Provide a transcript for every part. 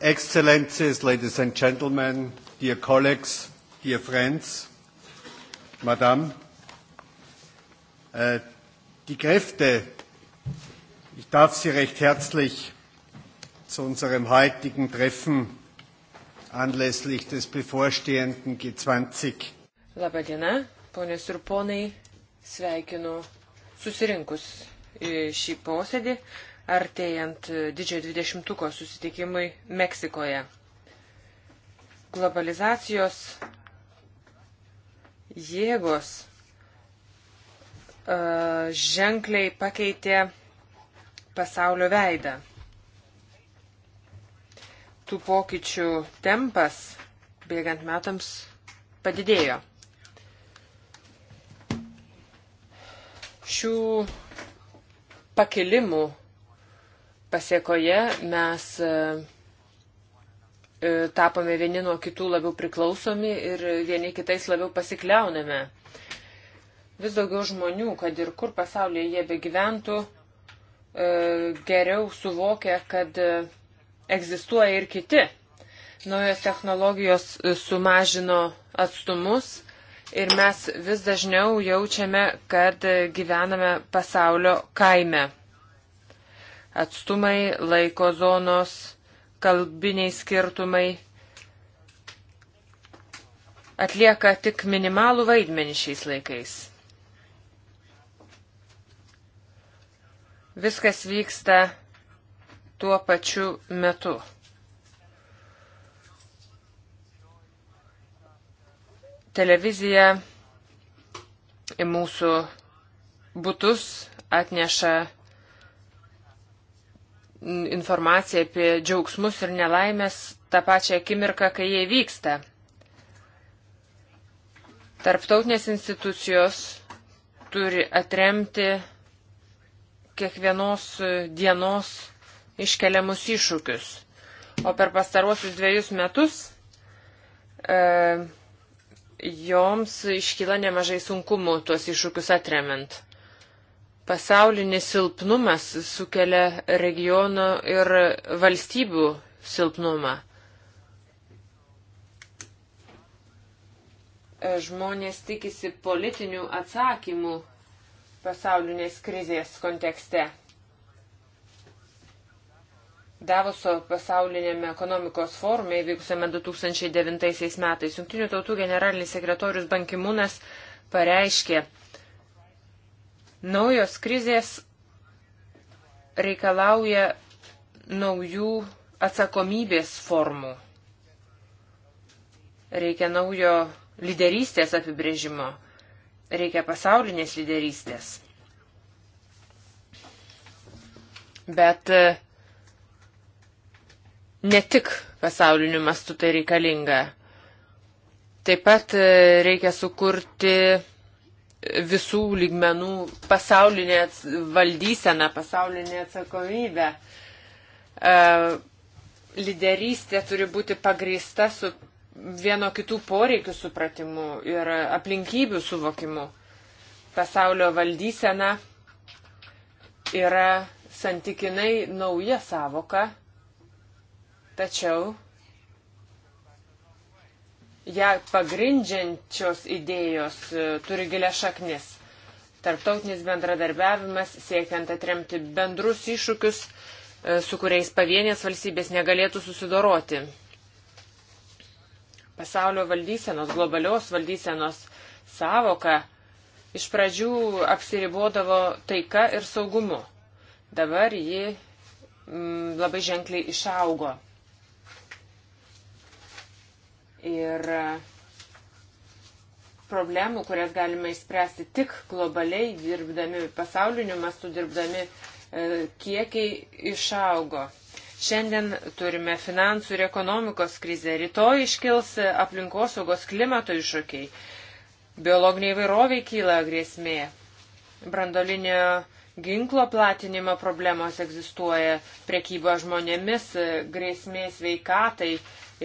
Excellencies, ladies and gentlemen, dear colleagues, dear friends, Madame, äh, die Kräfte, ich darf Sie recht herzlich zu unserem heutigen Treffen anlässlich des bevorstehenden G20. Labą dieną, ponios ir ponai, sveikinu susirinkus į šį posėdį, artėjant didžiojo dvidešimtuko susitikimui Meksikoje. Globalizacijos jėgos uh, ženkliai pakeitė pasaulio veidą. Tų pokyčių tempas bėgant metams padidėjo. Šių pakilimų Pasiekoje mes e, e, tapome vieni nuo kitų labiau priklausomi ir vieni kitais labiau pasikliauname. Vis daugiau žmonių, kad ir kur pasaulyje jie begyventų, e, geriau suvokia, kad egzistuoja ir kiti. Naujos technologijos sumažino atstumus ir mes vis dažniau jaučiame, kad gyvename pasaulio kaime atstumai, laiko zonos, kalbiniai skirtumai atlieka tik minimalų vaidmenį šiais laikais. Viskas vyksta tuo pačiu metu. Televizija į mūsų būtus atneša informaciją apie džiaugsmus ir nelaimės tą pačią akimirką, kai jie vyksta. Tarptautinės institucijos turi atremti kiekvienos dienos iškeliamus iššūkius. O per pastaruosius dviejus metus e, joms iškyla nemažai sunkumų tuos iššūkius atremint. Pasaulinis silpnumas sukelia regionų ir valstybių silpnumą. E, žmonės tikisi politinių atsakymų pasaulinės krizės kontekste. Davoso pasaulinėme ekonomikos forume įvykusiame 2009 metais Junktinių tautų generalinis sekretorius Bankimūnas pareiškė, Naujos krizės reikalauja naujų atsakomybės formų. Reikia naujo lyderystės apibrėžimo. Reikia pasaulinės lyderystės. Bet e, ne tik pasauliniu mastu tai reikalinga. Taip pat e, reikia sukurti visų lygmenų pasaulinė valdysena, pasaulinė atsakomybė. E, Liderystė turi būti pagrįsta su vieno kitų poreikių supratimu ir aplinkybių suvokimu. Pasaulio valdysena yra santykinai nauja savoka, tačiau ją pagrindžiančios idėjos e, turi gilę šaknis. Tarptautinis bendradarbiavimas siekiant atremti bendrus iššūkius, e, su kuriais pavienės valstybės negalėtų susidoroti. Pasaulio valdysenos, globalios valdysenos savoka iš pradžių apsiribodavo taika ir saugumu. Dabar ji mm, labai ženkliai išaugo ir e, problemų, kurias galime išspręsti tik globaliai dirbdami, pasauliniu mastu dirbdami, e, kiekiai išaugo. Šiandien turime finansų ir ekonomikos krizę, rytoj iškils e, aplinkosaugos klimato iššūkiai, biologiniai vairoviai kyla grėsmė, brandolinio ginklo platinimo problemos egzistuoja, priekyba žmonėmis, grėsmė sveikatai,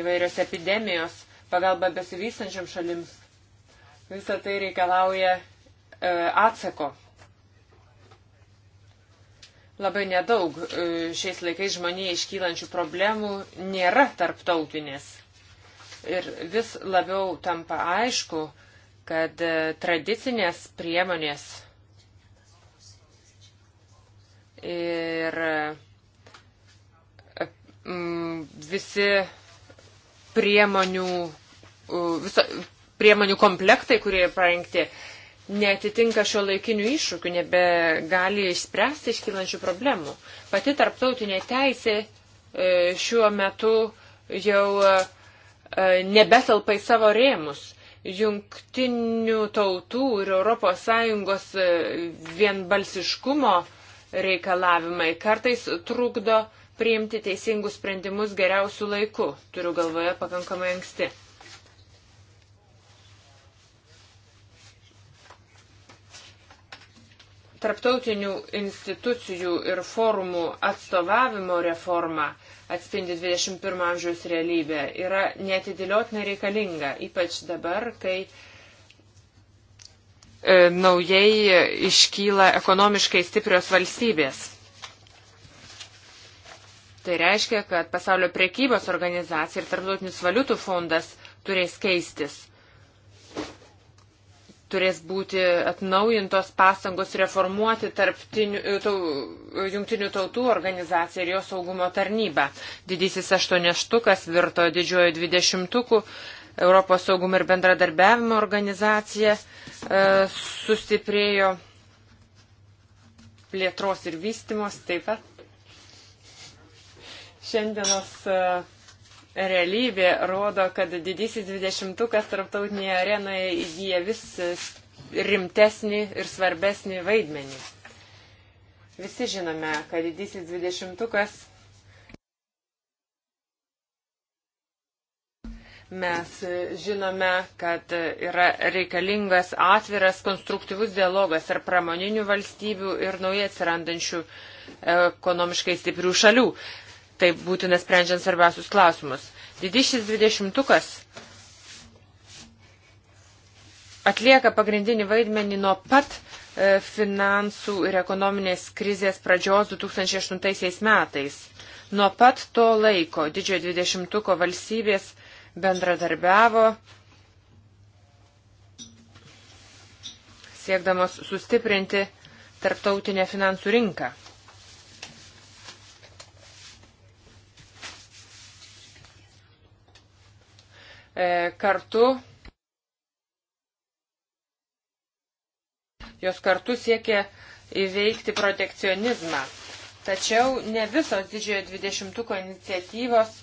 įvairios epidemijos, pagalba besivystančiam šalims. Visą tai reikalauja e, atsako. Labai nedaug e, šiais laikais žmonėje iškylančių problemų nėra tarptautinės. Ir vis labiau tampa aišku, kad e, tradicinės priemonės ir mm, visi priemonių, viso, priemonių komplektai, kurie parengti, netitinka šio laikinių iššūkių, nebegali išspręsti iškylančių problemų. Pati tarptautinė teisė e, šiuo metu jau e, nebetelpa į savo rėmus. Jungtinių tautų ir ES e, vienbalsiškumo uh, reikalavimai kartais trukdo priimti teisingus sprendimus geriausių laikų, turiu galvoje pakankamai anksti. Tarptautinių institucijų ir forumų atstovavimo reforma atspindi 21 amžiaus realybę yra netidėliotinai reikalinga, ypač dabar, kai uh, E, naujai iškyla ekonomiškai stiprios valstybės. Tai reiškia, kad pasaulio priekybos organizacija ir tarptautinis valiutų fondas turės keistis. Turės būti atnaujintos pastangos reformuoti e, tau, e, jungtinių tautų organizaciją ir jos saugumo tarnybą. Didysis aštuonieštukas virto didžiojo dvidešimtuku Europos saugumo ir bendradarbiavimo organizacija e, sustiprėjo plėtros ir vystimos taip pat. Šiandienos e, realybė rodo, kad didysis dvidešimtukas tarptautinėje arenoje įgyja vis e, rimtesnį ir svarbesnį vaidmenį. Visi žinome, kad didysis dvidešimtukas Mes žinome, kad yra reikalingas atviras konstruktyvus dialogas ar pramoninių valstybių ir naujai atsirandančių e, ekonomiškai stiprių šalių. Tai būtina sprendžiant svarbiausius klausimus. Didyšis dvidešimtukas atlieka pagrindinį vaidmenį nuo pat e, finansų ir ekonominės krizės pradžios 2008 metais. Nuo pat to laiko didžiojo dvidešimtuko valstybės bendradarbiavo, siekdamos sustiprinti tarptautinę finansų rinką. E, kartu jos kartu siekia įveikti protekcionizmą. Tačiau ne visos didžiojo dvidešimtuko iniciatyvos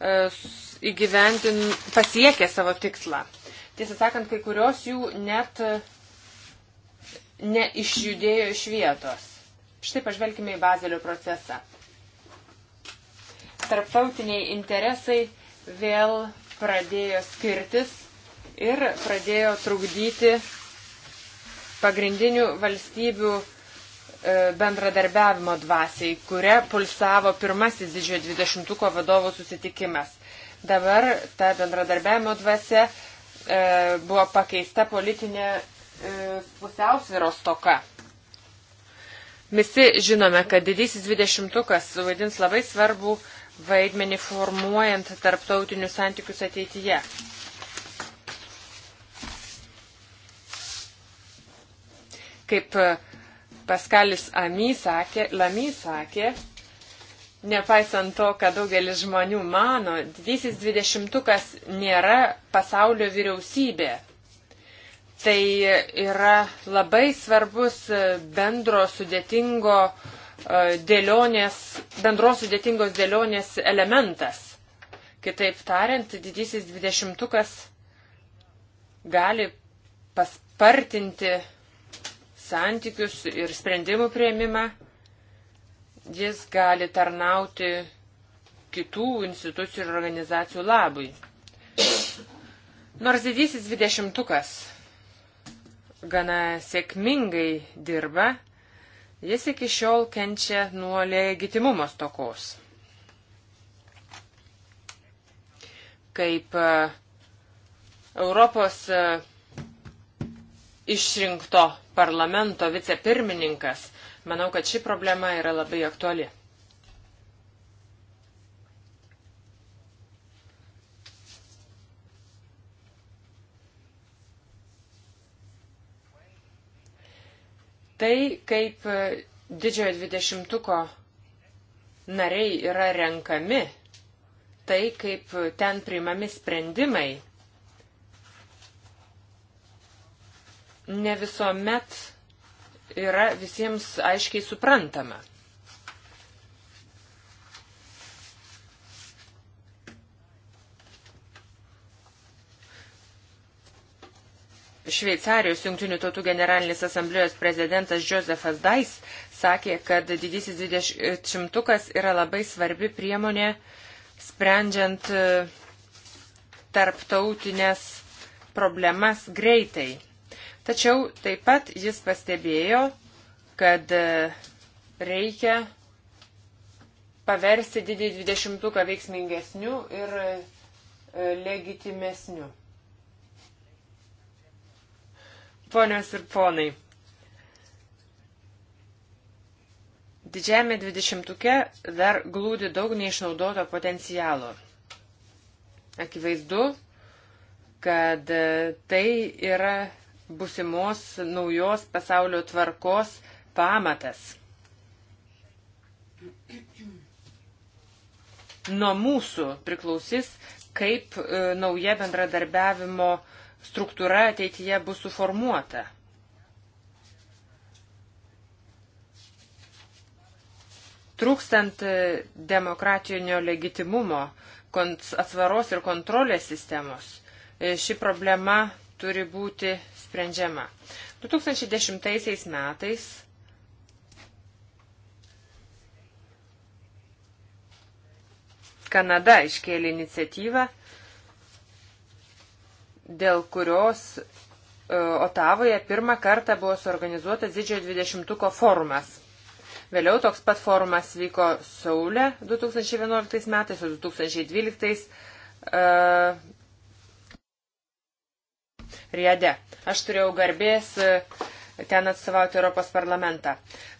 E, įgyventin, pasiekė savo tikslą. Tiesą sakant, kai kurios jų net e, neišjudėjo iš vietos. Štai pažvelkime į Bazelio procesą. Tarptautiniai interesai vėl pradėjo skirtis ir pradėjo trukdyti pagrindinių valstybių E, bendradarbiavimo dvasiai, kuria pulsavo pirmasis didžiojo dvidešimtuko vadovų susitikimas. Dabar ta bendradarbiavimo dvasia e, buvo pakeista politinė e, pusiausviros toka. Visi žinome, kad didysis dvidešimtukas suvaidins labai svarbų vaidmenį formuojant tarptautinius santykius ateityje. Kaip Paskalis Amy sakė, Lamy sakė, nepaisant to, kad daugelis žmonių mano, didysis dvidešimtukas nėra pasaulio vyriausybė. Tai yra labai svarbus bendro sudėtingo e, dėlionės, bendros sudėtingos dėlionės elementas. Kitaip tariant, didysis dvidešimtukas gali paspartinti santykius ir sprendimų prieimimą, jis gali tarnauti kitų institucijų ir organizacijų labui. Nors didysis dvidešimtukas gana sėkmingai dirba, jis iki šiol kenčia nuo legitimumo stokos. Kaip e, Europos e, išrinkto parlamento vicepirmininkas, manau, kad ši problema yra labai aktuali. Tai, kaip didžiojo dvidešimtuko nariai yra renkami, tai, kaip ten priimami sprendimai ne visuomet yra visiems aiškiai suprantama. Šveicarijos jungtinių tautų generalinės asamblėjos prezidentas Josefas Dais sakė, kad didysis dvidešimtukas yra labai svarbi priemonė sprendžiant e, tarptautinės problemas greitai. Tačiau taip pat jis pastebėjo, kad e, reikia paversti didį dvidešimtuką veiksmingesniu ir e, e, legitimesniu. Ponios ir ponai, didžiame dvidešimtuke dar glūdi daug neišnaudoto potencialo. Akivaizdu, kad tai yra busimos naujos pasaulio tvarkos pamatas. Nuo mūsų priklausys, kaip e, nauja bendradarbiavimo struktūra ateityje bus suformuota. Trūkstant e, demokratinio legitimumo, atsvaros ir kontrolės sistemos, e, ši problema turi būti sprendžiama. 2010 metais Kanada iškėlė iniciatyvą, dėl kurios e, Otavoje pirmą kartą buvo suorganizuotas didžiojo 20-ko forumas. Vėliau toks pat forumas vyko Saulė 2011 metais, o 2012 uh, Riede. Aš turėjau garbės e, ten atstovauti Europos parlamentą.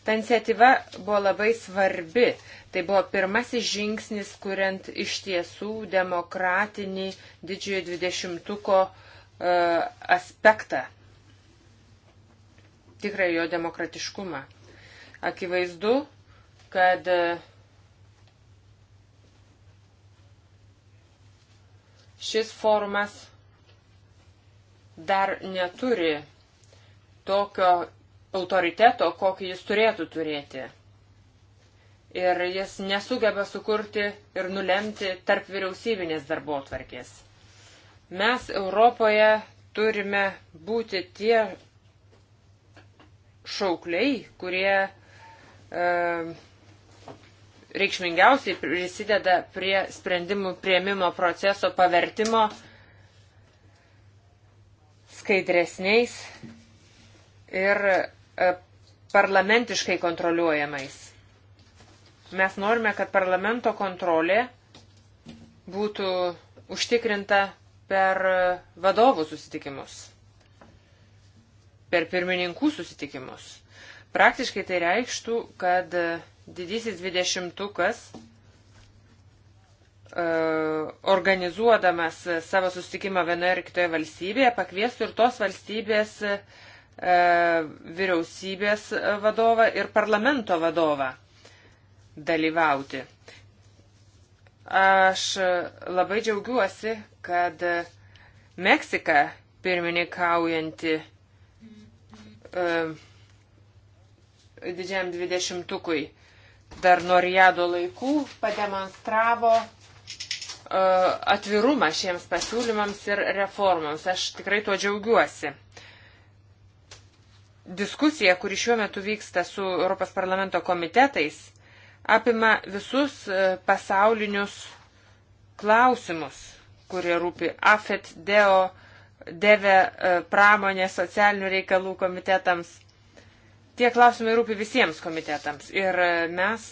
Ta iniciatyva buvo labai svarbi. Tai buvo pirmasis žingsnis, kuriant iš tiesų demokratinį didžiojo dvidešimtuko uh, aspektą. Tikrai jo demokratiškumą. Akivaizdu, kad e, šis forumas dar neturi tokio autoriteto, kokį jis turėtų turėti. Ir jis nesugeba sukurti ir nulemti tarp vyriausybinės darbo tvarkės. Mes Europoje turime būti tie šaukliai, kurie e, reikšmingiausiai prisideda prie sprendimų prieimimo proceso pavertimo skaidresniais ir e, parlamentiškai kontroliuojamais. Mes norime, kad parlamento kontrolė būtų užtikrinta per e, vadovų susitikimus, per pirmininkų susitikimus. Praktiškai tai reikštų, kad e, didysis dvidešimtukas 20 E, organizuodamas savo sustikimą vienoje ar kitoje valstybėje, pakviestų ir tos valstybės e, vyriausybės vadovą ir parlamento vadovą dalyvauti. Aš labai džiaugiuosi, kad Meksika pirmininkaujanti e, didžiam dvidešimtukui dar nuo Riado laikų pademonstravo E, atvirumą šiems pasiūlymams ir reformams. Aš tikrai tuo džiaugiuosi. Diskusija, kuri šiuo metu vyksta su Europos parlamento komitetais, apima visus e, pasaulinius klausimus, kurie rūpi AFET, DEO, DEVE, e, pramonė, socialinių reikalų komitetams tie klausimai rūpi visiems komitetams ir mes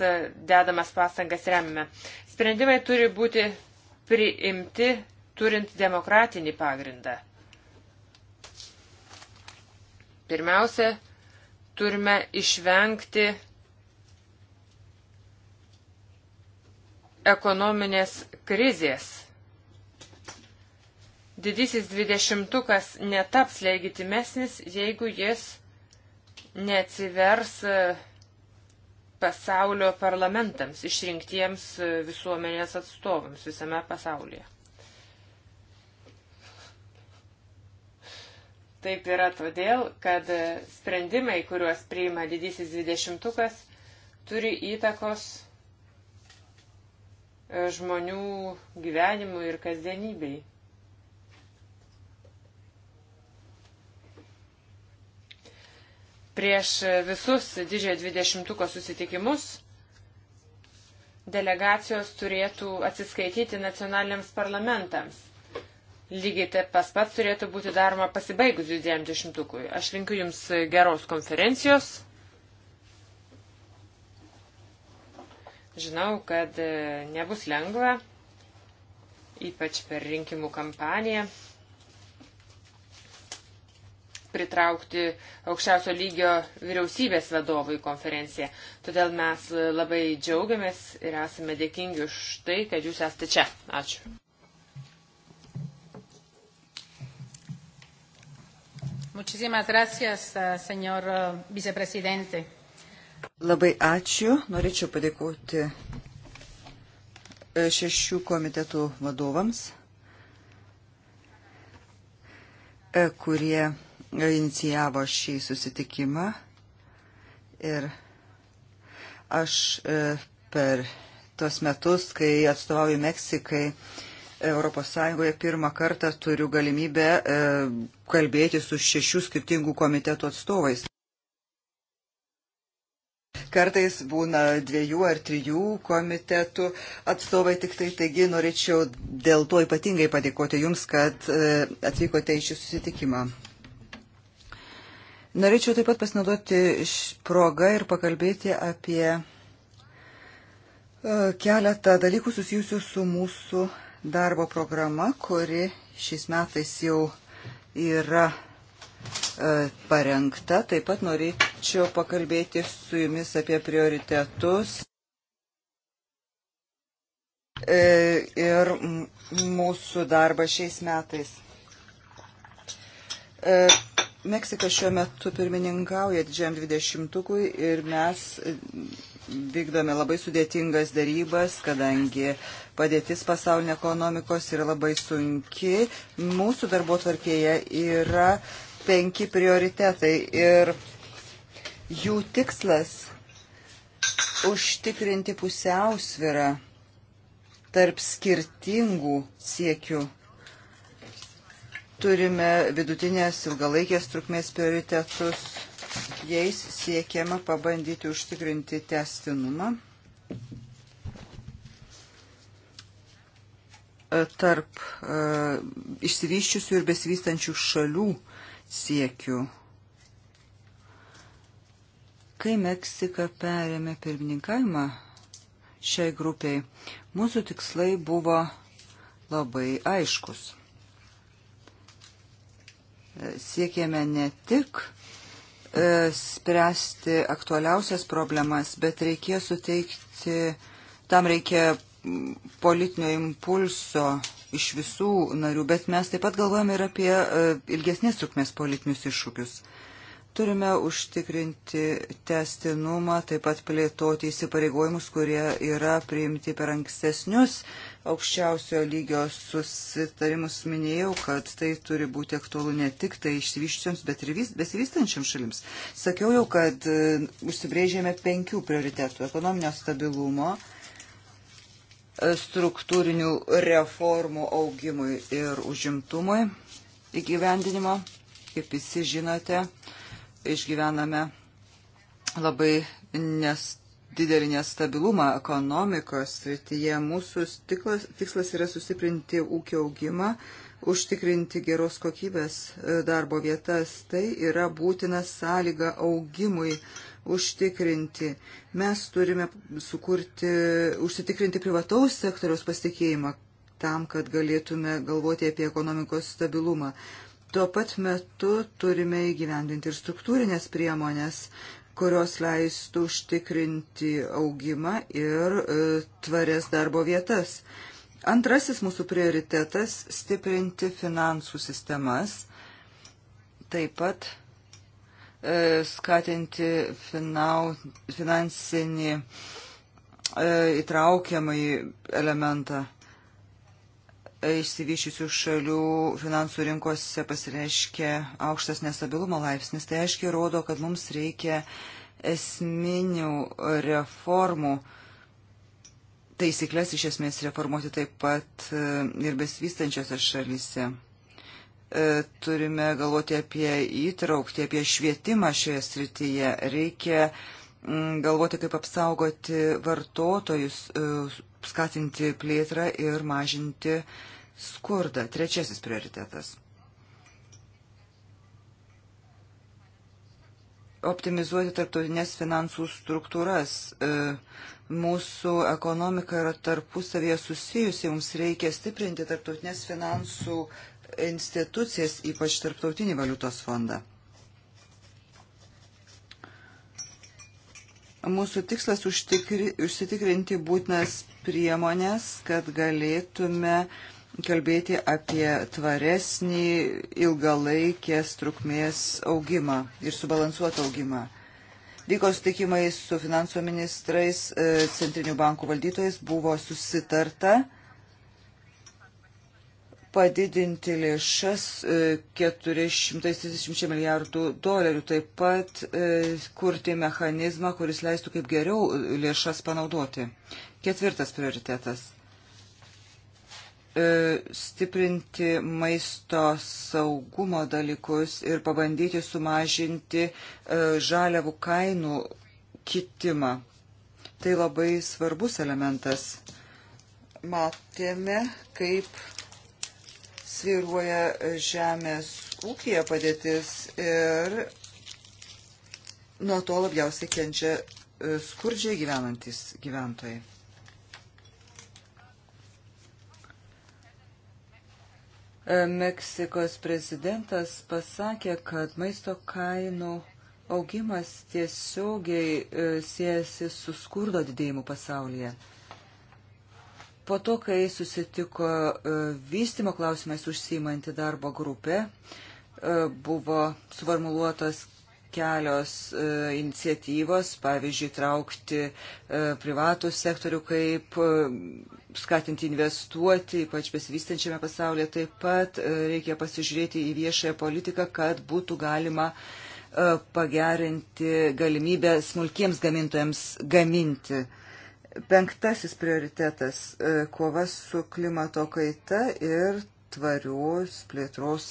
dedamas pastangas remiame. Sprendimai turi būti priimti turint demokratinį pagrindą. Pirmiausia, turime išvengti ekonominės krizės. Didysis dvidešimtukas netaps legitimesnis, jeigu jis neatsivers pasaulio parlamentams, išrinktiems visuomenės atstovams visame pasaulyje. Taip yra todėl, kad sprendimai, kuriuos priima didysis dvidešimtukas, turi įtakos e, žmonių gyvenimui ir kasdienybei. Prieš visus didžiojo dvidešimtuko susitikimus delegacijos turėtų atsiskaityti nacionaliniams parlamentams. Lygiai taip pas pats turėtų būti daroma pasibaigus didėjam dešimtukui. Aš linkiu Jums geros konferencijos. Žinau, kad e, nebus lengva, ypač per rinkimų kampaniją pritraukti aukščiausio lygio vyriausybės vadovų į konferenciją. Todėl mes labai džiaugiamės ir esame dėkingi už tai, kad jūs esate čia. Ačiū. Muchísimas gracias, eh, señor eh, viceprezidente. Labai ačiū. Norėčiau padėkoti eh, šešių komitetų vadovams, kurie inicijavo šį susitikimą ir aš e, per tos metus, kai atstovauju Meksikai, Europos Sąjungoje pirmą kartą turiu galimybę e, kalbėti su šešių skirtingų komitetų atstovais. Kartais būna dviejų ar trijų komitetų atstovai tik tai, taigi norėčiau dėl to ypatingai padėkoti Jums, kad e, atvykote į šį susitikimą. Norėčiau taip pat pasinaudoti progą ir pakalbėti apie e, keletą dalykų susijusių su mūsų darbo programa, kuri šiais metais jau yra e, parengta. Taip pat norėčiau pakalbėti su jumis apie prioritetus e, ir mūsų darbą šiais metais. Meksika šiuo metu pirmininkauja didžiam 20-ukui ir mes e, vykdome labai sudėtingas darybas, kadangi padėtis pasaulinė ekonomikos yra labai sunki. Mūsų darbo tvarkėje yra penki prioritetai ir jų tikslas užtikrinti pusiausvirą tarp skirtingų siekių Turime vidutinės ilgalaikės trukmės prioritetus, jais siekiama pabandyti užtikrinti testinumą tarp e, išsivyščiusių ir besivystančių šalių siekių. Kai Meksika perėmė pirmininkavimą šiai grupiai, mūsų tikslai buvo labai aiškus siekėme ne tik e, spręsti aktualiausias problemas, bet reikia suteikti, tam reikia politinio impulso iš visų narių, bet mes taip pat galvojame ir apie e, ilgesnės trukmės politinius iššūkius. Turime užtikrinti testinumą, taip pat plėtoti įsipareigojimus, kurie yra priimti per ankstesnius aukščiausio lygio susitarimus minėjau, kad tai turi būti aktualu ne tik tai išsivyščiams, bet ir besivystančiam šalims. Sakiau jau, kad e, užsibrėžėme penkių prioritetų - ekonominio stabilumo, e, struktūrinių reformų augimui ir užimtumui įgyvendinimo. Kaip visi žinote, išgyvename labai nestabilų didelį nestabilumą ekonomikos srityje. Mūsų tiklas, tikslas yra sustiprinti ūkio augimą, užtikrinti geros kokybės e, darbo vietas. Tai yra būtina sąlyga augimui užtikrinti. Mes turime sukurti, užsitikrinti privataus sektoriaus pasitikėjimą tam, kad galėtume galvoti apie ekonomikos stabilumą. Tuo pat metu turime įgyvendinti ir struktūrinės priemonės, kurios leistų užtikrinti augimą ir e, tvarias darbo vietas. Antrasis mūsų prioritetas - stiprinti finansų sistemas, taip pat e, skatinti finau, finansinį e, įtraukiamąjį elementą išsivyšiusių šalių finansų rinkose pasireiškia aukštas nestabilumo laipsnis, tai aiškiai rodo, kad mums reikia esminių reformų. Taisyklės iš esmės reformuoti taip pat e, ir besvystančiose šalyse. E, turime galvoti apie įtraukti, apie švietimą šioje srityje. Reikia mm, galvoti, kaip apsaugoti vartotojus, e, skatinti plėtrą ir mažinti skurdą. Trečiasis prioritetas. Optimizuoti tarptautinės finansų struktūras. E, mūsų ekonomika yra tarpusavėje susijusi, mums reikia stiprinti tarptautinės finansų institucijas, ypač tarptautinį valiutos fondą. Mūsų tikslas užtikri, užsitikrinti būtinas priemonės, kad galėtume kalbėti apie tvaresnį ilgalaikės trukmės augimą ir subalansuotą augimą. Vyko sutikimai su finansų ministrais, e, centrinių bankų valdytojais, buvo susitarta padidinti lėšas 430 e, milijardų dolerių, taip pat e, kurti mechanizmą, kuris leistų kaip geriau lėšas panaudoti. Ketvirtas prioritetas e, stiprinti maisto saugumo dalykus ir pabandyti sumažinti e, žaliavų kainų kitimą. Tai labai svarbus elementas. Matėme, kaip sviruoja žemės ūkija padėtis ir nuo to labiausiai kenčia e, skurdžiai gyvenantis gyventojai. Meksikos prezidentas pasakė, kad maisto kainų augimas tiesiogiai e, siejasi su skurdo didėjimu pasaulyje. Po to, kai susitiko e, vystimo klausimais užsiimanti darbo grupė, e, buvo suformuluotas kelios e, iniciatyvos, pavyzdžiui, traukti e, privatų sektorių, kaip e, skatinti investuoti, ypač besivystančiame pasaulyje. Taip pat e, reikia pasižiūrėti į viešąją politiką, kad būtų galima e, pagerinti galimybę smulkiems gamintojams gaminti. Penktasis prioritetas e, - kova su klimato kaita ir tvarios plėtros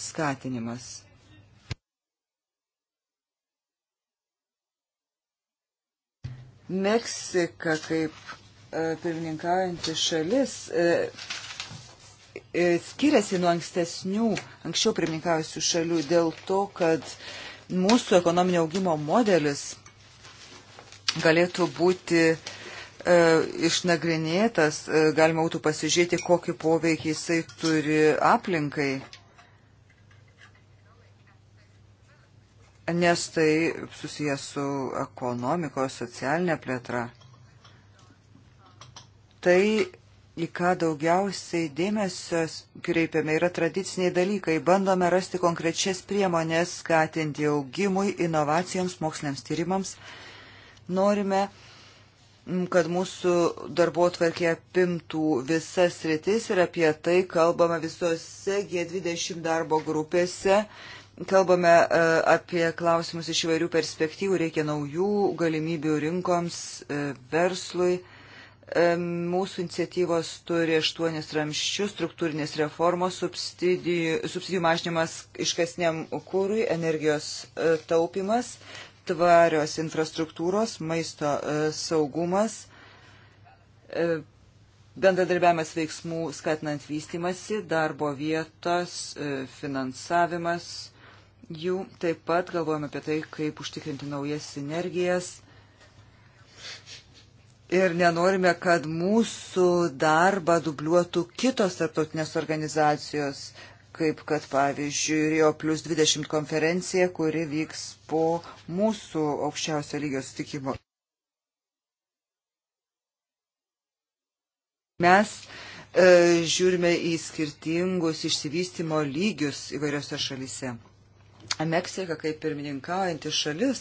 skatinimas Meksika kaip e, pirmininkaujanti šalis e, e, skiriasi nuo ankstesnių, anksčiau pirmininkaujusių šalių dėl to, kad mūsų ekonominio augimo modelis galėtų būti e, išnagrinėtas, e, galima būtų pasižiūrėti, kokį poveikį jisai turi aplinkai nes tai susijęs su ekonomikos, socialinė plėtra. Tai, į ką daugiausiai dėmesio kreipiame, yra tradiciniai dalykai. Bandome rasti konkrečias priemonės skatinti augimui, inovacijoms, moksliniams tyrimams. Norime kad mūsų darbo tvarkė apimtų visas rytis ir apie tai kalbama visose G20 darbo grupėse. Kalbame e, apie klausimus iš įvairių perspektyvų, reikia naujų galimybių rinkoms, e, verslui. E, mūsų iniciatyvos turi aštuonis ramščius, struktūrinės reformos, subsidijų, subsidijų mažinimas iškasniam kūrui, energijos taupimas, tvarios infrastruktūros, maisto saugumas, bendradarbiavimas veiksmų skatinant vystimasi, darbo vietos, finansavimas, jų. Taip pat galvojame apie tai, kaip užtikrinti naujas sinergijas. Ir nenorime, kad mūsų darbą dubliuotų kitos tarptautinės organizacijos, kaip kad pavyzdžiui Rio plus 20 konferencija, kuri vyks po mūsų aukščiausio lygio sutikimo. Mes e, žiūrime į skirtingus išsivystimo lygius įvairiose šalise. Meksika kaip pirmininkaujanti šalis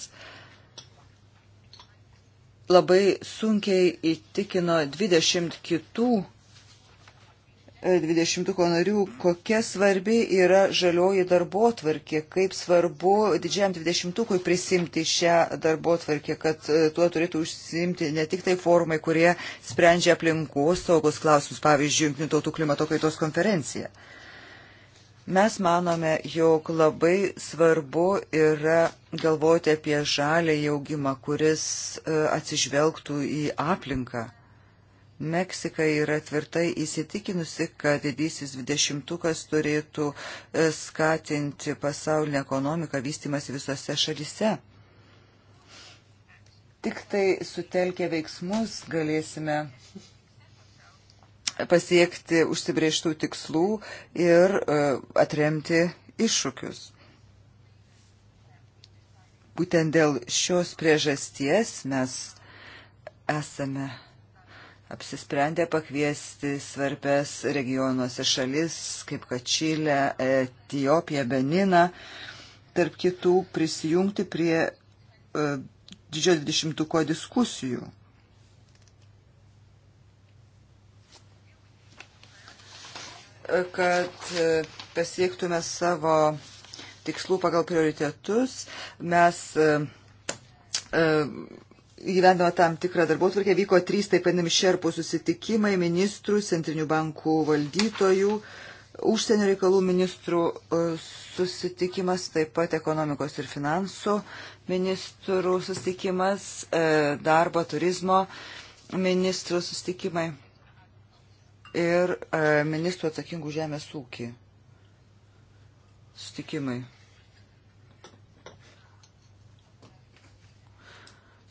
labai sunkiai įtikino 20 kitų 20 e, narių, kokia svarbi yra žalioji darbo tvarkė, kaip svarbu didžiam 20-ukui prisimti šią darbo tvarkę, kad e, tuo turėtų užsimti ne tik tai formai, kurie sprendžia aplinkos saugos klausimus, pavyzdžiui, Junktinių tautų klimato kaitos konferencija. Mes manome, jog labai svarbu yra galvoti apie žalę jaugimą, kuris e, atsižvelgtų į aplinką. Meksika yra tvirtai įsitikinusi, kad didysis dvidešimtukas turėtų e, skatinti pasaulinę ekonomiką vystimas visose šalise. Tik tai sutelkę veiksmus galėsime pasiekti užsibrieštų tikslų ir e, atremti iššūkius. Būtent dėl šios priežasties mes esame apsisprendę pakviesti svarbės regionuose šalis, kaip Kačilė, Etijopija, Benina, tarp kitų prisijungti prie e, didžiojo dvidešimtuko diskusijų kad e, pasiektume savo tikslų pagal prioritetus. Mes e, e, įgyvendama tam tikrą darbotvarkę vyko trys taip vadinami šerpų susitikimai ministrų, centrinių bankų valdytojų, užsienio reikalų ministrų susitikimas, taip pat ekonomikos ir finansų ministrų susitikimas, darbo, turizmo ministrų susitikimai ir e, ministrų atsakingų žemės ūkį. Stikimai.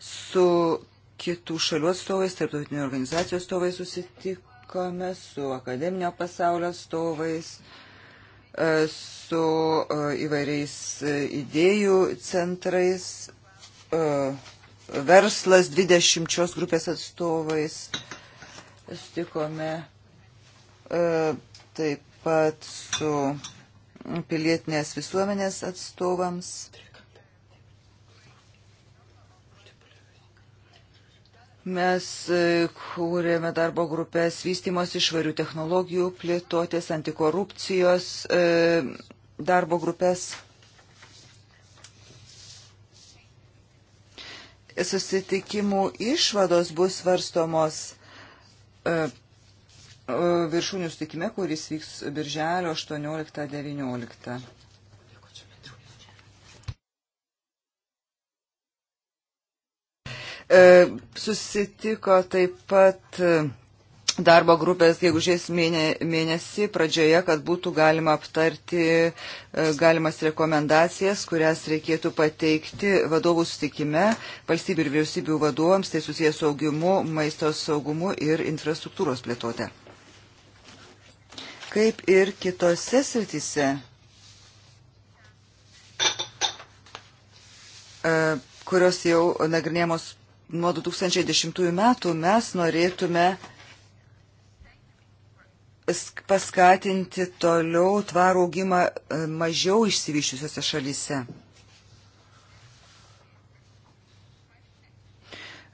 Su kitų šalių atstovais, tarptautinių organizacijų atstovais susitikome, su akademinio pasaulio atstovais, e, su e, įvairiais e, idėjų centrais, verslas 20 grupės atstovais. Sutikome E, taip pat su pilietinės visuomenės atstovams. Mes e, kūrėme darbo grupės vystimos išvarių technologijų, plėtotės, antikorupcijos e, darbo grupės. Susitikimų išvados bus varstomos viršūnių sutikime, kuris vyks birželio 18-19. E, susitiko taip pat e, darbo grupės gegužės mėnesį pradžioje, kad būtų galima aptarti e, galimas rekomendacijas, kurias reikėtų pateikti vadovų sutikime valstybių ir vyriausybių vadovams, tai susijęs saugimu, maisto saugumu ir infrastruktūros plėtote kaip ir kitose sritise, e, kurios jau nagrinėjamos nuo 2010 metų, mes norėtume paskatinti toliau tvarų augimą e, mažiau išsivyščiusiose šalyse.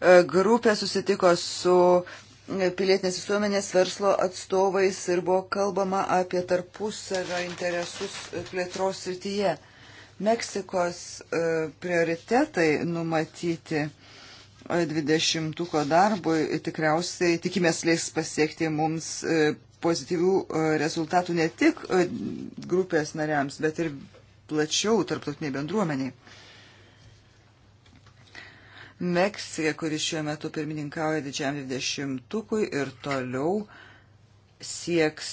E, grupė susitiko su pilietinės visuomenės verslo atstovais ir buvo kalbama apie tarpusavio interesus plėtros srityje. Meksikos e, prioritetai numatyti 20-ko e, darbui tikriausiai tikimės leis pasiekti mums e, pozityvių rezultatų ne tik grupės nariams, bet ir plačiau tarptautiniai bendruomeniai. Meksika, kuri šiuo metu pirmininkauja didžiam 20-ukui ir toliau sieks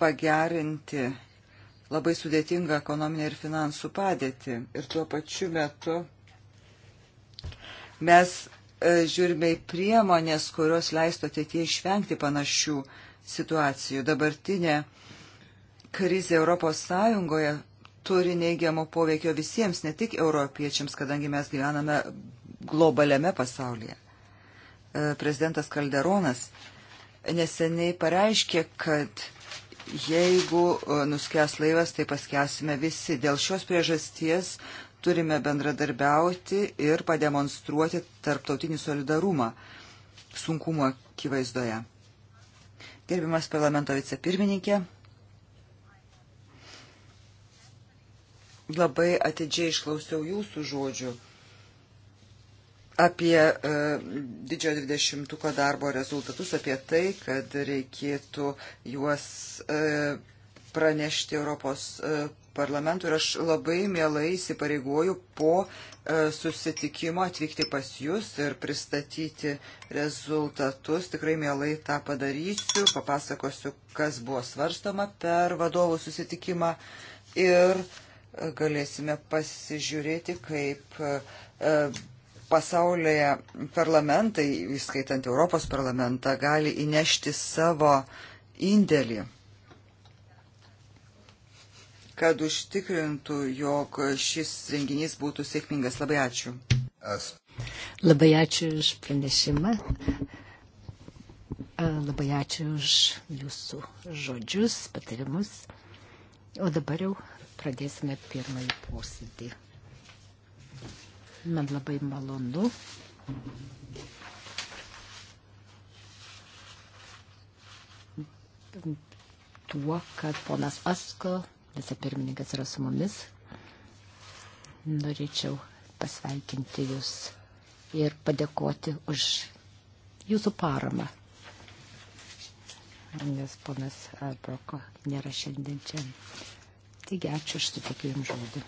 pagerinti labai sudėtingą ekonominę ir finansų padėtį. Ir tuo pačiu metu mes e, žiūrime į priemonės, kurios leistų ateitie išvengti panašių situacijų. Dabartinė krizė Europos Sąjungoje turi neigiamo poveikio visiems, ne tik europiečiams, kadangi mes gyvename globaliame pasaulyje. E, prezidentas Kalderonas neseniai pareiškė, kad jeigu e, nuskęs laivas, tai paskęsime visi. Dėl šios priežasties turime bendradarbiauti ir pademonstruoti tarptautinį solidarumą sunkumo akivaizdoje. Gerbimas parlamento vicepirmininkė, Labai atidžiai išklausiau jūsų žodžių apie e, didžiojo dvidešimtuko darbo rezultatus, apie tai, kad reikėtų juos e, pranešti Europos e, parlamentui. Ir aš labai mielai įsipareigoju po e, susitikimo atvykti pas jūs ir pristatyti rezultatus. Tikrai mielai tą padarysiu, papasakosiu, kas buvo svarstoma per vadovų susitikimą. Ir e, galėsime pasižiūrėti, kaip e, pasaulyje parlamentai, įskaitant Europos parlamentą, gali įnešti savo indėlį, kad užtikrintų, jog šis renginys būtų sėkmingas. Labai ačiū. Labai ačiū už pranešimą. Labai ačiū už jūsų žodžius, patarimus. O dabar jau pradėsime pirmąjį posėdį. Man labai malonu. Tuo, kad ponas Asko, vicepirmininkas yra su mumis, norėčiau pasveikinti jūs ir padėkoti už jūsų paramą. Nes ponas Broko nėra šiandien čia. Taigi ačiū, aš sutikiu jums žodį.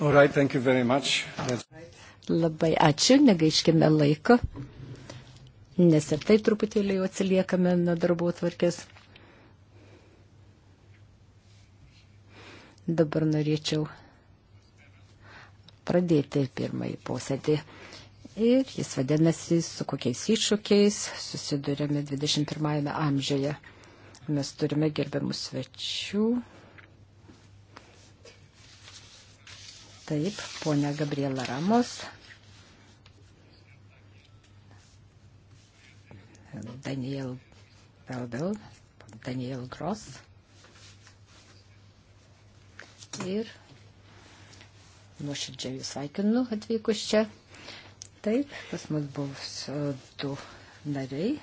All right, thank you very much. That's Labai ačiū, negaiškime laiko, nes ir tai truputėlį jau atsiliekame nuo darbų tvarkės. Dabar norėčiau pradėti pirmąjį posėdį. Ir jis vadinasi, su kokiais iššūkiais susidurėme 21 amžiuje. Mes turime gerbiamų svečių. Taip, ponia Gabriela Ramos, Daniel Belbel, Daniel Gross ir nuoširdžiai jūs sveikinu atvykus čia. Taip, pas mus bus e, du nariai,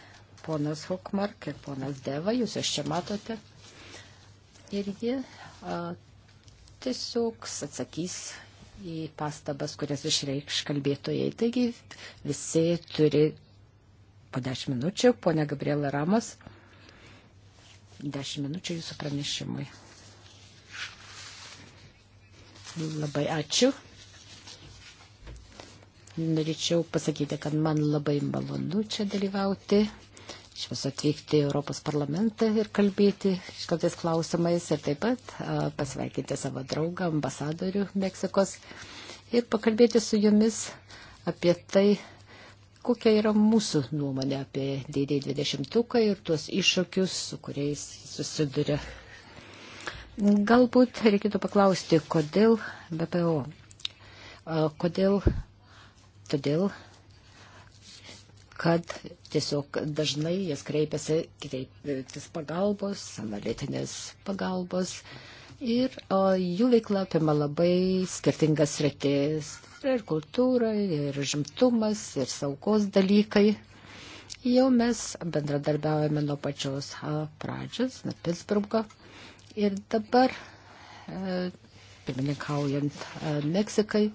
ponas Hokmark ir ponas Deva, jūs aš čia matote. Ir jie a, e, tiesiog atsakys į pastabas, kurias išreikš kalbėtojai. Taigi visi turi po 10 minučių, ponia Gabriela Ramos, 10 minučių jūsų pranešimui. Labai ačiū. Norėčiau pasakyti, kad man labai malonu čia dalyvauti iš viso atvykti į Europos parlamentą ir kalbėti šitokiais klausimais ir taip pat pasveikinti savo draugą, ambasadorių Meksikos ir pakalbėti su jumis apie tai, kokia yra mūsų nuomonė apie didį dvidešimtuką ir tuos iššūkius, su kuriais susiduria. Galbūt reikėtų paklausti, kodėl BPO? Kodėl? Todėl, kad tiesiog dažnai jas kreipiasi kreiptis pagalbos, analitinės pagalbos. Uh, Ir o, jų veikla apima labai skirtingas rytis. Ir kultūra, ir žimtumas, ir saugos dalykai. Jau mes bendradarbiaujame nuo pačios pradžios, nuo Pittsburgo. Ir dabar, e, pirmininkaujant e, Meksikai,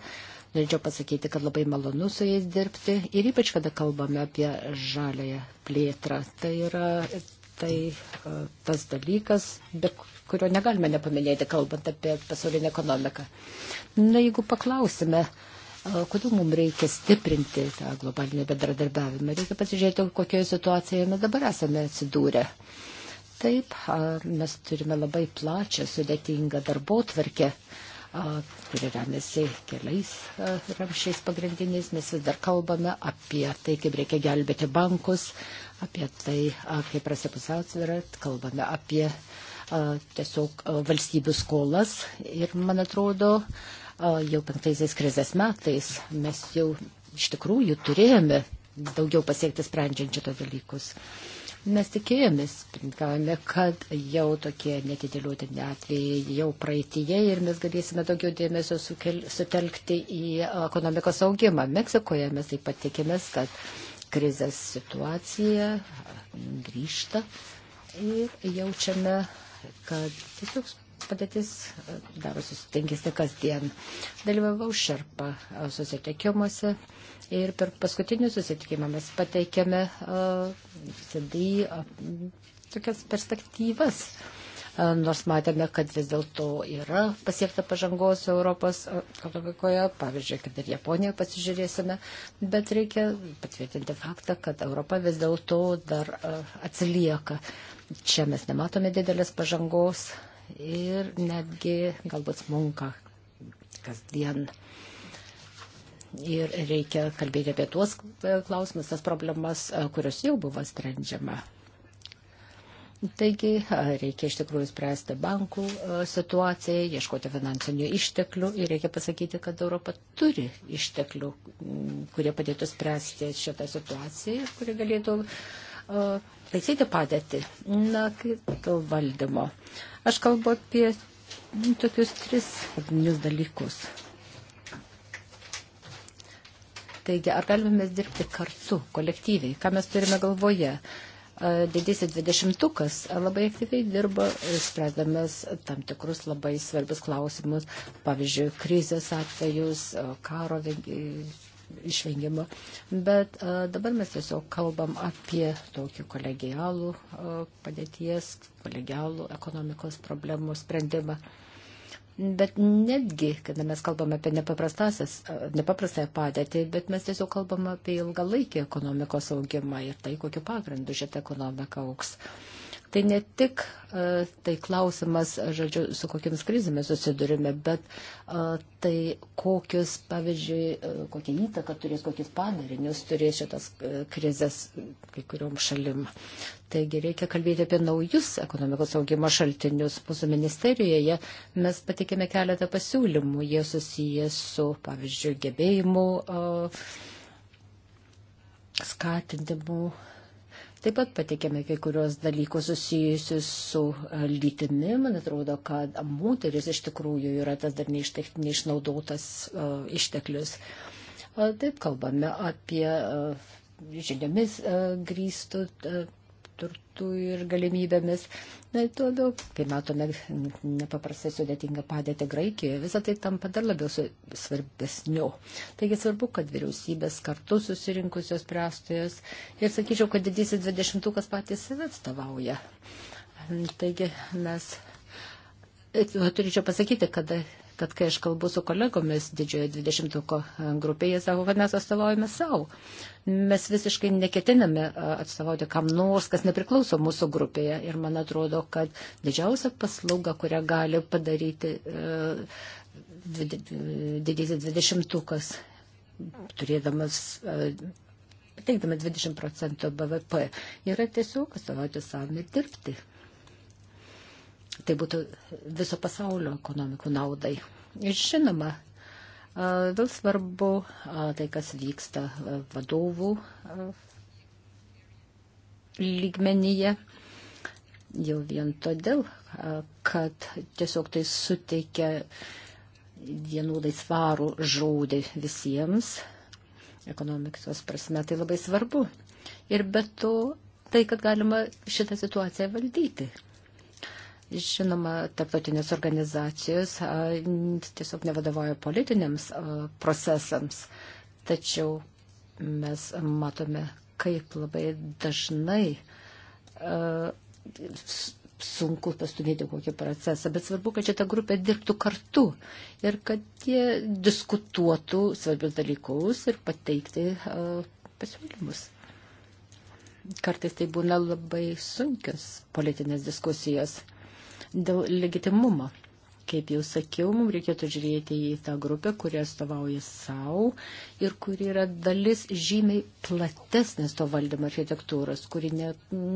norėčiau pasakyti, kad labai malonu su jais dirbti. Ir ypač, kada kalbame apie žalėją plėtrą. Tai yra tai e, tas dalykas, be kurio negalime nepaminėti, kalbant apie pasaulinę ekonomiką. Na, jeigu paklausime, e, kodėl mums reikia stiprinti tą globalinį bendradarbiavimą, reikia pasižiūrėti, kokioje situacijoje mes dabar esame atsidūrę. Taip, e, mes turime labai plačią, sudėtingą darbo tvarkę, kuri remiasi keliais ramšiais pagrindiniais. Mes vis dar kalbame apie tai, kaip reikia gelbėti bankus, apie tai, kaip prasė pusiausvyrą, kalbame apie tiesiog valstybių skolas ir, man atrodo, jau penktaisiais krizės metais mes jau iš tikrųjų turėjome daugiau pasiekti sprendžiant šito dalykus. Mes tikėjomės, pininkavome, kad jau tokie netidėliuoti atvejai jau praeitie ir mes galėsime daugiau dėmesio sutel sutelkti į ekonomikos augimą. Meksikoje mes taip pat tikėmės, kad krizės situaciją, grįžta ir jaučiame, kad tiesiog padėtis e, darosi sutinkesnė kasdien. Dalyvavau šarpa e, susitikimuose ir per paskutinį susitikimą mes pateikėme uh, visada uh, tokias perspektyvas. Uh, E, nors matėme, kad vis dėlto yra pasiekta pažangos Europos e, ekonomikoje, pavyzdžiui, kad ir Japoniją pasižiūrėsime, bet reikia patvirtinti faktą, kad Europa vis dėlto dar e, atsilieka. Čia mes nematome didelės pažangos ir netgi galbūt smunka kasdien ir reikia kalbėti apie tuos klausimus, tas problemas, kurios jau buvo sprendžiama. Taigi reikia iš tikrųjų spręsti bankų situaciją, ieškoti finansinių išteklių ir reikia pasakyti, kad Europa turi išteklių, kurie padėtų spręsti šitą situaciją ir kurie galėtų taisyti padėtį. Na, dėl valdymo. Aš kalbu apie tokius tris pagrindinius dalykus. Taigi, ar galime mes dirbti kartu, kolektyviai? Ką mes turime galvoje? Uh, didysis dvidešimtukas labai aktyviai dirba, spręsdamas tam tikrus labai svarbius klausimus, pavyzdžiui, krizės atvejus, karo išvengimo. Bet dabar mes tiesiog kalbam apie tokį kolegialų padėties, kolegialų ekonomikos problemų sprendimą. Bet netgi, kada mes kalbame apie nepaprastąją padėtį, bet mes tiesiog kalbame apie ilgalaikį ekonomikos augimą ir tai, kokiu pagrindu šitą ekonomiką auks. Uh, Tai ne tik e, tai klausimas, žodžiu, su kokiamis krizėmis susidurime, bet e, tai kokius, pavyzdžiui, e, kokią įtaką turės, kokius padarinius turės šitas krizės kai kuriuom šalim. Taigi reikia kalbėti apie naujus ekonomikos augimo šaltinius. Mūsų ministerijoje mes patikėme keletą pasiūlymų. Jie susiję su, pavyzdžiui, gebėjimu skatinimu Taip pat patikėme kai kurios dalykus susijusius su e, lytimi. Man atrodo, kad moteris iš tikrųjų yra tas dar neišnaudotas e, išteklius. E, taip kalbame apie žiniomis grįstų turtu ir galimybėmis. Na ir tuo labiau, kai matome nepaprastai sudėtingą padėtį Graikijoje, visą tai tampa dar labiau svarbesniu. Taigi svarbu, kad vyriausybės kartu susirinkusios prastojos ir sakyčiau, kad didysis dvidešimtukas patys save atstovauja. Taigi mes e, Turėčiau pasakyti, kad Tad kai aš kalbu su kolegomis didžiojo 20-ko e, grupėje, sako, kad mes atstovaujame savo. Mes visiškai neketiname e, atstovauti kam nors, kas nepriklauso mūsų grupėje. Ir man atrodo, kad didžiausia paslauga, kurią gali padaryti e, didysis 20-kas, turėdamas teikdami 20 procentų BVP, yra tiesiog atstovauti savam ir dirbti tai būtų viso pasaulio ekonomikų naudai. Ir žinoma, vėl svarbu tai, kas vyksta vadovų lygmenyje. Jau vien todėl, kad tiesiog tai suteikia vienodai svarų žodį visiems. Ekonomikos prasme tai labai svarbu. Ir be to, tai, kad galima šitą situaciją valdyti. Žinoma, tarptautinės organizacijos tiesiog nevadovauja politiniams procesams, tačiau mes matome, kaip labai dažnai sunku pastumėti kokį procesą, bet svarbu, kad šita grupė dirbtų kartu ir kad jie diskutuotų svarbius dalykus ir pateikti pasiūlymus kartais tai būna labai sunkios politinės diskusijos. Dėl legitimumo, kaip jau sakiau, mums reikėtų žiūrėti į tą grupę, kuri atstovauja savo ir kuri yra dalis žymiai platesnės to valdymo architektūros, kuri ne,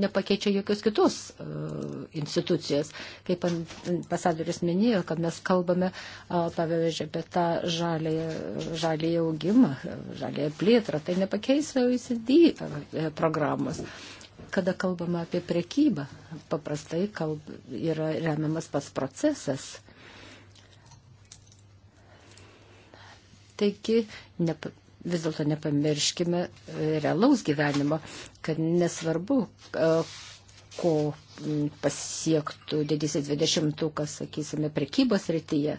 nepakeičia jokios kitos uh, institucijos. Kaip ambasadoris minėjo, kad mes kalbame, uh, pavyzdžiui, apie tą žalį augimą, žalį plėtrą, tai nepakeis OECD e, programos. Uh, kada kalbama apie prekybą, paprastai kalb, yra remiamas pas procesas. Taigi, ne, vis dėlto nepamirškime e, realaus gyvenimo, kad nesvarbu, e, ko pasiektų didysis dvidešimtukas, sakysime, prekybos rytyje,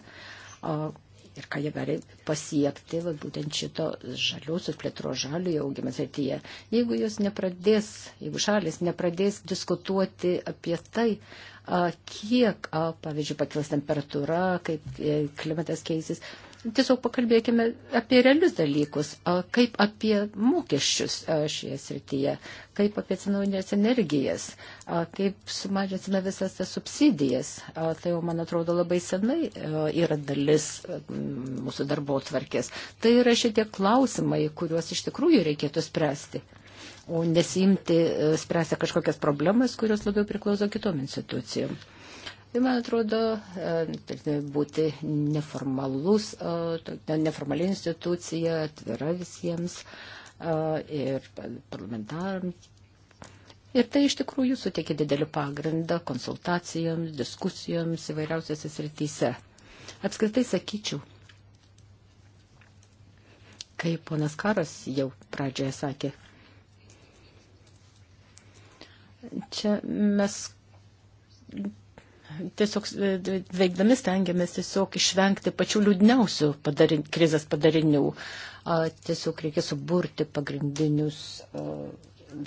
ir ką jie gali pasiekti, va, būtent šito žaliosios plėtros žaliojo augimo srityje. Jeigu jos nepradės, jeigu šalis nepradės diskutuoti apie tai, kiek, pavyzdžiui, pakils temperatūra, kaip e, klimatas keisis, tiesiog pakalbėkime apie realius dalykus, kaip apie mokesčius šioje srityje, kaip apie atsinaujinės energijas, kaip sumažinsime visas tas subsidijas. Tai jau, man atrodo, labai senai yra dalis mūsų darbo tvarkės. Tai yra šitie klausimai, kuriuos iš tikrųjų reikėtų spręsti o nesimti e, spręsti kažkokias problemas, kurios labiau priklauso kitom institucijom. Ir man atrodo, e, tai būti neformalus, e, neformali institucija, atvira visiems e, ir parlamentarams. Ir tai iš tikrųjų suteikia didelį pagrindą konsultacijoms, diskusijoms įvairiausiose srityse. Apskritai sakyčiau, kaip ponas Karas jau pradžioje sakė, čia mes tiesiog e, veikdami stengiamės tiesiog išvengti pačių liūdniausių padarin, krizės padarinių. A, tiesiog reikia suburti pagrindinius a,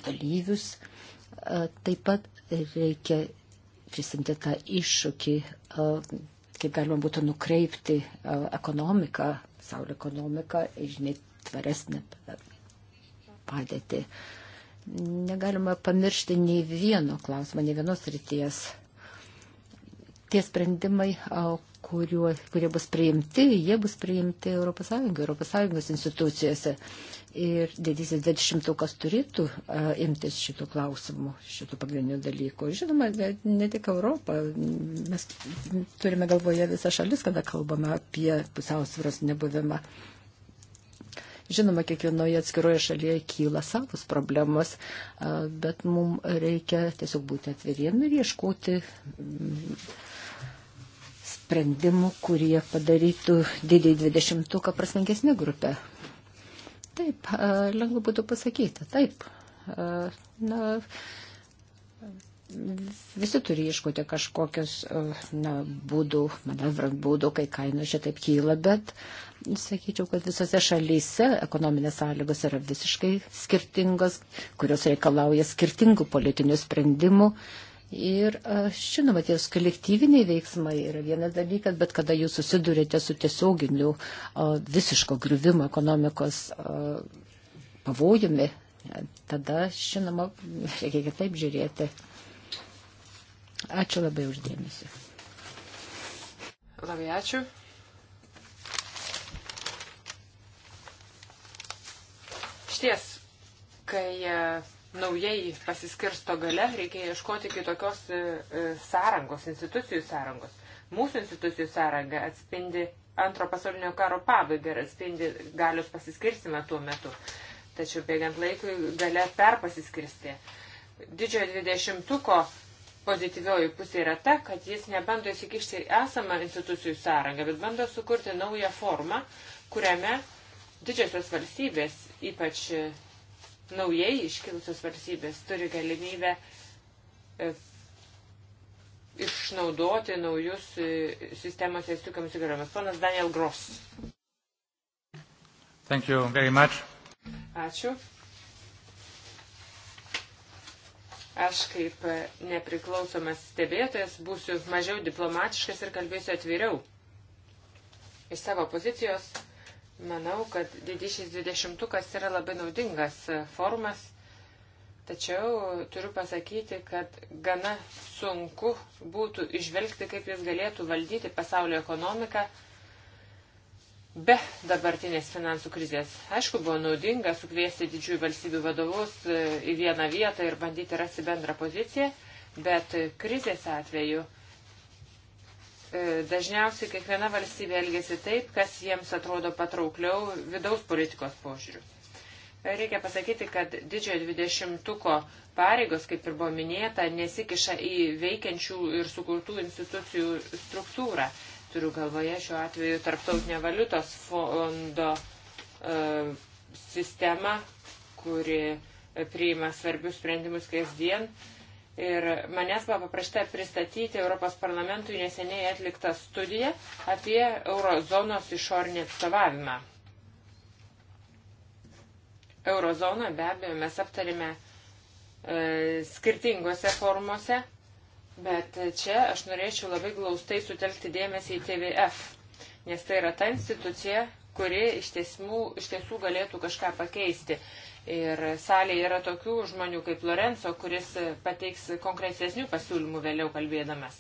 dalyvius. A, taip pat reikia prisimti tą iššūkį, a, kaip galima būtų nukreipti a, ekonomiką, pasaulio ekonomiką, žinai, tvaresnę padėtį. Negalima pamiršti nei vieno klausimo, nei vienos ryties tie sprendimai, kuriuo, kurie bus priimti, jie bus priimti ES, ES institucijose. Ir didysis dvidešimtukas turėtų a, imtis šitų klausimų, šitų pagrindinių dalykų. Žinoma, ne, ne tik Europą, mes turime galvoje visą šalis, kada kalbame apie pusiausvėros nebuvimą. Žinoma, kiekvienoje atskiroje šalyje kyla savus problemos, bet mums reikia tiesiog būti atviriem ir ieškoti sprendimų, kurie padarytų didį 20-ką prasmingesnį grupę. Taip, lengva būtų pasakyti, taip. Na, visi turi ieškoti kažkokius na, būdų, manevrant būdų, kai kainos šitaip kyla, bet sakyčiau, kad visose šalyse ekonominės sąlygos yra visiškai skirtingos, kurios reikalauja skirtingų politinių sprendimų. Uh, Ir žinoma, tie kolektyviniai veiksmai yra vienas dalykas, bet kada jūs susidurite su tiesioginiu visiško griuvimo ekonomikos pavojumi, tada, žinoma, reikia kitaip žiūrėti. Ačiū labai uždėmesi. Labai ačiū. Šties, kai uh naujai pasiskirsto gale, reikia ieškoti kitokios e, e, sąrangos, institucijų sąrangos. Mūsų institucijų sąranga atspindi antro pasaulinio karo pabaigą ir atspindi galios pasiskirstimą tuo metu. Tačiau bėgant laikui gale perpasiskirsti. Didžiojo dvidešimtuko pozityvioji pusė yra ta, kad jis nebando įsikišti į esamą institucijų sąrangą, bet bando sukurti naują formą, kuriame didžiosios valstybės, ypač naujai iškilusios valstybės turi galimybę e, išnaudoti naujus e, sistemos įstukiamus įgaliojimus. Ponas Daniel Gross. Thank you very much. Ačiū. Aš kaip e, nepriklausomas stebėtojas būsiu mažiau diplomatiškas ir kalbėsiu atviriau. Iš savo pozicijos Manau, kad didysis dvidešimtukas yra labai naudingas formas, tačiau turiu pasakyti, kad gana sunku būtų išvelgti, kaip jis galėtų valdyti pasaulio ekonomiką be dabartinės finansų krizės. Aišku, buvo naudinga sukviesti didžiųjų valstybių vadovus e, į vieną vietą ir bandyti rasti bendrą poziciją, bet krizės atveju E, dažniausiai kiekviena valstybė elgesi taip, kas jiems atrodo patraukliau vidaus politikos požiūrių. E, reikia pasakyti, kad didžiojo dvidešimtuko pareigos, kaip ir buvo minėta, nesikiša į veikiančių ir sukurtų institucijų struktūrą. Turiu galvoje šiuo atveju tarptautinio valiutos fondo e, sistemą, kuri priima svarbius sprendimus kasdien. E, Ir manęs buvo paprašta pristatyti Europos parlamentui neseniai atliktą studiją apie eurozonos išorinį atstovavimą. Eurozoną be abejo mes aptarėme e, skirtingose formuose, bet čia aš norėčiau labai glaustai sutelkti dėmesį į TVF, nes tai yra ta institucija, kuri iš, tiesmų, iš tiesų galėtų kažką pakeisti. Ir salėje yra tokių žmonių kaip Lorenzo, kuris pateiks konkrečesnių pasiūlymų vėliau kalbėdamas.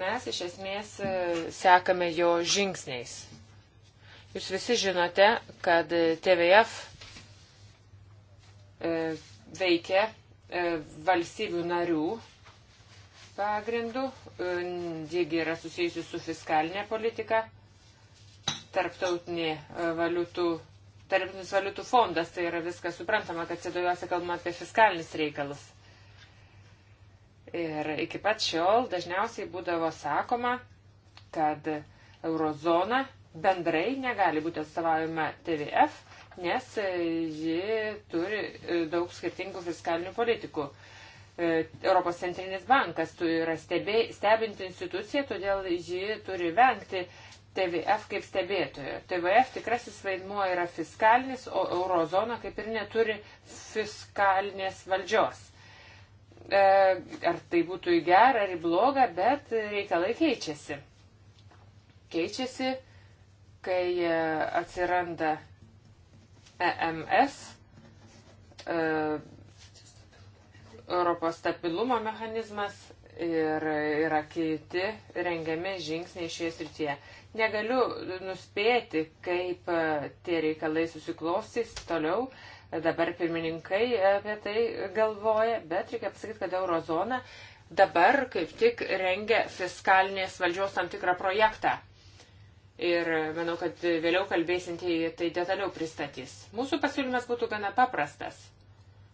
Mes iš esmės e, sekame jo žingsniais. Jūs visi žinote, kad TVF e, veikia e, valstybių narių pagrindų, jiegi yra susijusi su fiskalinė politika, tarptautinė valiutų Tarptautinis valiutų fondas, tai yra viskas suprantama, kad čia daugiausia kalbama apie fiskalinius reikalus. Ir iki pat šiol dažniausiai būdavo sakoma, kad eurozona bendrai negali būti atstovaujama TVF, nes ji turi e, daug skirtingų fiskalinių politikų. E, Europos centrinis bankas yra stebė, stebinti institucija, todėl ji turi vengti TVF kaip stebėtojo. TVF tikrasis vaidmuo yra fiskalinis, o eurozona kaip ir neturi fiskalinės valdžios. E, ar tai būtų į gerą ar į blogą, bet reikalai keičiasi. Keičiasi, kai e, atsiranda EMS, e, Europos stabilumo mechanizmas ir yra kiti rengiami žingsniai šioje srityje. Negaliu nuspėti, kaip e, tie reikalai susiklostys toliau. Dabar pirmininkai apie tai galvoja, bet reikia pasakyti, kad eurozona dabar kaip tik rengia fiskalinės valdžios tam tikrą projektą. Ir manau, kad vėliau kalbėsintieji tai detaliau pristatys. Mūsų pasiūlymas būtų gana paprastas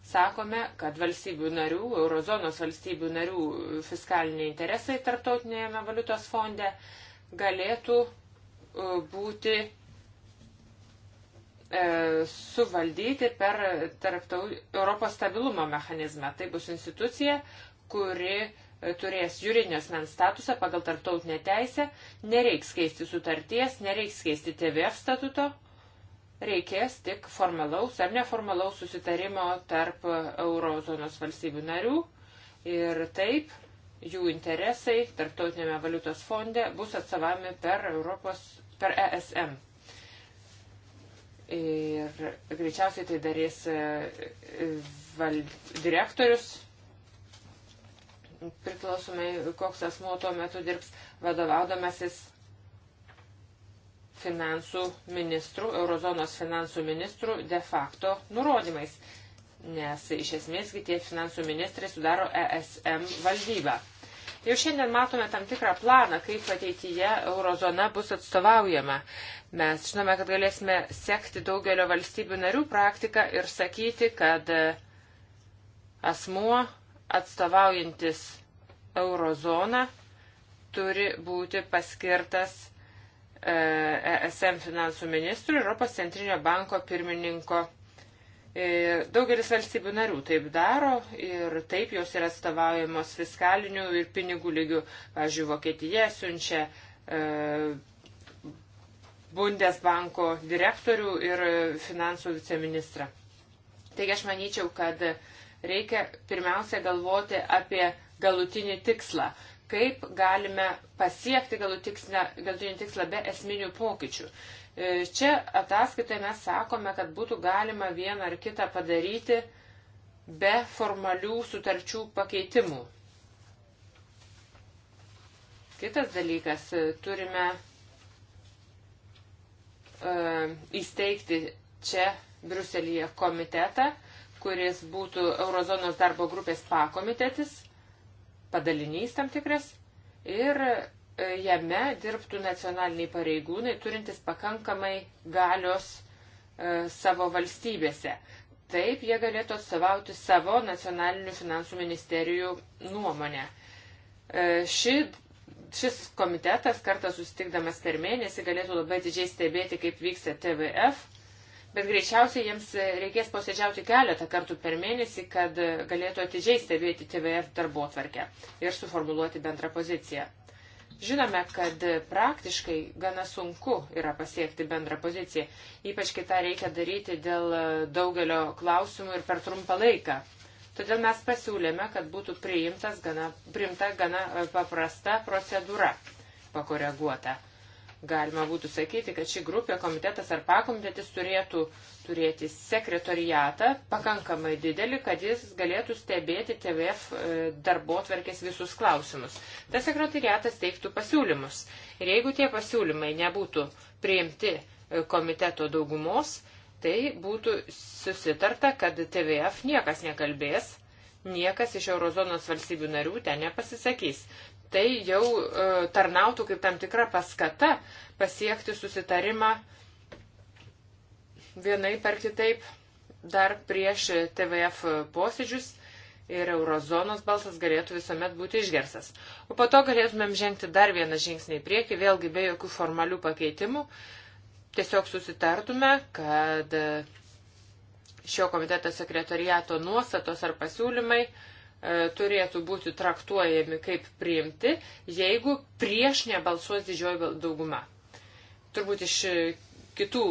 sakome, kad valstybių narių, eurozonos valstybių narių fiskaliniai interesai tarptautinėme valiutos fonde galėtų e, būti e, suvaldyti per tarptau, Europos stabilumo mechanizmą. Tai bus institucija, kuri e, turės juridinio asmens statusą pagal tarptautinę teisę, nereiks keisti sutarties, nereiks keisti TVF statuto, reikės tik formalaus ar neformalaus susitarimo tarp eurozonos valstybių narių ir taip jų interesai tarptautinėme valiutos fonde bus atsavami per, Europos, per ESM. Ir greičiausiai tai darys e, val, direktorius, priklausomai koks asmuo tuo metu dirbs, vadovaudamasis finansų ministrų, eurozonos finansų ministrų de facto nurodymais, nes iš esmėsgi tie finansų ministrai sudaro ESM valdybą. Jau šiandien matome tam tikrą planą, kaip ateityje eurozona bus atstovaujama. Mes žinome, kad galėsime sekti daugelio valstybių narių praktiką ir sakyti, kad asmuo atstovaujantis eurozoną turi būti paskirtas ESM e finansų ministrų ir Europos centrinio banko pirmininko. E, daugelis valstybių narių taip daro ir taip jos yra atstovaujamos fiskalinių ir pinigų lygių. Pavyzdžiui, Vokietija siunčia e, Bundesbanko direktorių ir finansų viceministrą. Taigi aš manyčiau, kad reikia pirmiausia galvoti apie galutinį tikslą kaip galime pasiekti galutinį tikslą be esminių pokyčių. E, čia ataskaitoje mes sakome, kad būtų galima vieną ar kitą padaryti be formalių sutarčių pakeitimų. Kitas dalykas, e, turime e, įsteigti čia Bruselėje komitetą, kuris būtų Eurozonos darbo grupės pakomitetis padalinys tam tikras ir e, jame dirbtų nacionaliniai pareigūnai, turintis pakankamai galios e, savo valstybėse. Taip jie galėtų atstovauti savo nacionalinių finansų ministerijų nuomonę. E, ši, šis komitetas kartą susitikdamas per mėnesį galėtų labai didžiai stebėti, kaip vyksta TVF bet greičiausiai jiems reikės posėdžiauti keletą kartų per mėnesį, kad galėtų atidžiai stebėti TVR darbo tvarkę ir suformuluoti bendrą poziciją. Žinome, kad praktiškai gana sunku yra pasiekti bendrą poziciją, ypač kai tą reikia daryti dėl daugelio klausimų ir per trumpą laiką. Todėl mes pasiūlėme, kad būtų gana, priimta gana e, paprasta procedūra pakoreguota. Galima būtų sakyti, kad ši grupė, komitetas ar pakomitetis turėtų turėti sekretoriatą pakankamai didelį, kad jis galėtų stebėti TVF e, darbo tvarkės visus klausimus. Tas sekretoriatas teiktų pasiūlymus. Ir jeigu tie pasiūlymai nebūtų priimti e, komiteto daugumos, tai būtų susitarta, kad TVF niekas nekalbės, niekas iš eurozonos valstybių narių ten nepasisakys tai jau e, tarnautų kaip tam tikra paskata pasiekti susitarimą vienai per kitaip dar prieš TVF posėdžius ir eurozonos balsas galėtų visuomet būti išgersas. O po to galėtumėm žengti dar vieną žingsnį į priekį, vėlgi be jokių formalių pakeitimų. Tiesiog susitartume, kad šio komiteto sekretariato nuostatos ar pasiūlymai uh, E, turėtų būti traktuojami kaip priimti, jeigu prieš nebalsuos didžioji dauguma. Turbūt iš e, kitų,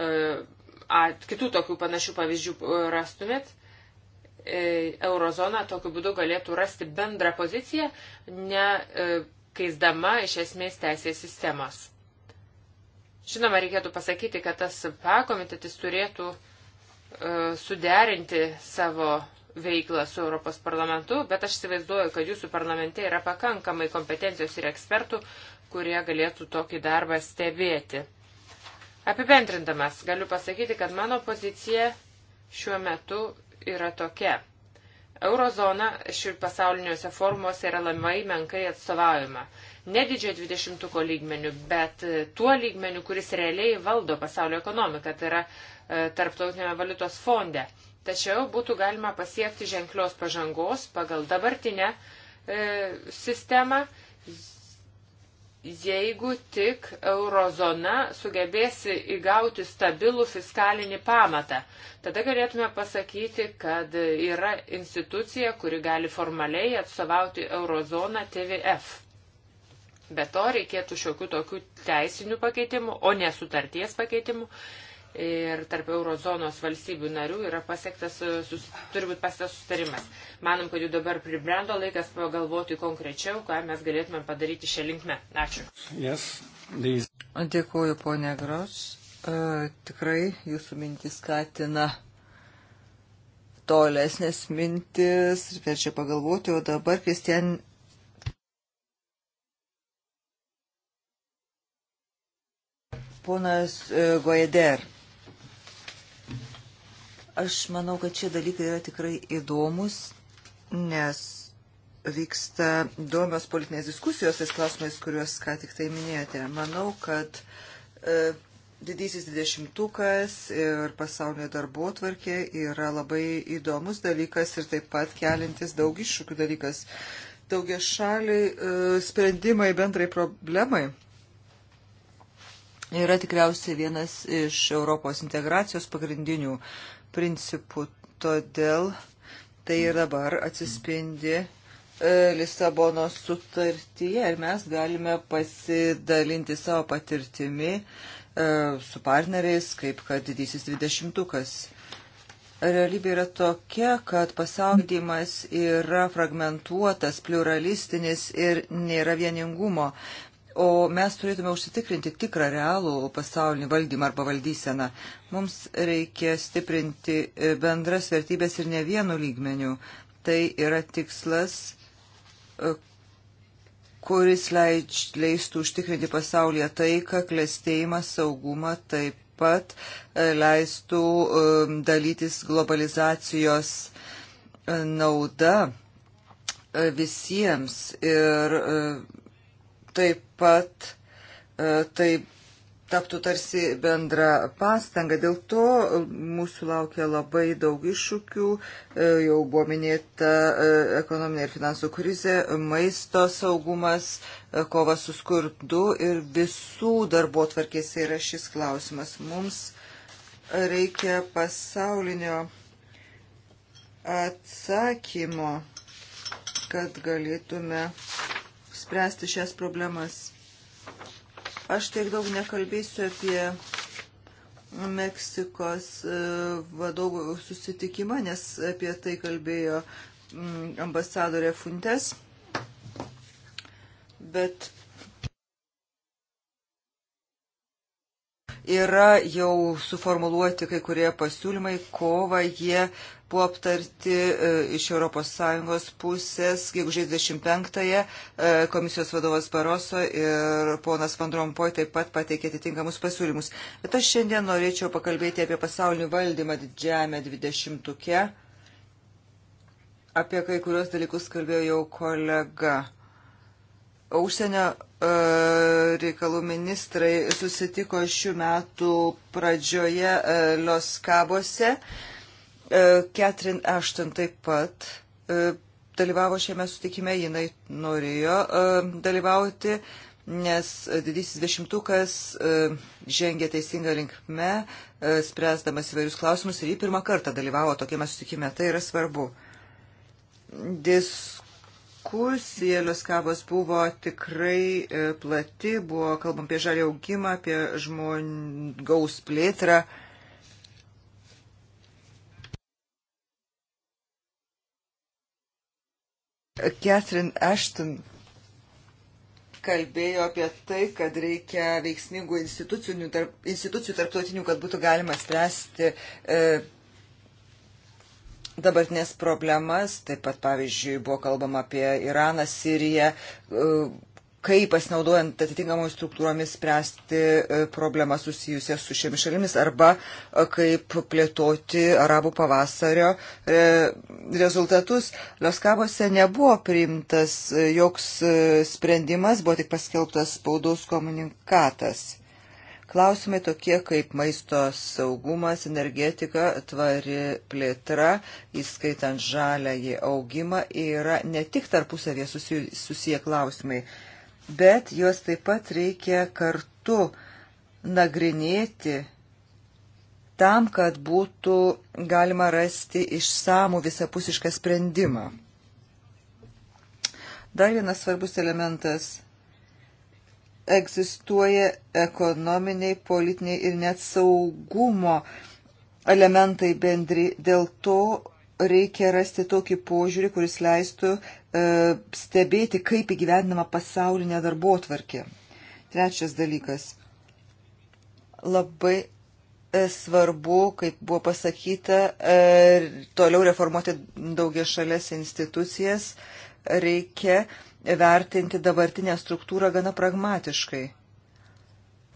e, kitų tokių panašių pavyzdžių rastumėt. Eurozona tokiu būdu galėtų rasti bendrą poziciją, nekaisdama iš esmės teisės sistemos. Žinoma, reikėtų pasakyti, kad tas pakomitetis turėtų suderinti savo veiklą su Europos parlamentu, bet aš įsivaizduoju, kad jūsų parlamente yra pakankamai kompetencijos ir ekspertų, kurie galėtų tokį darbą stebėti. Apibendrindamas, galiu pasakyti, kad mano pozicija šiuo metu yra tokia. Eurozona šių pasauliniuose formuose yra labai menkai atstovaujama. Ne didžiojo dvidešimtuko lygmenių, bet e, tuo lygmenių, kuris realiai valdo pasaulio ekonomiką, tai yra e, tarptautinėme valiutos fonde. E, Tačiau būtų galima pasiekti ženklios pažangos pagal dabartinę e, sistemą, jeigu tik eurozona sugebės įgauti stabilų fiskalinį pamatą. Tada galėtume pasakyti, kad yra institucija, kuri gali formaliai atstovauti eurozoną TVF. Be to reikėtų šiokių tokių teisinių pakeitimų, o ne sutarties pakeitimų, ir tarp eurozonos valstybių narių yra pasiektas, e, sus, turi būti pasiektas sustarimas. Manom, kad jau dabar pribrendo laikas pagalvoti konkrečiau, ką mes galėtume padaryti šią linkmę. Ačiū. Yes, these... Dėkuoju, ponė Gros. Uh, tikrai jūsų mintis skatina tolesnės mintis ir verčia pagalvoti, o dabar Kristian ponas e, Goeder. Aš manau, kad šie dalykai yra tikrai įdomus, nes vyksta įdomios politinės diskusijos tais klausimais, kuriuos ką tik tai minėjote. Manau, kad e, didysis dvidešimtukas ir pasaulio darbo tvarkė yra labai įdomus dalykas ir taip pat kelintis daug iššūkių dalykas. Daugia šaliai e, sprendimai bendrai problemai yra tikriausiai vienas iš Europos integracijos pagrindinių e, principų. Todėl tai ir dabar atsispindi e, Lisabonos sutartyje ir mes galime pasidalinti savo patirtimi e, su partneriais, kaip kad didysis dvidešimtukas. Realybė yra tokia, kad pasaulymas yra fragmentuotas, pluralistinis ir nėra vieningumo. O mes turėtume užsitikrinti tikrą realų pasaulinį valdymą arba valdyseną. Mums reikia stiprinti e, bendras vertybės ir ne vienu lygmeniu. Tai yra tikslas, e, kuris leidž, leistų užtikrinti pasaulyje taiką, klėstėjimą, saugumą, taip pat e, leistų dalytis globalizacijos nauda visiems ir taip pat e, tai taptų tarsi bendra pastanga. Dėl to mūsų laukia labai daug iššūkių. E, jau buvo minėta e, ekonominė ir finansų krizė, maisto saugumas, kova su skurdu ir visų darbo tvarkėse yra šis klausimas. Mums reikia pasaulinio atsakymo, kad galėtume spręsti šias problemas. Aš tiek daug nekalbėsiu apie Meksikos e, vadovų susitikimą, nes apie tai kalbėjo ambasadorė Funtes. Bet yra jau suformuluoti kai kurie pasiūlymai, kovą jie buvo aptarti e, iš ES pusės, gegužės 25-ąją e, komisijos vadovas Baroso ir ponas Van Rompoj taip pat pateikė atitinkamus pasiūlymus. Bet aš šiandien norėčiau pakalbėti apie pasaulinį valdymą didžiame 20-uke. Apie kai kurios dalykus kalbėjo jau kolega. Užsienio e, reikalų ministrai susitiko šių metų pradžioje Los Kabose. E, E, Catherine Ashton taip pat e, dalyvavo šiame sutikime, jinai norėjo e, dalyvauti, nes didysis dešimtukas žengė teisingą linkme, spręsdamas įvairius klausimus ir jį pirmą kartą dalyvavo tokiame sutikime. Tai yra svarbu. Dis diskusija Liuskabos buvo tikrai plati, buvo kalbam apie žalį augimą, apie žmogaus plėtrą. Catherine Ashton kalbėjo apie tai, kad reikia veiksmingų institucijų, tarp, institucijų tarptautinių, kad būtų galima spręsti e, dabartinės problemas. Taip pat, pavyzdžiui, buvo kalbama apie Iraną, Siriją. E, kaip pasinaudojant atitinkamomis struktūromis spręsti e, problemas susijusias su šiomis šalimis arba e, kaip plėtoti arabų pavasario e, rezultatus. Lioskabose nebuvo priimtas joks sprendimas, buvo tik paskelbtas spaudos komunikatas. Klausimai tokie kaip maisto saugumas, energetika, tvari plėtra, įskaitant žalę į augimą, yra ne tik tarpusavė susiję klausimai bet juos taip pat reikia kartu nagrinėti tam, kad būtų galima rasti išsamų visapusišką sprendimą. Dar vienas svarbus elementas - egzistuoja ekonominiai, politiniai ir net saugumo elementai bendri. Dėl to reikia rasti tokį požiūrį, kuris leistų E, stebėti, kaip įgyvendinama pasaulinė darbo tvarkė. Trečias dalykas. Labai e, svarbu, kaip buvo pasakyta, e, toliau reformuoti daugia šalės institucijas. Reikia vertinti dabartinę struktūrą gana pragmatiškai.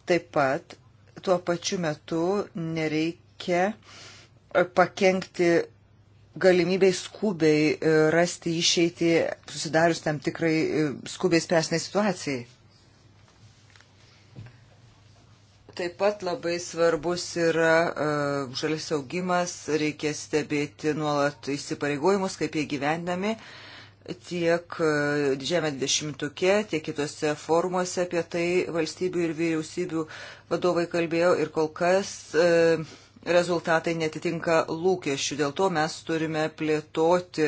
Taip pat tuo pačiu metu nereikia pakengti galimybei skubiai e, rasti išeitį susidarius tam tikrai e, skubiai spręsnai situacijai. Taip pat labai svarbus yra uh, e, žalis augimas, reikia stebėti nuolat įsipareigojimus, kaip jie gyvendami, tiek uh, Žemė 20-ukė, tiek kitose formuose apie tai valstybių ir vyriausybių vadovai kalbėjo ir kol kas uh, rezultatai netitinka lūkesčių. Dėl to mes turime plėtoti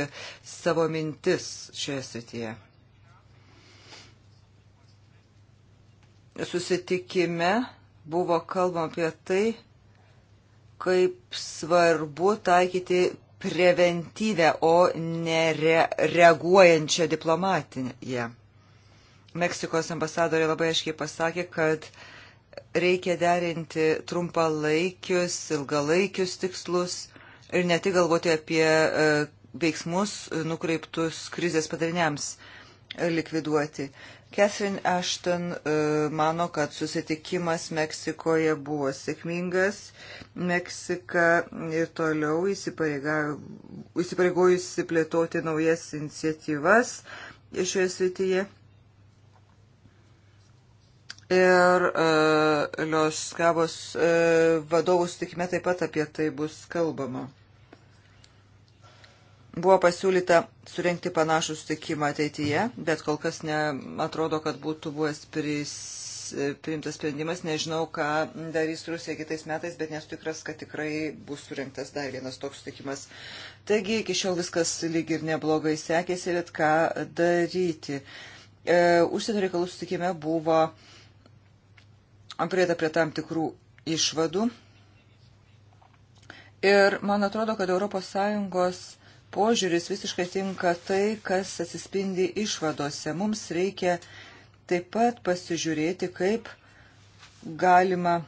savo mintis šioje srityje. Susitikime buvo kalbama apie tai, kaip svarbu taikyti preventyvę, o nereaguojančią nere diplomatiją. Meksikos ambasadorė labai aiškiai pasakė, kad uh, reikia derinti trumpalaikius, ilgalaikius tikslus ir ne tik galvoti apie e, veiksmus nukreiptus krizės padariniams e, likviduoti. Catherine Ashton e, mano, kad susitikimas Meksikoje buvo sėkmingas. Meksika ir toliau įsipareigojusi plėtoti naujas iniciatyvas šioje srityje. Ir uh, Lios Gavos uh, e, vadovų sutikime taip pat apie tai bus kalbama. Buvo pasiūlyta surenkti panašų sutikimą ateityje, bet kol kas neatrodo, kad būtų buvęs pris, e, priimtas sprendimas. Nežinau, ką darys Rusija kitais metais, bet nesu tikras, kad tikrai bus surinktas dar vienas toks sutikimas. Taigi iki šiol viskas lyg ir neblogai sekėsi, bet ką daryti. E, užsienio reikalų sutikime buvo uh, prieita prie tam tikrų išvadų. Ir man atrodo, kad ES požiūris visiškai tinka tai, kas atsispindi išvadose. Mums reikia taip pat pasižiūrėti, kaip galima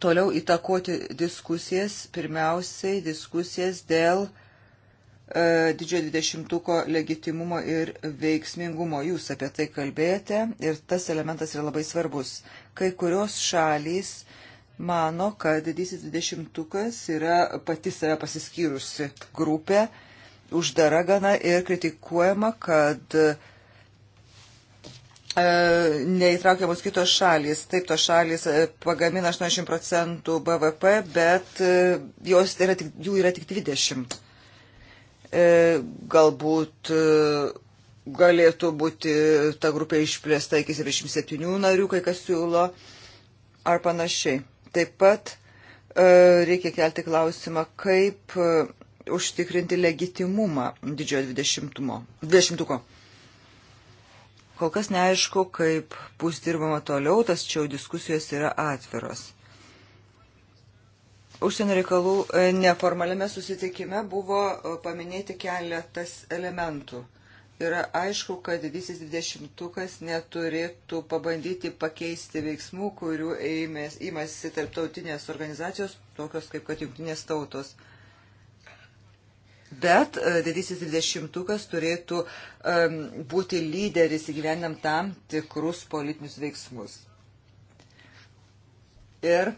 toliau įtakoti diskusijas, pirmiausiai diskusijas dėl e, didžiojo dvidešimtuko legitimumo ir veiksmingumo. Jūs apie tai kalbėjote ir tas elementas yra labai svarbus. Kai kurios šalys mano, kad didysis dvidešimtukas yra pati save pasiskyrusi grupė, uždara gana ir kritikuojama, kad e, neįtraukiamos kitos šalys. Taip, tos šalys e, pagamina 80 procentų BVP, bet e, jos yra tik, jų yra tik 20. E, galbūt e, galėtų būti ta grupė išplėsta iki 77 narių, kai kas siūlo, ar panašiai. Taip pat e, reikia kelti klausimą, kaip e, užtikrinti legitimumą didžiojo 20-ko. Kol kas neaišku, kaip bus dirbama toliau, tačiau diskusijos yra atviros. Užsienio reikalų e, neformaliame susitikime buvo paminėti keletas elementų – yra aišku, kad didysis dvidešimtukas neturėtų pabandyti pakeisti veiksmų, kurių ėmės, įmasi tarptautinės organizacijos, tokios kaip kad jungtinės tautos. Bet e, didysis dvidešimtukas turėtų um, būti lyderis įgyvendam tam tikrus politinius veiksmus. Ir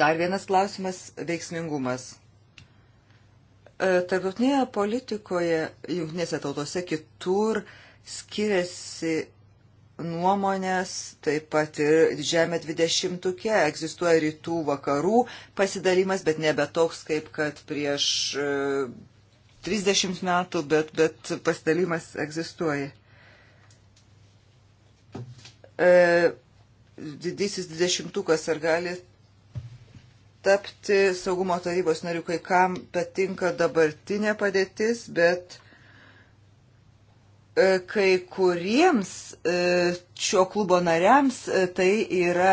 dar vienas klausimas - veiksmingumas. E, tarptautinėje politikoje, jungtinėse tautose kitur skiriasi nuomonės, taip pat ir žemė dvidešimtuke egzistuoja rytų vakarų pasidalimas, bet nebe toks kaip kad prieš 30 e, metų, bet, bet pasidalimas egzistuoja. E, didysis dvidešimtukas ar gali tapti saugumo tarybos nariu, kai kam patinka dabartinė padėtis, bet e, kai kuriems e, šio klubo nariams e, tai yra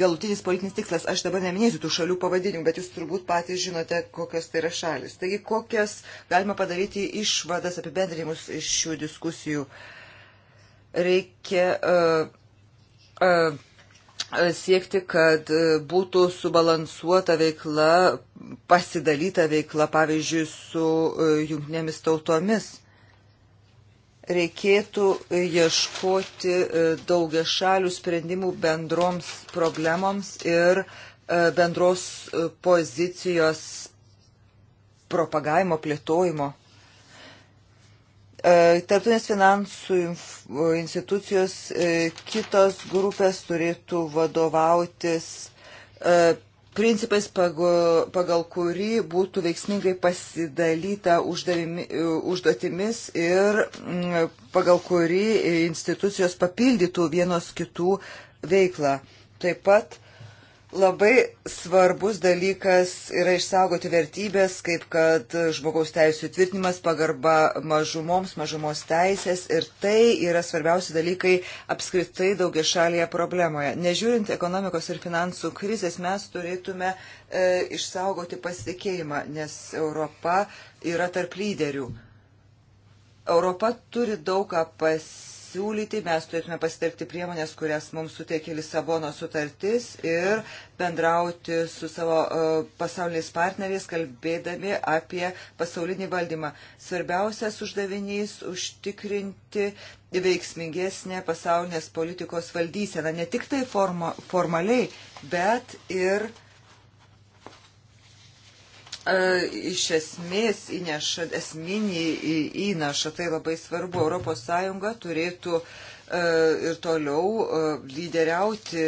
galutinis politinis tikslas. Aš dabar neminėsiu tų šalių pavadinimų, bet jūs turbūt patys žinote, kokios tai yra šalis. Taigi, kokias galima padaryti išvadas apibendrinimus iš šių diskusijų. Reikia uh, uh, E, siekti, kad e, būtų subalansuota veikla, pasidalyta veikla, pavyzdžiui, su e, jungtinėmis tautomis. Reikėtų ieškoti daugia šalių sprendimų bendroms problemoms ir bendros pozicijos propagavimo, plėtojimo. E, tarptautinės finansų institucijos e, kitos grupės turėtų vadovautis e, principais, pagal kurį būtų veiksmingai pasidalyta uždavimi, užduotimis ir pagal kurį institucijos papildytų vienos kitų veiklą. Taip pat Labai svarbus dalykas yra išsaugoti vertybės, kaip kad žmogaus teisų tvirtinimas, pagarba mažumoms, mažumos teisės ir tai yra svarbiausi dalykai apskritai daugia šalyje problemoje. Nežiūrint ekonomikos ir finansų krizės, mes turėtume e, išsaugoti pasitikėjimą, nes Europa yra tarp lyderių. Europa turi daug ką pasitikėti pasiūlyti, mes turėtume pasitelkti priemonės, kurias mums suteikė Lisabono sutartis ir bendrauti su savo e, pasauliniais partneriais, kalbėdami apie pasaulinį valdymą. Svarbiausias uždavinys - užtikrinti veiksmingesnė pasaulinės politikos valdyseną, ne tik tai forma, formaliai, bet ir uh, iš esmės įneša esminį įnašą, tai labai svarbu. ES turėtų ir toliau lyderiauti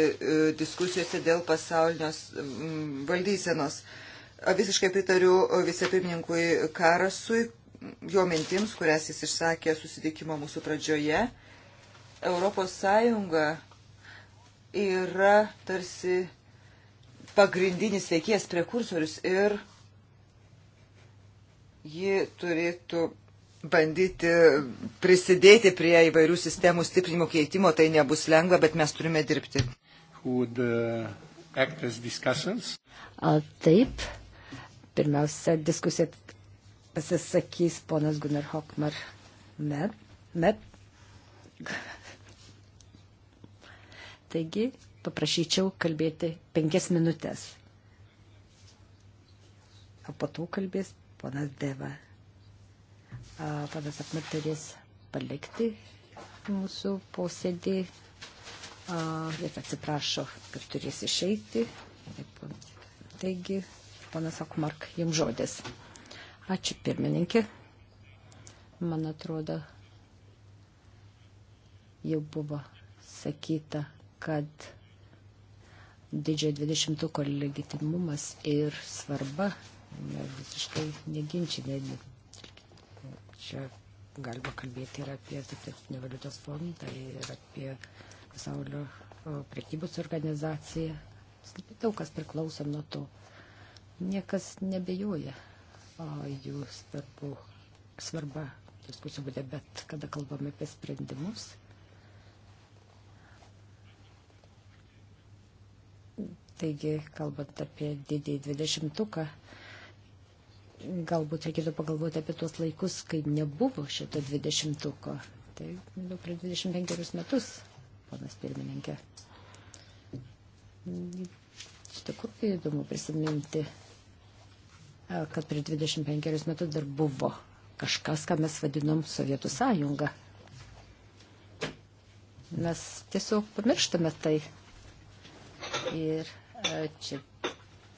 diskusijose dėl pasaulinios valdysenos. Visiškai pritariu vicepirmininkui Karasui, jo mintims, kurias jis išsakė susitikimo mūsų pradžioje. Europos Sąjunga yra tarsi pagrindinis veikėjas prekursorius ir Ji turėtų bandyti prisidėti prie įvairių sistemų stiprinimo keitimo, tai nebus lengva, bet mes turime dirbti. Uh, taip, pirmiausia diskusija pasisakys ponas Gunnar Hockmar. Met, met. Taigi, paprašyčiau kalbėti penkias minutės. O po to kalbės Ponas Deva. Panas Apmir turės palikti mūsų posėdį ir atsiprašo, kad turės išeiti. Taigi, panas Akmark, jums žodis. Ačiū pirmininkė. Man atrodo, jau buvo sakyta, kad didžiojo 20-ko legitimumas ir svarba ne, visiškai neginčinė. Čia galima kalbėti ir apie Tarptautinio valiutos fondą, tai ir apie pasaulio prekybos organizaciją. Daug kas priklauso nuo to. Niekas nebejoja jų svarbu, svarba diskusijų būdė, bet kada kalbame apie sprendimus, Taigi, kalbant apie didįjį dvidešimtuką, galbūt reikėtų pagalvoti apie tuos laikus, kai nebuvo šito dvidešimtuko. Tai jau prie 25 metus, ponas pirmininkė. Iš tikrųjų įdomu prisiminti, kad prie 25 metus dar buvo kažkas, ką mes vadinom Sovietų sąjunga. Mes tiesiog pamirštame tai. Ir čia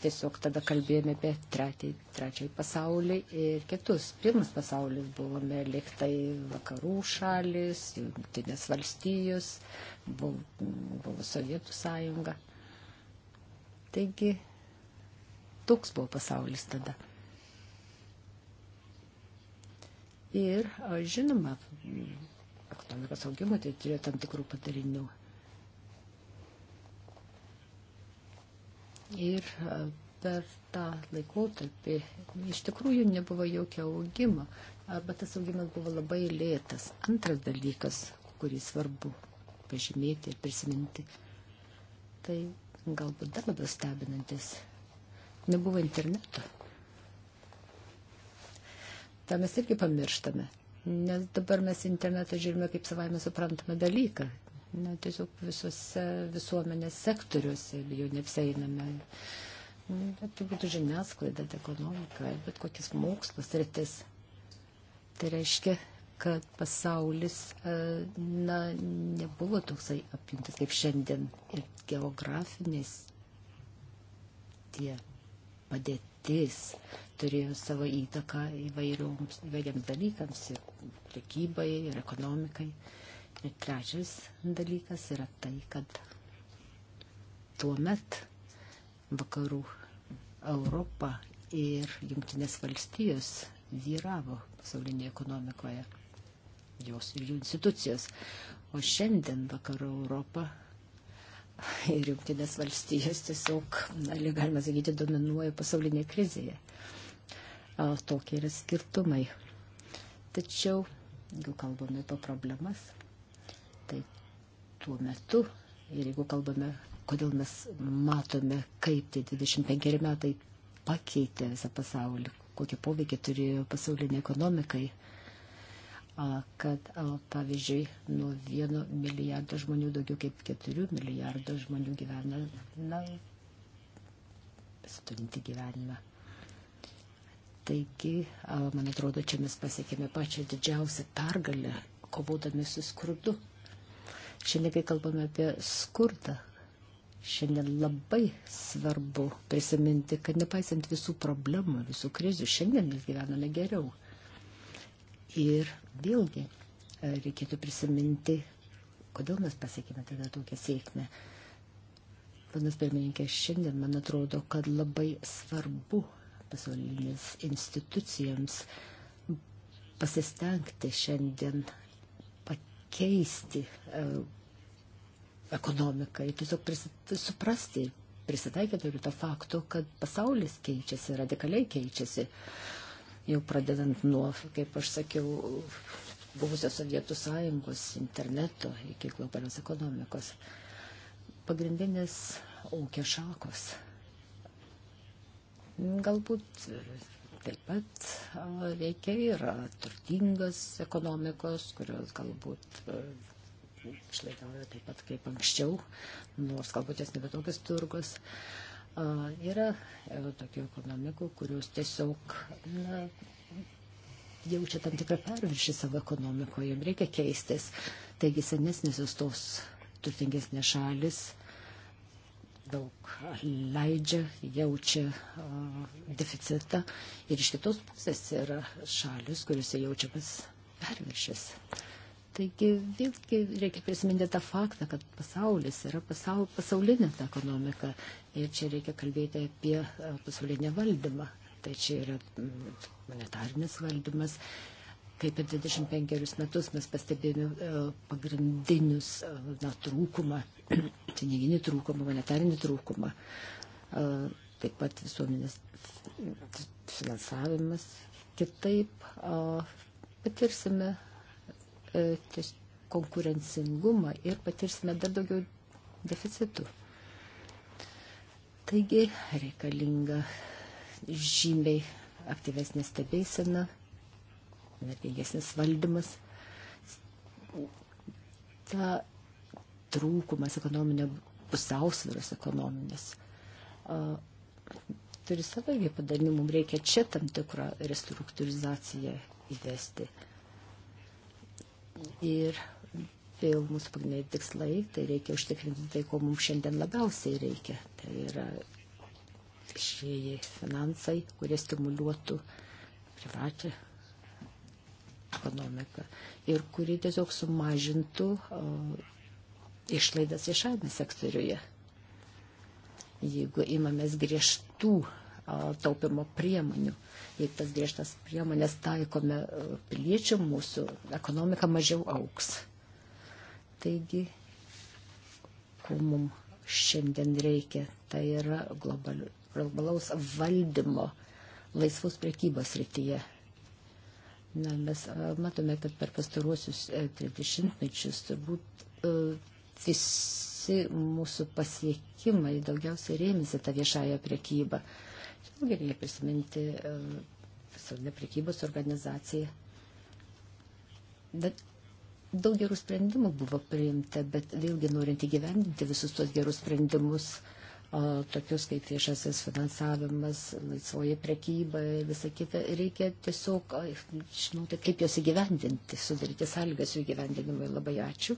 tiesiog tada kalbėjome apie trečiąjį, trečiąjį pasaulį ir kitus. Pirmas pasaulis buvome liktai vakarų šalis, jungtinės valstijos, buvo, buvo Sovietų sąjunga. Taigi, toks buvo pasaulis tada. Ir, žinoma, ekonomikos augimo tai turėjo tam tikrų padarinių. Ir e, per tą laikotarpį iš tikrųjų nebuvo jokio augimo, arba e, tas augimas buvo labai lėtas. Antras dalykas, kurį svarbu pažymėti ir prisiminti, tai galbūt dar labiau stebinantis, nebuvo interneto. Ta mes irgi pamirštame, nes dabar mes internetą žiūrime kaip savaime suprantamą dalyką na, tiesiog visose visuomenės sektoriuose, jau neapseiname. Bet tai būtų žiniasklaida, tai ekonomika, bet kokias mokslas rytis. Tai reiškia, kad pasaulis e, na, nebuvo toksai apimtas kaip šiandien ir geografinės tie padėtis turėjo savo įtaką įvairioms, įvairiems dalykams ir prekybai, ir ekonomikai. Uh, Ir trečias dalykas yra tai, kad tuo met vakarų Europa ir Junktinės valstijos vyravo pasaulinėje ekonomikoje, jos ir jų institucijos. O šiandien vakarų Europa ir Junktinės valstijos tiesiog, na, galima sakyti, dominuoja pasaulinėje krizėje. Tokie yra skirtumai. Tačiau, jeigu kalbame apie problemas, tai tuo metu, ir jeigu kalbame, kodėl mes matome, kaip tie 25 metai pakeitė visą pasaulį, kokie poveikiai turėjo pasaulinė ekonomikai, kad, pavyzdžiui, nuo vieno milijardo žmonių daugiau kaip keturių milijardo žmonių gyvena, na, pasiturinti gyvenimą. Taigi, man atrodo, čia mes pasiekėme pačią didžiausią pergalę, kovodami su skrudu. Šiandien, kai kalbame apie skurdą, šiandien labai svarbu prisiminti, kad nepaisant visų problemų, visų krizių, šiandien mes gyvename geriau. Ir vėlgi e, reikėtų prisiminti, kodėl mes pasiekime tada tokią sėkmę. Panas pirmininkė, šiandien man atrodo, kad labai svarbu pasaulinės institucijoms pasistengti šiandien keisti e, ekonomiką, ir tiesiog prisit, suprasti, prisitaikyti prie to fakto, kad pasaulis keičiasi, radikaliai keičiasi. Jau pradedant nuo, kaip aš sakiau, buvusios Sovietų sąjungos interneto iki globalios ekonomikos. Pagrindinės ūkio šakos. Galbūt Taip pat veikia ir turtingas ekonomikos, kurios galbūt išlaidauja taip pat kaip anksčiau, nors galbūt jas nebe tokius turgus. Yra e, tokių ekonomikų, kurios tiesiog na, jaučia tam tikrą perviršį savo ekonomikoje, jam reikia keistis. Taigi senesnės jos tos turtingesnės šalis daug leidžia, jaučia deficitą ir iš kitos pusės yra šalis, kuriuose jaučiamas perviršis. Taigi vėlgi reikia prisiminti tą faktą, kad pasaulis yra pasaul, pasaulinė ta ekonomika ir čia reikia kalbėti apie pasaulinę valdymą. Tai čia yra monetarinis valdymas, kaip ir 25 metus mes pastebėjome e, pagrindinius e, na, trūkumą, piniginį trūkumą, monetarinį trūkumą, e, taip pat visuomenės finansavimas. Kitaip patirsime konkurencingumą ir patirsime dar daugiau deficitų. Taigi reikalinga žymiai aktyvesnė stebėsena energingesnis valdymas. Ta trūkumas ekonominė pusiausvėros ekonominės turi savai padalinimų, mums reikia čia tam tikrą restruktūrizaciją įvesti. Ir vėl mūsų pagrindiniai tikslai, tai reikia užtikrinti tai, ko mums šiandien labiausiai reikia. Tai yra viešieji finansai, kurie stimuliuotų privačią ekonomiką ir kuri tiesiog sumažintų e, išlaidas viešajame sektoriuje. Jeigu imamės griežtų e, taupimo priemonių, jei tas griežtas priemonės taikome e, piliečių, mūsų ekonomika mažiau auks. Taigi, ko mums šiandien reikia, tai yra global, globalaus valdymo laisvos priekybos rytyje Na, mes matome, kad per pastaruosius 30 e, mečius turbūt e, visi mūsų pasiekimai daugiausiai rėmėsi tą viešąją priekybą. Vėlgi reikia prisiminti e, pasaulinę priekybos organizaciją. Bet daug gerų sprendimų buvo priimta, bet vėlgi norint įgyvendinti visus tuos gerus sprendimus, uh, tokius kaip viešasis finansavimas, laisvoji prekyba ir visa kita. Reikia tiesiog, žinoti, kaip juos įgyvendinti, sudaryti sąlygas jų įgyvendinimui. Labai ačiū.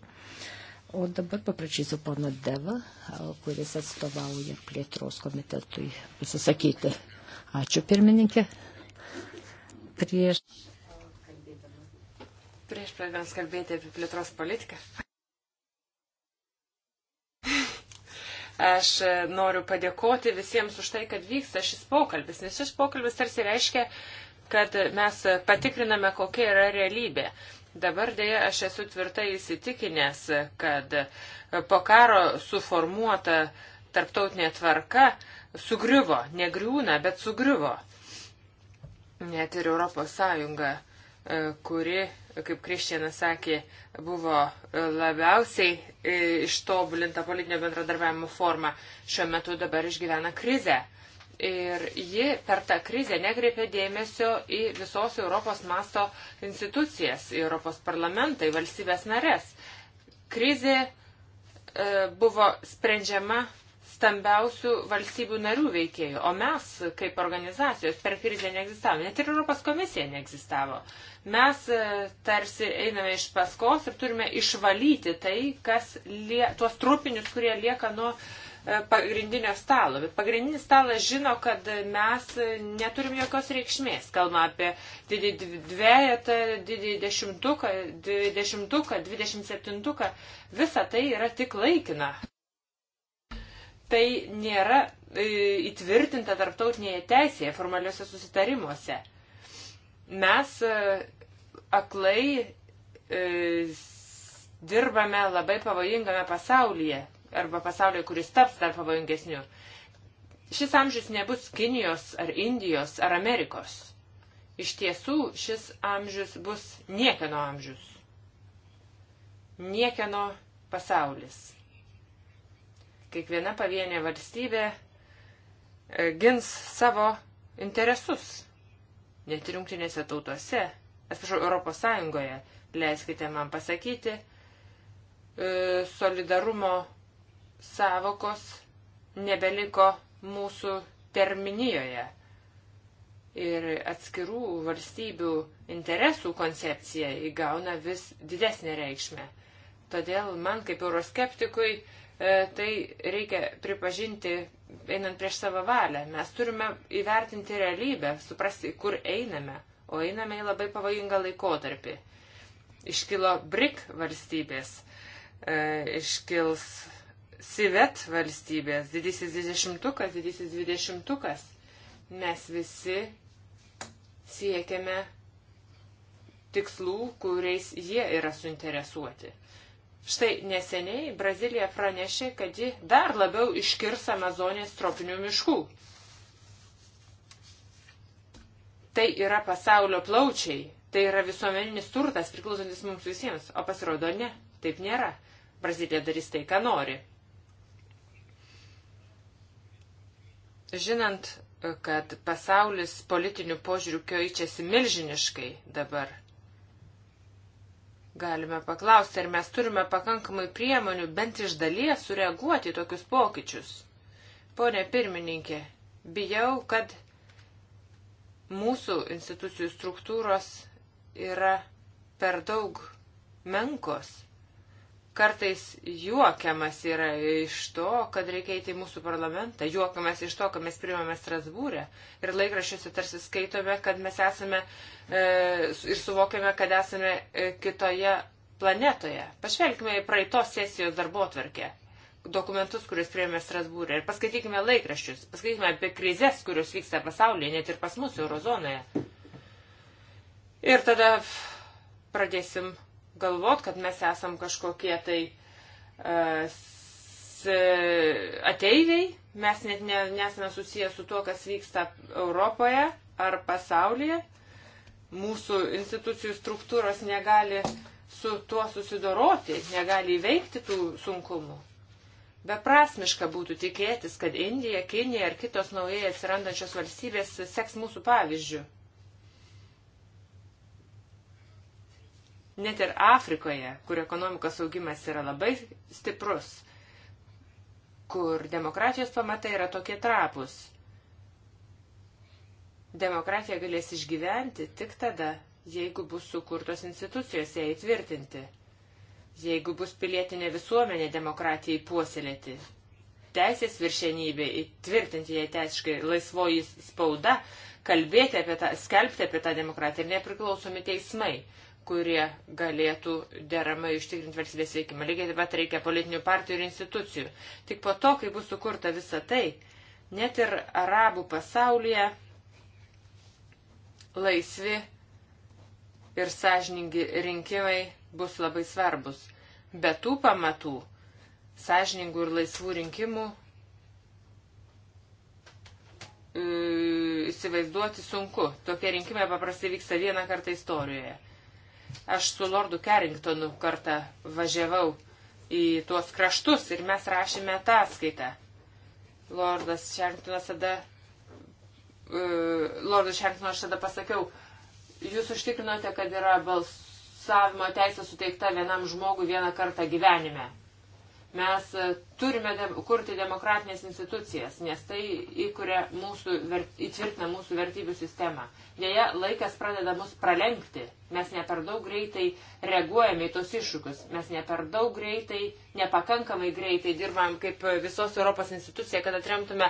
O dabar paprašysiu pono Deva, kuris atstovauja plėtros komitetui, pasisakyti. Ačiū pirmininkė. Prieš prieš pradedant kalbėti apie plėtros politiką Aš e, noriu padėkoti visiems už tai, kad vyksta šis pokalbis, nes šis pokalbis tarsi reiškia, kad mes patikriname, kokia yra realybė. Dabar dėja aš esu tvirtai įsitikinęs, kad po karo suformuota tarptautinė tvarka sugriuvo, negriūna, bet sugriuvo. Net ir Europos Sąjunga uh, E, kuri, kaip Kristianas sakė, buvo labiausiai e, ištobulinta politinio bendradarbiavimo forma, šiuo metu dabar išgyvena krizę. Ir ji per tą krizę negreipė dėmesio į visos Europos masto institucijas, į Europos parlamentą, į valstybės narės. Krizė e, buvo sprendžiama stambiausių valstybių narių veikėjų, o mes kaip organizacijos per krizę neegzistavome, net ir Europos komisija neegzistavo. Mes e, tarsi einame iš paskos ir turime išvalyti tai, kas lie, tuos trupinius, kurie lieka nuo e, pagrindinio stalo. Bet pagrindinis stalas žino, kad mes e, neturim jokios reikšmės. Kalbame apie didį dviejatą, didį dešimtuką, dvidešimtuką, dvidešimt septintuką. Visa tai yra tik laikina tai nėra e, įtvirtinta tarptautinėje teisėje, formaliuose susitarimuose. Mes e, aklai e, dirbame labai pavojingame pasaulyje arba pasaulyje, kuris taps dar pavojingesniu. Šis amžius nebus Kinijos ar Indijos ar Amerikos. Iš tiesų, šis amžius bus niekieno amžius. Niekieno pasaulis kiekviena pavienė valstybė e, gins savo interesus. Net ir jungtinėse tautose, atsiprašau, Europos Sąjungoje, leiskite man pasakyti, e, solidarumo savokos nebeliko mūsų terminijoje. Ir atskirų valstybių interesų koncepcija įgauna vis didesnę reikšmę. Todėl man kaip euroskeptikui E, tai reikia pripažinti, einant prieš savo valią. Mes turime įvertinti realybę, suprasti, kur einame, o einame į labai pavojingą laikotarpį. Iškilo BRIC valstybės, e, iškils SIVET valstybės, didysis dvidešimtukas, didysis dvidešimtukas. Mes visi siekiame tikslų, kuriais jie yra suinteresuoti. Štai neseniai Brazilija pranešė, kad ji dar labiau iškirs Amazonės tropinių miškų. Tai yra pasaulio plaučiai, tai yra visuomeninis turtas priklausantis mums visiems, o pasirodo ne, taip nėra. Brazilija darys tai, ką nori. Žinant, kad pasaulis politinių požiūrių keičiasi milžiniškai dabar – Galime paklausti, ar mes turime pakankamai priemonių bent iš dalies sureaguoti į tokius pokyčius. Pone pirmininkė, bijau, kad mūsų institucijų struktūros yra per daug menkos Kartais juokiamas yra iš to, kad reikia eiti į mūsų parlamentą, juokiamas iš to, kad mes priimame Strasbūrę ir laikraščiuose tarsi skaitome, kad mes esame e, ir suvokiame, kad esame e, kitoje planetoje. Pažvelkime į praeitos sesijos darbo atverkę dokumentus, kuriuos priėmė Strasbūrė ir paskaitykime laikraščius, paskaitykime apie krizės, kurios vyksta pasaulyje, net ir pas mus eurozonoje. Ir tada pradėsim galvot, kad mes esam kažkokie tai uh, ateiviai, mes net ne, nesame susiję su tuo, kas vyksta Europoje ar pasaulyje. Mūsų institucijų struktūros negali su tuo susidoroti, negali įveikti tų sunkumų. Beprasmiška būtų tikėtis, kad Indija, Kinija ar kitos naujai atsirandančios valstybės seks mūsų pavyzdžių. Net ir Afrikoje, kur ekonomikos augimas yra labai stiprus, kur demokratijos pamatai yra tokie trapus, demokratija galės išgyventi tik tada, jeigu bus sukurtos institucijos ją įtvirtinti, jeigu bus pilietinė visuomenė demokratijai puoselėti, teisės viršenybė, įtvirtinti ją teisiškai laisvoji spauda, kalbėti apie tą, skelbti apie tą demokratiją ir nepriklausomi teismai kurie galėtų deramai ištikrinti valstybės veikimą. Lygiai taip pat reikia politinių partijų ir institucijų. Tik po to, kai bus sukurta visa tai, net ir arabų pasaulyje laisvi ir sąžiningi rinkimai bus labai svarbus. Be tų pamatų, sąžiningų ir laisvų rinkimų, e, įsivaizduoti sunku. Tokie rinkimai paprastai vyksta vieną kartą istorijoje. Aš su Lordu Carringtonu kartą važiavau į tuos kraštus ir mes rašėme ataskaitą. Lordas Carringtonas tada, uh, Lordas Carringtonas tada pasakiau, jūs užtikrinote, kad yra balsavimo teisė suteikta vienam žmogui vieną kartą gyvenime. Mes e, turime dem kurti demokratinės institucijas, nes tai įkuria mūsų, įtvirtina mūsų vertybių sistemą. Deja, laikas pradeda mus pralenkti. Mes ne per daug greitai reaguojame į tos iššūkius. Mes ne per daug greitai, nepakankamai greitai dirbam kaip visos Europos institucija, kad atremtume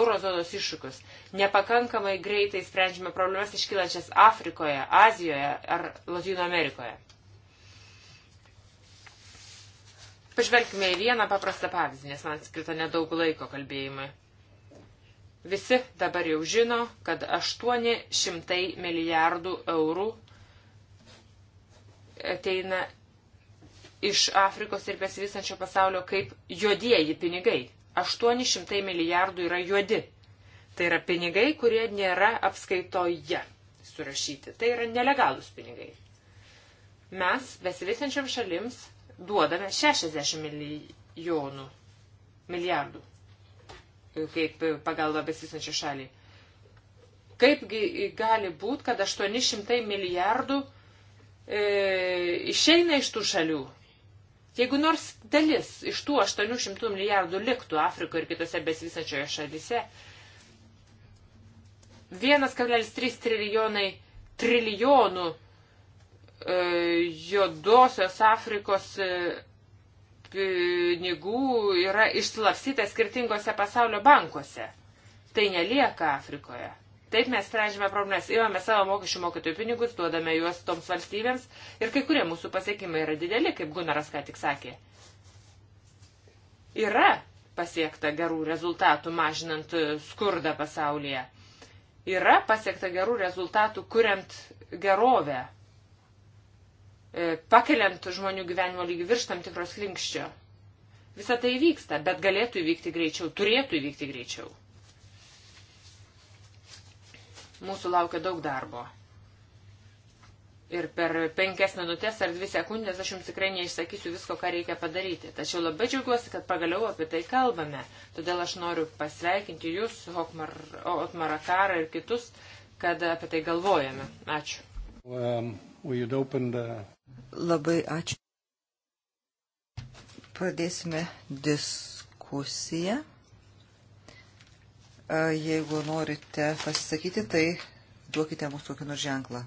eurozonos iššūkius. Nepakankamai greitai sprendžiame problemas iškylančias Afrikoje, Azijoje ar Latino Amerikoje. Pažvelkime į vieną paprastą pavyzdį, nes man skirta nedaug laiko kalbėjimui. Visi dabar jau žino, kad 800 milijardų eurų ateina iš Afrikos ir besivystančio pasaulio kaip juodieji pinigai. 800 milijardų yra juodi. Tai yra pinigai, kurie nėra apskaitoje surašyti. Tai yra nelegalūs pinigai. Mes besivystančiam šalims duodame 60 milijonų milijardų kaip pagalba besisančiai šaliai. Kaipgi gali būti, kad 800 milijardų e, išeina iš tų šalių? Jeigu nors dalis iš tų 800 milijardų liktų Afrikoje ir kitose besisančioje šalyse, 1,3 trilijonai trilijonų E, juodosios Afrikos e, pinigų yra išslapstyta skirtingose pasaulio bankuose. Tai nelieka Afrikoje. Taip mes sprendžiame problemas. Įvame savo mokesčių mokytojų pinigus, duodame juos toms valstybėms ir kai kurie mūsų pasiekimai yra dideli, kaip Gunaras ką tik sakė. Yra pasiekta gerų rezultatų mažinant skurdą pasaulyje. Yra pasiekta gerų rezultatų kuriant gerovę E, pakeliant žmonių gyvenimo lygį virš tam tikros linkščio. Visą tai vyksta, bet galėtų įvykti greičiau, turėtų įvykti greičiau. Mūsų laukia daug darbo. Ir per penkias minutės ar dvi sekundės aš jums tikrai neišsakysiu visko, ką reikia padaryti. Tačiau labai džiaugiuosi, kad pagaliau apie tai kalbame. Todėl aš noriu pasveikinti jūs, Hokmar, Otmarą Karą ir kitus, kad apie tai galvojame. Ačiū. Um, the... Labai ačiū. Pradėsime diskusiją. Jeigu norite pasisakyti, tai duokite mums kokį nors ženklą.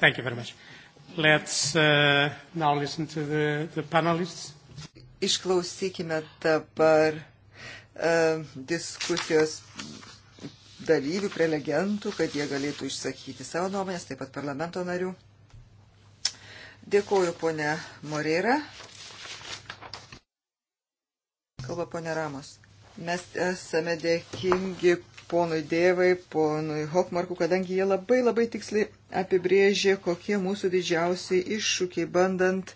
Thank you very much. Let's uh, now listen to the, the panelists. Išklausykime dabar uh, diskusijos dalyvių, prelegentų, kad jie galėtų išsakyti savo nuomonės, taip pat parlamento narių. Dėkuoju, ponė Moreira. Kalba ponė Ramos. Mes esame dėkingi ponui Dėvai, ponui Hokmarku, kadangi jie labai labai tiksliai apibrėžė, kokie mūsų didžiausiai iššūkiai bandant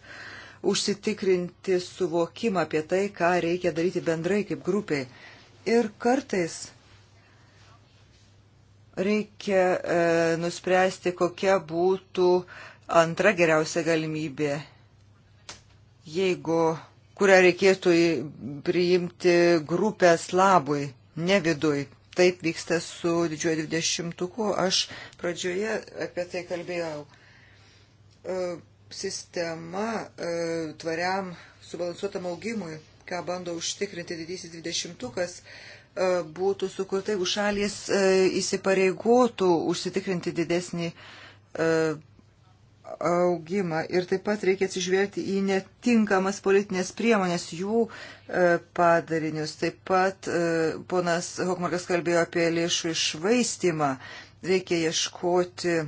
užsitikrinti suvokimą apie tai, ką reikia daryti bendrai kaip grupiai. Ir kartais reikia e, nuspręsti, kokia būtų antra geriausia galimybė, jeigu kurią reikėtų priimti grupės labui, ne vidui taip vyksta su didžiuoju dvidešimtuku. Aš pradžioje apie tai kalbėjau. E, sistema e, tvariam subalansuotam augimui, ką bando užtikrinti didysis dvidešimtukas, e, būtų sukurta, jeigu šalis įsipareigotų užsitikrinti didesnį augimą ir taip pat reikia atsižvelgti į netinkamas politinės priemonės, jų e, padarinius. Taip pat e, ponas Hokmarkas kalbėjo apie lėšų išvaistimą. Reikia ieškoti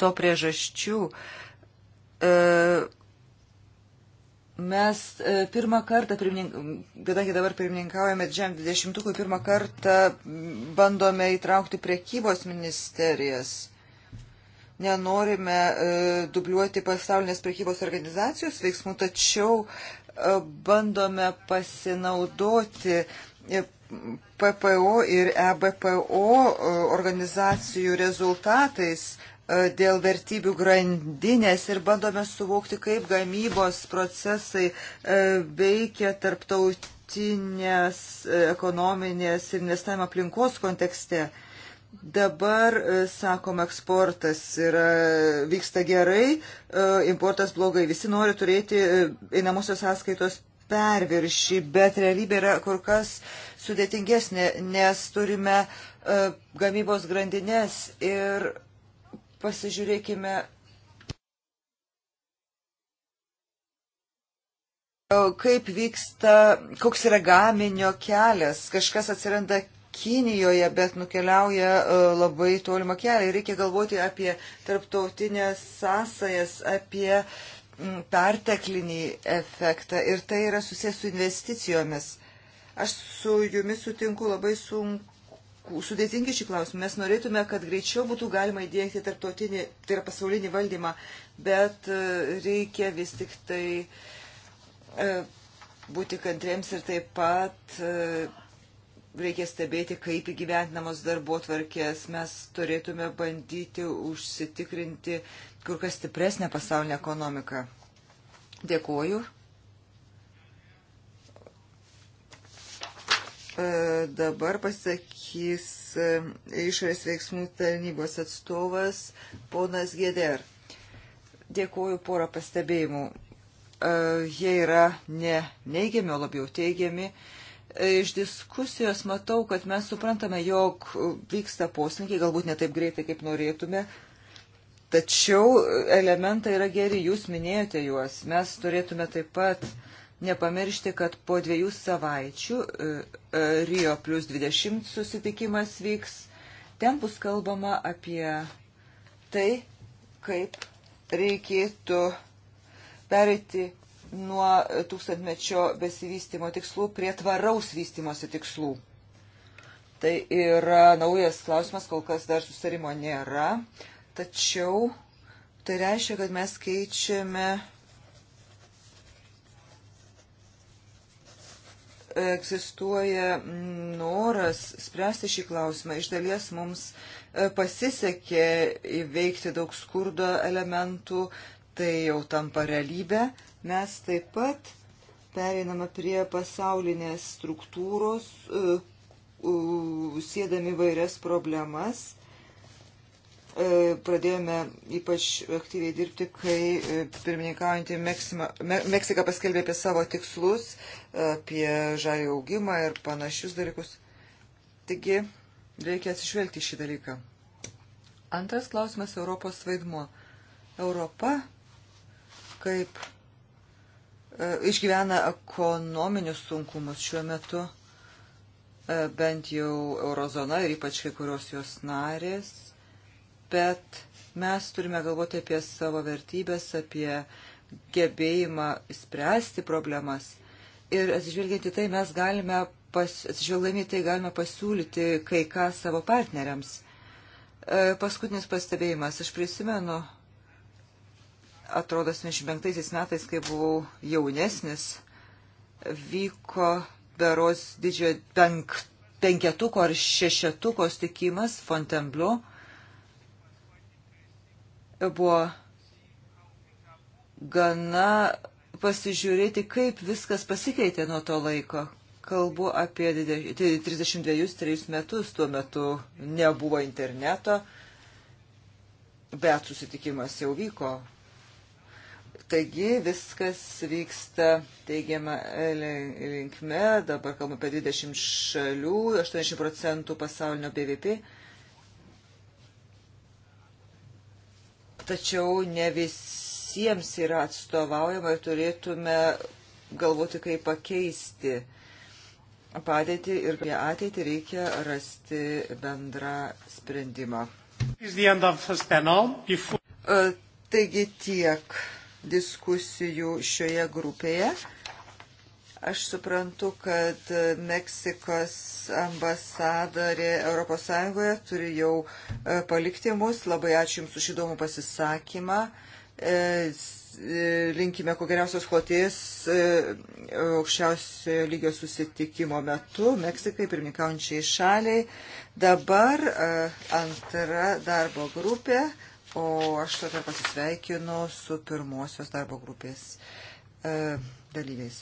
to priežasčių. E, mes pirmą kartą, kadangi dabar pirmininkaujame Džem 20-ųjų, pirmą kartą bandome įtraukti priekybos ministerijas nenorime e, dubliuoti pasaulinės prekybos organizacijos veiksmų, tačiau e, bandome pasinaudoti e, PPO ir EBPO organizacijų rezultatais dėl vertybių grandinės ir bandome suvokti, kaip gamybos procesai veikia tarptautinės ekonominės ir investavimo aplinkos kontekste. Dabar, e, sakom, eksportas yra, vyksta gerai, e, importas blogai. Visi nori turėti e, einamosios sąskaitos perviršį, bet realybė yra kur kas sudėtingesnė, nes turime gamybos grandinės ir pasižiūrėkime kaip vyksta, koks yra gaminio kelias, kažkas atsiranda Kinijoje, bet nukeliauja e, labai tolimą kelią. Reikia galvoti apie tarptautinės sąsajas, apie perteklinį efektą ir tai yra susijęs su investicijomis. Aš su jumis sutinku labai sunku. Sudėtingi šį klausimą. Mes norėtume, kad greičiau būtų galima įdėkti tarptautinį, tai yra pasaulinį valdymą, bet e, reikia vis tik tai e, būti kantriems ir taip pat reikia stebėti, kaip įgyventinamos darbo tvarkės. Mes turėtume bandyti užsitikrinti kur kas stipresnę pasaulinę ekonomiką. Dėkuoju. E, dabar pasakys e, išorės veiksmų tarnybos atstovas ponas Geder. Dėkuoju porą pastebėjimų. E, jie yra ne neigiami, o labiau teigiami. Uh, Iš diskusijos matau, kad mes suprantame, jog vyksta poslinkiai, galbūt ne taip greitai, kaip norėtume, tačiau elementai yra geri, jūs minėjote juos. Mes turėtume taip pat nepamiršti, kad po dviejų savaičių e, e, Rio plus 20 susitikimas vyks. Ten bus kalbama apie tai, kaip reikėtų perėti nuo tūkstantmečio besivystimo tikslų prie tvaraus vystimosi tikslų. Tai yra naujas klausimas, kol kas dar sustarimo nėra, tačiau tai reiškia, kad mes keičiame egzistuoja noras spręsti šį klausimą. Iš dalies mums e, pasisekė įveikti daug skurdo elementų, tai jau tampa realybė. Mes taip pat pereiname prie pasaulinės struktūros, e, sėdami vairias problemas. E, pradėjome ypač aktyviai dirbti, kai e, pirmininkaujantį Meksiką paskelbė apie savo tikslus, apie žalį augimą ir panašius dalykus. Taigi, reikia atsižvelgti šį dalyką. Antras klausimas - Europos vaidmuo. Europa kaip e, išgyvena ekonominius sunkumus šiuo metu, e, bent jau eurozona ir ypač kai kurios jos narės, bet mes turime galvoti apie savo vertybės, apie gebėjimą spręsti problemas. Ir atsižvelgiant į tai, mes galime, pas, atsižvelgdami į tai, galime pasiūlyti kai ką savo partneriams. E, paskutinis pastebėjimas. Aš prisimenu atrodo, 75 metais, kai buvau jaunesnis, vyko beros didžiojo penk, penketuko ar šešetuko stikimas Fontainebleau. Buvo gana pasižiūrėti, kaip viskas pasikeitė nuo to laiko. Kalbu apie 32-3 tai metus, tuo metu nebuvo interneto, bet susitikimas jau vyko Taigi viskas vyksta teigiama linkme, dabar kalbame apie 20 šalių, 80 procentų pasaulinio BVP. Tačiau ne visiems yra atstovaujama ir turėtume galvoti, kaip pakeisti padėtį ir apie ateitį reikia rasti bendrą sprendimą. E, taigi tiek diskusijų šioje grupėje. Aš suprantu, kad Meksikos ambasadorė ES turi jau e, palikti mus. Labai ačiū Jums už įdomų pasisakymą. E, e, linkime kuo geriausios kloties aukščiausio lygio susitikimo metu Meksikai pirmininkaujančiai šaliai. Dabar antra darbo grupė o aš tada pasisveikinu su pirmosios darbo grupės e, dalyviais.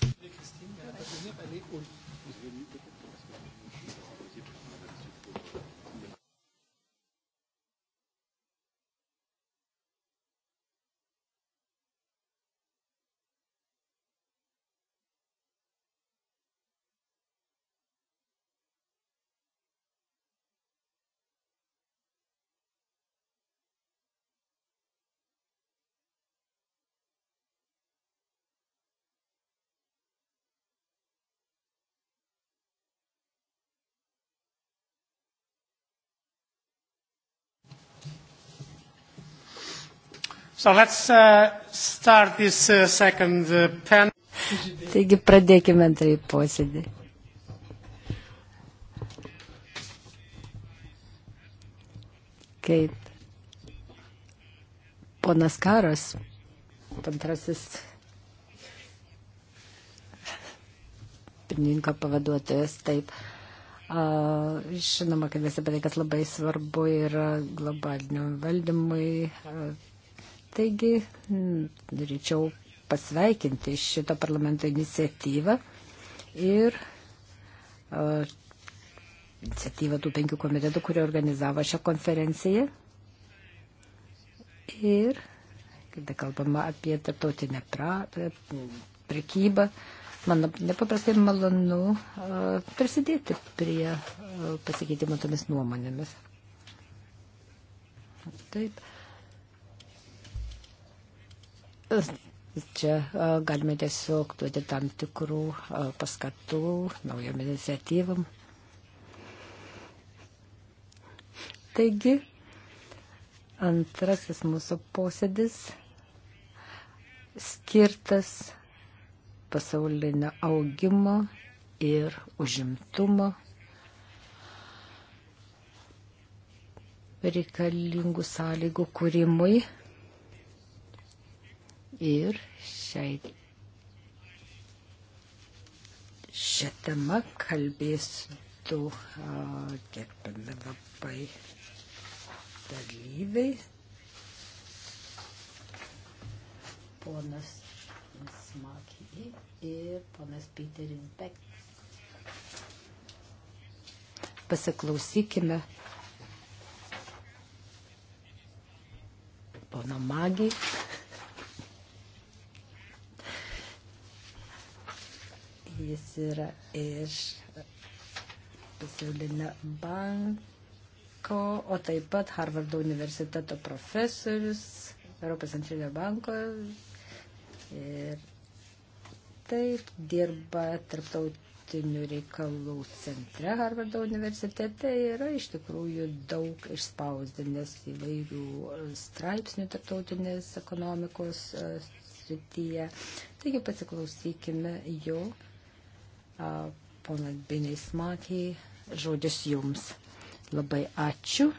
So let's uh, start this uh, second uh, pen. Taigi pradėkime antrąjį posėdį. Kaip ponas Karas, antrasis pirmininko pavaduotojas, taip. A, žinoma, kad visi apie tai, kas labai svarbu yra globaliniam valdymui, a, Taigi, daryčiau pasveikinti šito parlamento iniciatyvą ir uh, iniciatyvą tų penkių komitetų, kurie organizavo šią konferenciją. Ir, kada kalbama apie tarptautinę pra, e, prekybą, man nepaprastai malonu uh, prisidėti prie uh, pasikeitimo tomis nuomonėmis. Taip. Čia galime tiesiog duoti tam tikrų paskatų naujom iniciatyvam. Taigi, antrasis mūsų posėdis skirtas pasaulinio augimo ir užimtumo reikalingų sąlygų kūrimui ir šiai šią temą kalbės du gerbiami labai dalyviai. Ponas Smaky ir ponas Peteris Bek. Pasiklausykime pono Magį. Jis yra iš pasaulinio banko, o taip pat Harvardo universiteto profesorius, Europos centrinio banko. Ir taip dirba tarptautinių reikalų centre Harvardo universitete. Yra iš tikrųjų daug išspausdinęs įvairių straipsnių tarptautinės ekonomikos e, srityje. Taigi pasiklausykime jo. Ponas Biniais Makiai, žodis jums. Labai ačiū.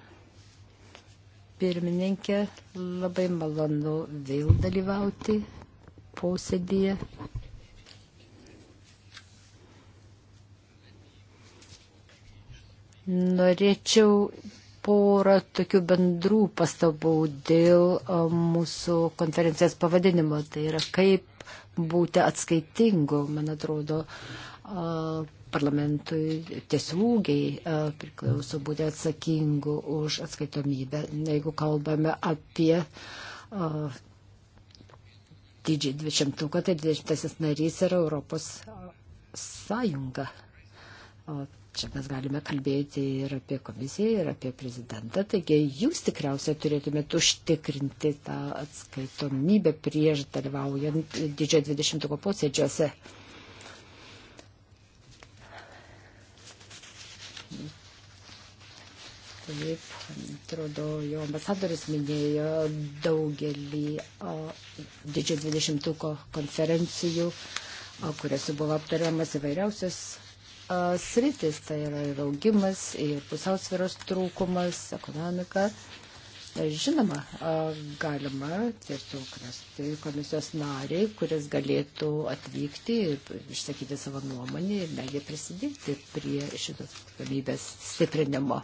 Pirmininkė, labai malonu vėl dalyvauti posėdėje. Norėčiau porą tokių bendrų pastabų dėl mūsų konferencijos pavadinimo. Tai yra kaip būti atskaitingu, man atrodo. Uh, parlamentui tiesiogiai priklauso būti atsakingu už atskaitomybę, jeigu kalbame apie didžiai dvidešimtuką, tai dvidešimtasis narys yra Europos sąjunga. O čia mes galime kalbėti ir apie komisiją, ir apie prezidentą. Taigi jūs tikriausiai turėtumėte užtikrinti tą atskaitomybę prieš dalyvaujant didžiojo dvidešimtuko posėdžiuose. Uh, kaip, atrodo, jo ambasadoris minėjo daugelį didžio dvidešimtuko konferencijų, o, kuriuose buvo aptariamas įvairiausios o, sritis, tai yra ir augimas, ir pusiausvėros trūkumas, ekonomika. Žinoma, galima tiesiog rasti komisijos narį, kuris galėtų atvykti ir išsakyti savo nuomonį ir gali prisidėti prie šitos galimybės stiprinimo.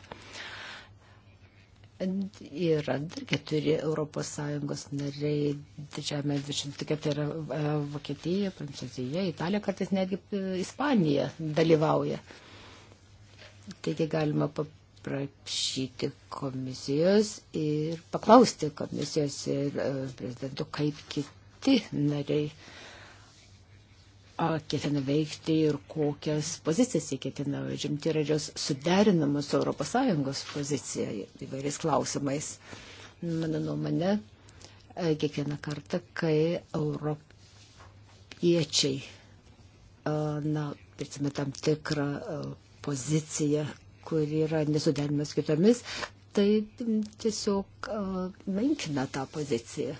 Yra dar keturi ES nariai, didžiame 24 tai yra e, Vokietija, Prancūzija, Italija, kartais netgi e, Ispanija dalyvauja. Taigi galima paprašyti komisijos ir paklausti komisijos ir e, prezidentų, kaip kiti nariai ketina veikti ir kokias pozicijas jie ketina žimti ir ar jos suderinamos su ES pozicija įvairiais klausimais. Mano nuomonė, e, kiekvieną kartą, kai europiečiai, na, prisime tam tikrą poziciją, kur yra nesuderinimas kitomis, tai tiesiog menkina tą poziciją.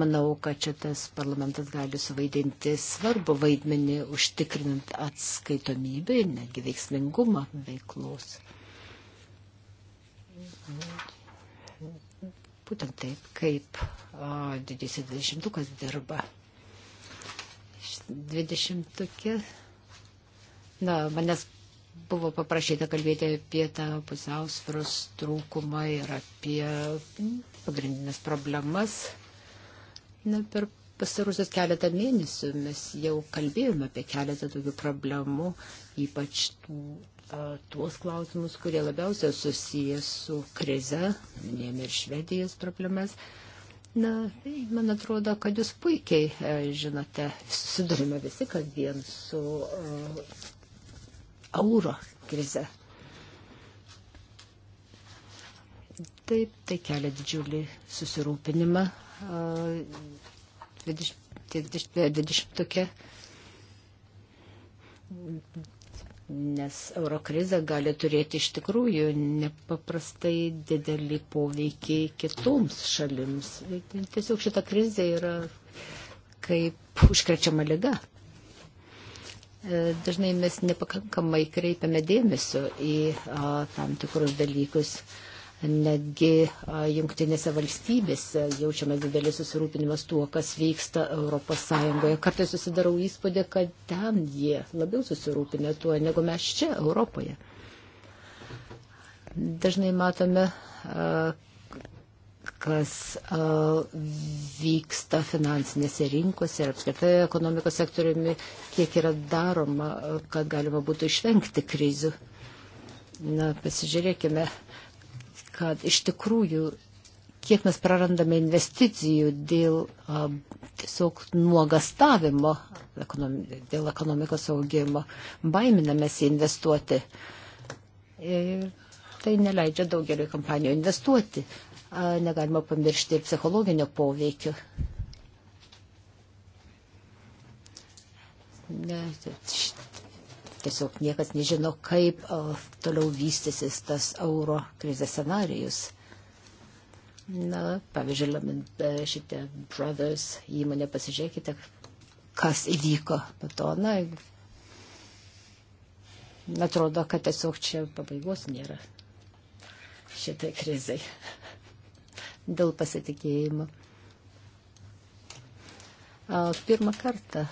Manau, kad šitas parlamentas gali suvaidinti svarbu vaidmenį užtikrinant atskaitomybę ir netgi veiksmingumą veiklos. Būtent taip, kaip didysis dvidešimtukas dirba. Dvidešimtukė. Na, manęs buvo paprašyta kalbėti apie tą pusiausvėros trūkumą ir apie pagrindinės problemas. Na, per pasarusius keletą mėnesių mes jau kalbėjome apie keletą tokių problemų, ypač tų, a, tuos klausimus, kurie labiausiai susijęs su krize, minėjome ir Švedijos problemas. Na, tai man atrodo, kad jūs puikiai žinote, susidurime visi kasdien su uh, euro krize. Taip, tai kelia didžiulį susirūpinimą dvidešimtukė, nes eurokriza gali turėti iš tikrųjų nepaprastai didelį poveikį kitoms šalims. Tiesiog šita krizė yra kaip užkrečiama lyga. E, dažnai mes nepakankamai kreipiame dėmesio į a, tam tikrus dalykus. A, Netgi jungtinėse valstybėse jaučiame didelį susirūpinimas tuo, kas vyksta ES. Kartais susidarau įspūdį, kad ten jie labiau susirūpinę tuo, negu mes čia Europoje. Dažnai matome, kas vyksta finansinėse rinkose ir apskritai ekonomikos sektoriumi, kiek yra daroma, kad galima būtų išvengti krizių. Na, pasižiūrėkime, kad iš tikrųjų, kiek mes prarandame investicijų dėl a, tiesiog nuogastavimo, ekonomi, dėl ekonomikos augimo, baiminamės investuoti. Ir tai neleidžia daugeliu kompanijų investuoti. A, negalima pamiršti ir psichologinio poveikio. Ne, tiesiog niekas nežino, kaip toliau vystysis tas euro krizės scenarijus. Na, pavyzdžiui, e, šitie Brothers įmonė, pasižiūrėkite, kas įvyko po to. Na, atrodo, kad tiesiog čia pabaigos nėra šitai krizai dėl pasitikėjimo. Pirmą kartą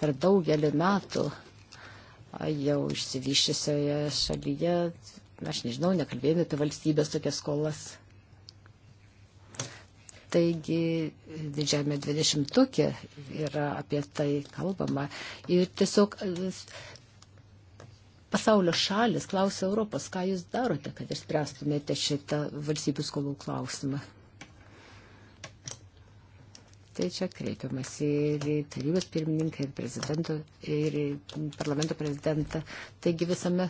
per daugelį metų jau išsivyščiusioje šalyje, aš nežinau, nekalbėjome apie valstybės tokias skolas. Taigi didžiame dvidešimtukė yra apie tai kalbama. Ir tiesiog pasaulio šalis klausia Europos, ką jūs darote, kad išspręstumėte šitą valstybių skolų klausimą. Tai čia kreipiamasi ir į tarybos pirmininką, ir prezidento, ir parlamento prezidentą. Taigi visame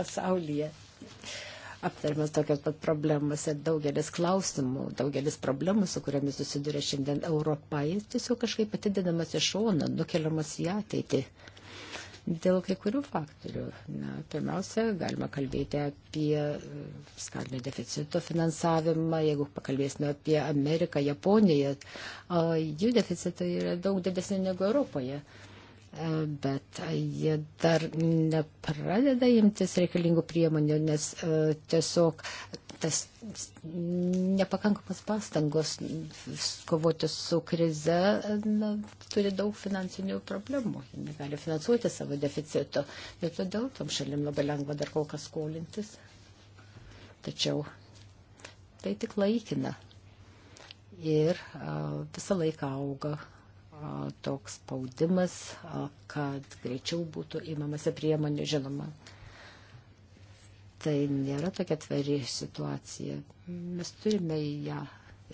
pasaulyje aptarimas tokios pat problemos ir daugelis klausimų, daugelis problemų, su kuriamis susiduria šiandien Europa, jis tiesiog kažkaip atidedamas į šoną, nukeliamas į ateitį dėl kai kurių faktorių. Na, pirmiausia, galima kalbėti apie e, skalinio deficito finansavimą, jeigu pakalbėsime apie Ameriką, Japoniją, jų deficitai yra daug didesni negu Europoje e, bet jie dar nepradeda imtis reikalingų priemonių, nes e, tiesiog tas nepakankamas pastangos kovoti su krize na, turi daug finansinių problemų. Jie negali finansuoti savo deficito. Ir todėl tom šalim labai lengva dar kol kas skolintis. Tačiau tai tik laikina. Ir a, visą laiką auga a, toks spaudimas, a, kad greičiau būtų įmamasi priemonių, žinoma. A, tai nėra tokia tvari situacija. Mes turime ją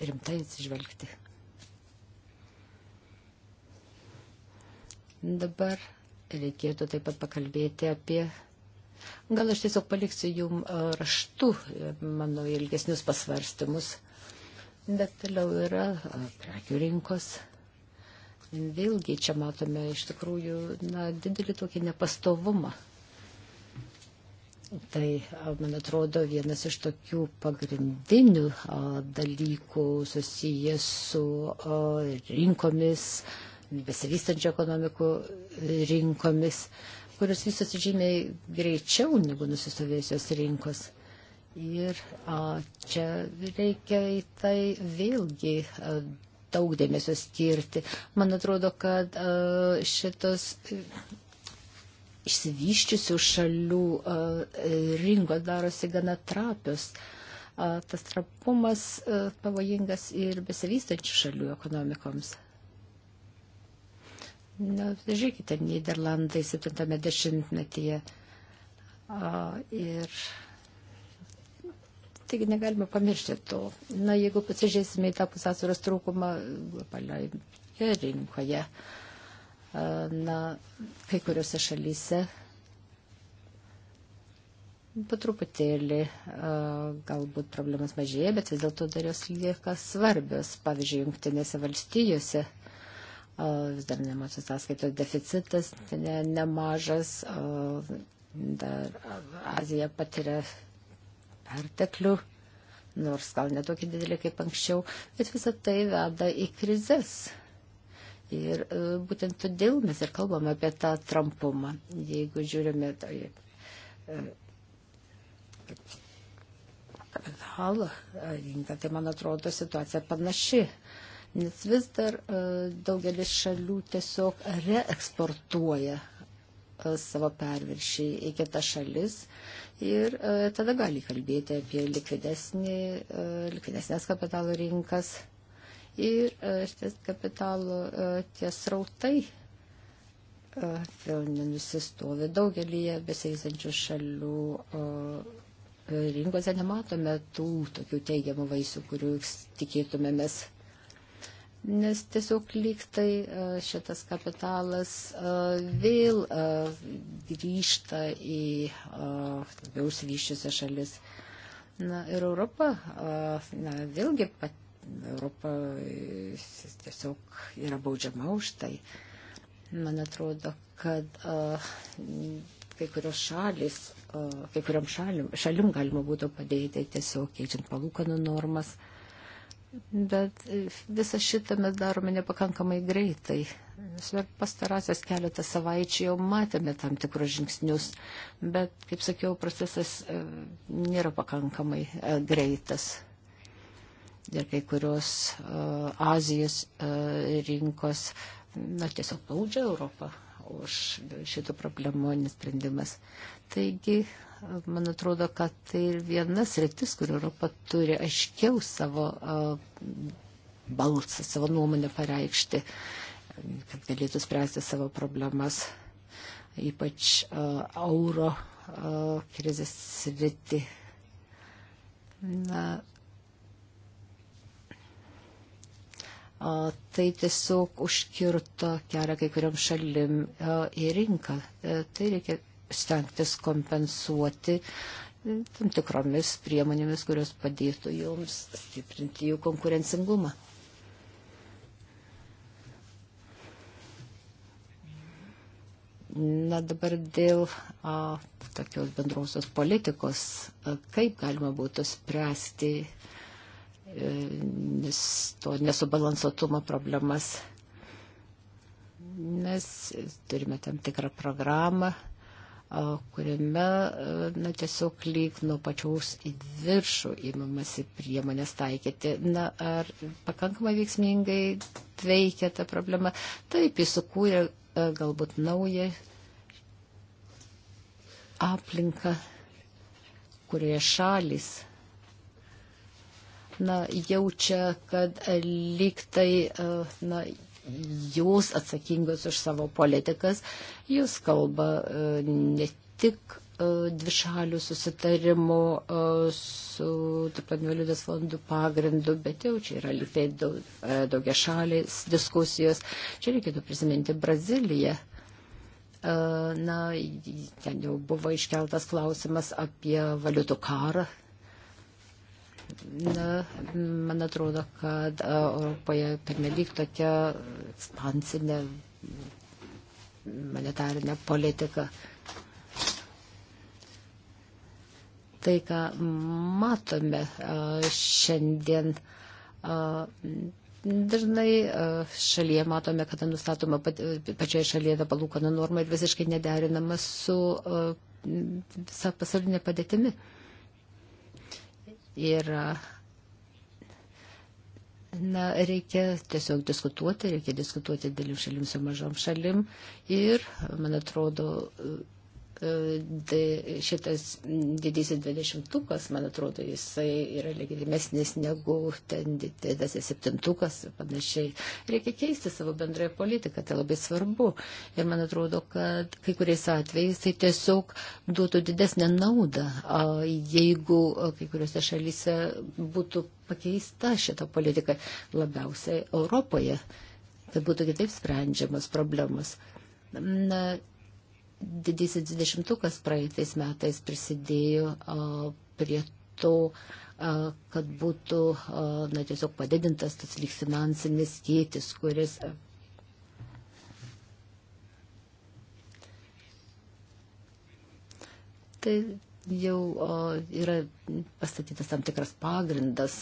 rimtai atsižvelgti. Dabar reikėtų taip pat pakalbėti apie. Gal aš tiesiog paliksiu jum e, raštu e, mano ilgesnius pasvarstymus. Bet toliau yra e, prekių rinkos. Vėlgi čia matome iš tikrųjų na, didelį tokį nepastovumą Tai, man atrodo, vienas iš tokių pagrindinių dalykų susijęs su rinkomis, besivystančio ekonomikų rinkomis, kurios visos žymiai greičiau negu nusistovėjusios rinkos. Ir čia reikia į tai vėlgi daug dėmesio skirti. Man atrodo, kad šitos išsivyščiusių šalių e, rinkos darosi gana trapius. Tas trapumas e, pavojingas ir besivystančių šalių ekonomikoms. Na, žiūrėkite, Niderlandai 70-metyje. Ir Taigi negalime pamiršti to. Na, jeigu pasižiūrėsime į tą pusiausvėros trūkumą globalioje rinkoje, uh, na, kai kuriuose šalyse patruputėlį galbūt problemas mažėja, bet vis dėlto dar jos lieka svarbios. Pavyzdžiui, jungtinėse valstijose vis dar nemažas sąskaitos deficitas, ne, nemažas, dar Azija patiria perteklių, nors gal netokį didelį kaip anksčiau, bet visą tai veda į krizės Ir e, būtent todėl mes ir kalbam apie tą trampumą, jeigu žiūrime tą tai, e, kapitalą rinką, tai man atrodo situacija panaši, nes vis dar e, daugelis šalių tiesiog reeksportuoja savo perviršį į kitas šalis ir tada gali kalbėti apie likvidesnį, likvidesnės kapitalo rinkas Ir e, šitas kapitalo e, tie srautai e, vėl nenusistovi. Daugelį besiaisančių šalių rinkose nematome tų tokių teigiamų vaisių, kurių tikėtumėmės. Nes tiesiog lygtai šitas kapitalas vėl grįžta į labiau užsivyščiusią šalis. Na ir Europa na, vėlgi pat Europa tiesiog yra baudžiama už tai. Man atrodo, kad uh, kai kurios šalis, uh, kai kuriam šalim, šalim galima būtų padėti tiesiog keičiant palūkanų normas. Bet e, visą šitą mes darome nepakankamai greitai. Per pastarąsias keletą savaičių jau matėme tam tikrus žingsnius, bet, kaip sakiau, procesas e, nėra pakankamai e, greitas ir kai kurios uh, Azijos uh, rinkos, na, tiesiog baudžia Europą už šitų problemų nesprendimas. Taigi, man atrodo, kad tai ir vienas rytis, kur Europa turi aiškiau savo uh, balsą, savo nuomonę pareikšti, kad galėtų spręsti savo problemas, ypač uh, euro uh, krizės sritį. Na, tai tiesiog užkirto kelią kai kuriam šalim į rinką. E, tai reikia stengtis kompensuoti e, tam tikromis priemonėmis, kurios padėtų joms stiprinti jų konkurencingumą. Na dabar dėl a, tokios bendrosios politikos, a, kaip galima būtų spręsti a, to nesubalansuotumo problemas. Mes turime tam tikrą programą, kuriame na, tiesiog lyg nuo pačiaus į viršų įmamasi priemonės taikyti. Na, ar pakankamai veiksmingai veikia ta problema? Taip, jis sukūrė galbūt naują aplinką, kurioje šalis na, jaučia, kad lyg tai e, na, jūs atsakingas už savo politikas, jūs kalba e, ne tik e, dvišalių susitarimų su tarptautiniu valiutos fondu pagrindu, bet jau čia yra lygiai daug, daugia šalės diskusijos. Čia reikėtų prisiminti Braziliją. Na, ten jau buvo iškeltas klausimas apie valiutų karą Na, man atrodo, kad e, Europoje pernelyg tokia ekspansinė monetarinė politika. Tai, ką matome e, šiandien, e, dažnai šalyje matome, kada nustatoma pačioje šalyje ta palūkanų norma ir visiškai nederinama su visą pasaulinę padėtimi. Uh, Ir na, reikia tiesiog diskutuoti, reikia diskutuoti dėlim šalim su mažom šalim. Ir, man atrodo, Tai šitas didysis dvidešimtukas, man atrodo, jisai yra legitimesnis negu ten didysis septintukas ir panašiai. Reikia keisti savo bendrąją politiką, tai labai svarbu. Ir man atrodo, kad kai kuriais atvejais tai tiesiog duotų didesnę naudą, jeigu kai kuriuose šalyse būtų pakeista šita politika labiausiai Europoje, kad tai būtų kitaip sprendžiamas problemas. Na, didysis dvidešimtukas praeitais metais prisidėjo prie to, kad būtų na, tiesiog padidintas tas lyg finansinis kėtis, kuris. Tai jau yra pastatytas tam tikras pagrindas,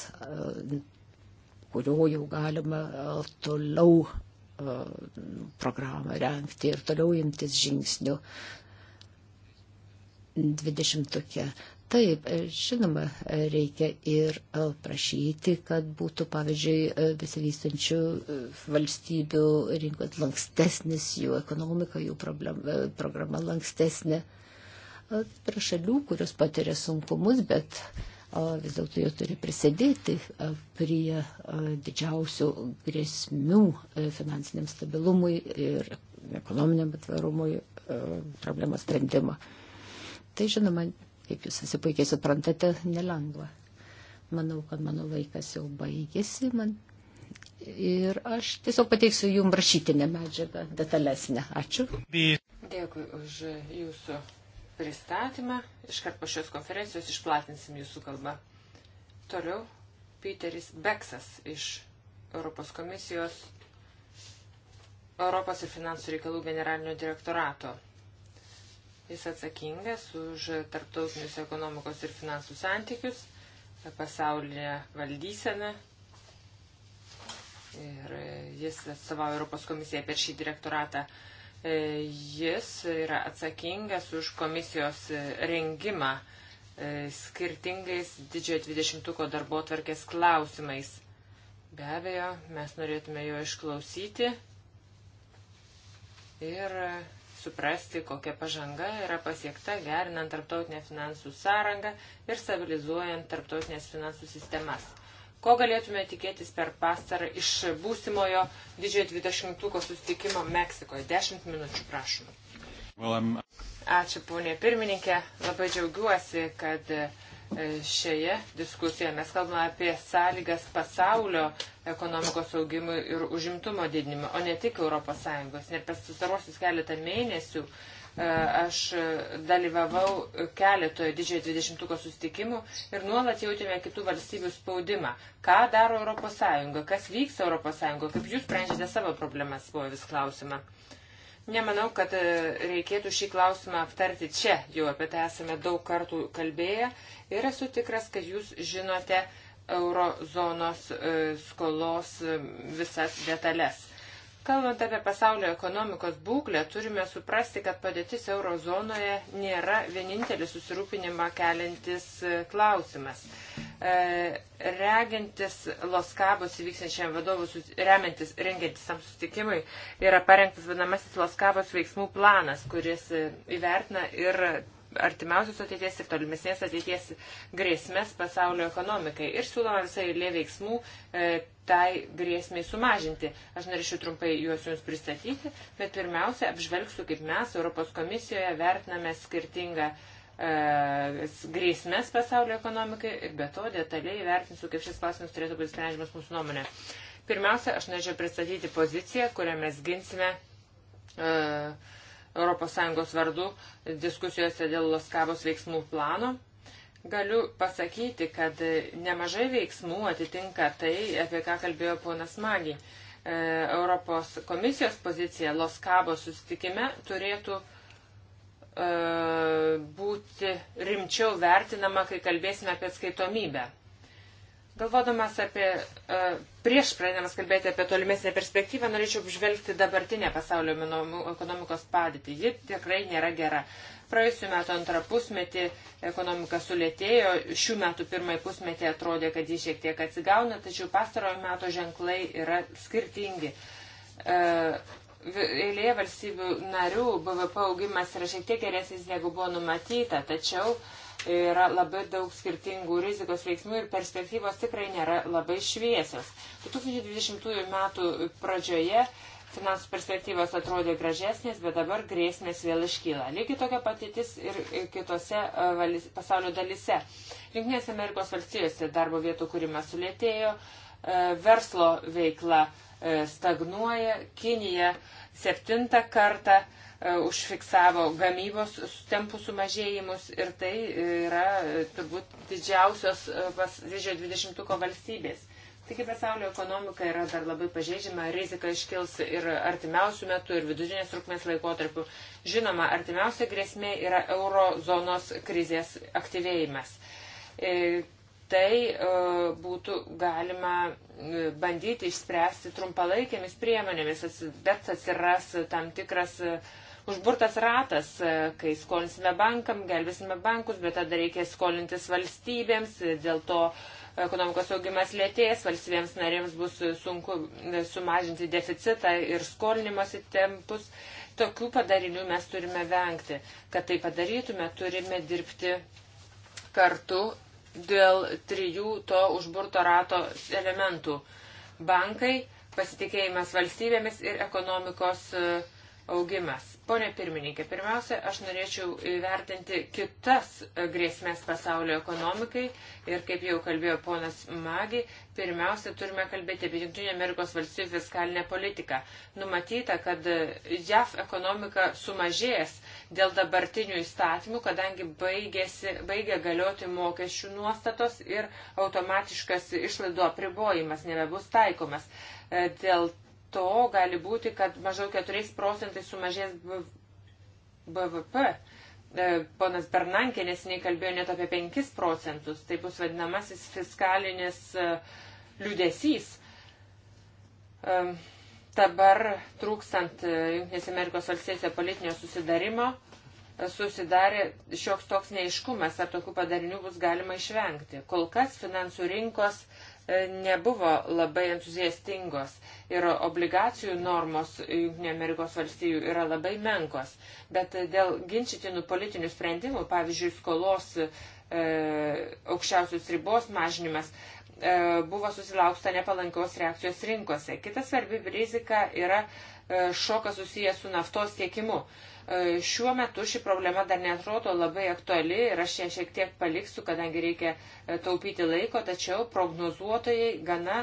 kurio jau galima toliau E, programą renkti ir toliau imtis žingsnių. 20 tokia. Taip, e, žinoma, reikia ir e, prašyti, kad būtų, pavyzdžiui, besivystančių valstybių rinkos lankstesnis, jų ekonomika, jų problem, programa lankstesnė. Prie šalių, kurios patiria sunkumus, bet uh, vis dėlto jau turi prisidėti e, prie e, didžiausių grėsmių e, finansiniam stabilumui ir ekonominiam atvarumui problemos sprendimo. Tai žinoma, kaip jūs visi puikiai suprantate, nelengva. Manau, kad mano laikas jau baigėsi man. Ir aš tiesiog pateiksiu jums rašytinę medžiagą, detalesnę. Ačiū. Dėkui už jūsų pristatymą. Iškart po šios konferencijos išplatinsim jūsų kalbą. Toliau Peteris Beksas iš Europos komisijos Europos ir finansų reikalų generalinio direktorato. Jis atsakingas už tarptautinius ekonomikos ir finansų santykius, pasaulinę valdyseną. Ir jis atstovauja Europos komisiją per šį direktoratą E, jis yra atsakingas už komisijos rengimą e, skirtingais didžiojo 20-ko darbo tvarkės klausimais. Be abejo, mes norėtume jo išklausyti ir suprasti, kokia pažanga yra pasiekta gerinant tarptautinę finansų sąrangą ir stabilizuojant tarptautinės finansų sistemas. Ko galėtume tikėtis per pastarą iš būsimojo didžiojo 20-ko susitikimo Meksikoje? 10 minučių, prašom. Well, I'm... Ačiū, ponė pirmininkė. Labai džiaugiuosi, kad e, šioje diskusijoje mes kalbame apie sąlygas pasaulio ekonomikos augimui ir užimtumo didinimui, o ne tik ES. Ir per sustarosius keletą mėnesių uh, E, aš dalyvavau keletoje didžiojo 20-ko sustikimų ir nuolat jautėme kitų valstybių spaudimą. Ką daro ES, kas vyks ES, kaip jūs sprendžiate savo problemas, buvo vis klausimą. Nemanau, kad e, reikėtų šį klausimą aptarti čia, jau apie tai esame daug kartų kalbėję ir esu tikras, kad jūs žinote eurozonos e, skolos visas detalės. Kalbant apie pasaulio ekonomikos būklę, turime suprasti, kad padėtis eurozonoje nėra vienintelis susirūpinimą keliantis e, klausimas. E, regintis Los Cabos įvyksiančiam vadovų, remiantis, rengiantis tam sustikimui, yra parengtas vadinamasis Los Cabos veiksmų planas, kuris e, įvertina ir artimiausios ateities ir tolimesnės ateities grėsmės pasaulio ekonomikai. Ir siūloma visai lė veiksmų e, tai grėsmiai sumažinti. Aš norėčiau trumpai juos jums pristatyti, bet pirmiausia apžvelgsiu, kaip mes Europos komisijoje vertiname skirtingą e, grėsmės pasaulio ekonomikai ir be to detaliai vertinsiu, kaip šis klausimas turėtų būti sprendžiamas mūsų nuomonė. Pirmiausia, aš norėčiau pristatyti poziciją, kurią mes ginsime uh, e, ES vardu diskusijose dėl Loskavos veiksmų plano. Galiu pasakyti, kad e, nemažai veiksmų atitinka tai, apie ką kalbėjo ponas Magiai. E, Europos komisijos pozicija Loskabos susitikime turėtų e, būti rimčiau vertinama, kai kalbėsime apie skaitomybę. Galvodamas apie, e, prieš pradėdamas kalbėti apie tolimesnę perspektyvą, norėčiau apžvelgti dabartinę pasaulio ekonomikos padėtį. Ji tikrai nėra gera. Praėjusiu metu antrą pusmetį ekonomika sulėtėjo, šių metų pirmąjį pusmetį atrodė, kad ji šiek tiek atsigauna, tačiau pastarojo meto ženklai yra skirtingi. E, eilėje valstybių narių BVP augimas yra šiek tiek geresnis negu buvo numatyta, tačiau uh, yra labai daug skirtingų rizikos veiksmų ir perspektyvos tikrai nėra labai šviesios. 2020 m. pradžioje finansų perspektyvos atrodė gražesnės, bet dabar grėsmės vėl iškyla. Lygiai tokia patytis ir kitose e, pasaulio dalise. Junktinės Amerikos valstijose darbo vietų kūrimas sulėtėjo, e, verslo veikla E, stagnuoja. Kinija septintą kartą e, užfiksavo gamybos tempų sumažėjimus ir tai yra e, turbūt didžiausios didžiojo dvidešimtuko valstybės. Taigi pasaulio ekonomika yra dar labai pažeidžiama, rizika iškils ir artimiausių metų, ir vidutinės trukmės laikotarpių. Žinoma, artimiausia grėsmė yra eurozonos krizės aktyvėjimas tai e, būtų galima e, bandyti išspręsti trumpalaikėmis priemonėmis, bet atsiras tam tikras e, užburtas ratas, kai skolinsime bankam, gelbėsime bankus, bet tada reikės skolintis valstybėms, dėl to ekonomikos augimas lėtės, valstybėms narėms bus sunku sumažinti deficitą ir skolinimosi tempus. Tokių padarinių mes turime vengti. Kad tai padarytume, turime dirbti kartu dėl trijų to užburto rato elementų - bankai, pasitikėjimas valstybėmis ir ekonomikos e, augimas. Pone pirmininkė, pirmiausia, aš norėčiau įvertinti kitas e, grėsmės pasaulio ekonomikai ir, kaip jau kalbėjo ponas Magi, pirmiausia, turime kalbėti apie Junktinio Amerikos valstybių fiskalinę politiką. Numatyta, kad e, JAF ekonomika sumažės dėl dabartinių įstatymų, kadangi baigėsi, baigė galioti mokesčių nuostatos ir automatiškas išlaidų apribojimas nebebus taikomas. E, dėl to gali būti, kad mažiau 4 procentai sumažės BVP. E, ponas Bernankė nesiniai kalbėjo net apie 5 procentus. Tai bus vadinamasis fiskalinis e, liudesys. Um, Dabar trūkstant e, Junktinės Amerikos valstijose politinio susidarimo e, susidarė šioks toks neiškumas, ar tokių padarinių bus galima išvengti. Kol kas finansų rinkos e, nebuvo labai entuziastingos ir obligacijų normos Junktinė Amerikos valstijų yra labai menkos. Bet dėl ginčytinų politinių sprendimų, pavyzdžiui, skolos e, aukščiausios ribos mažinimas, E, buvo susilauksta nepalankios reakcijos rinkose. Kita svarbi rizika yra e, šokas susijęs su naftos tiekimu. E, šiuo metu ši problema dar netrodo labai aktuali ir aš ją šiek tiek paliksiu, kadangi reikia taupyti laiko, tačiau prognozuotojai gana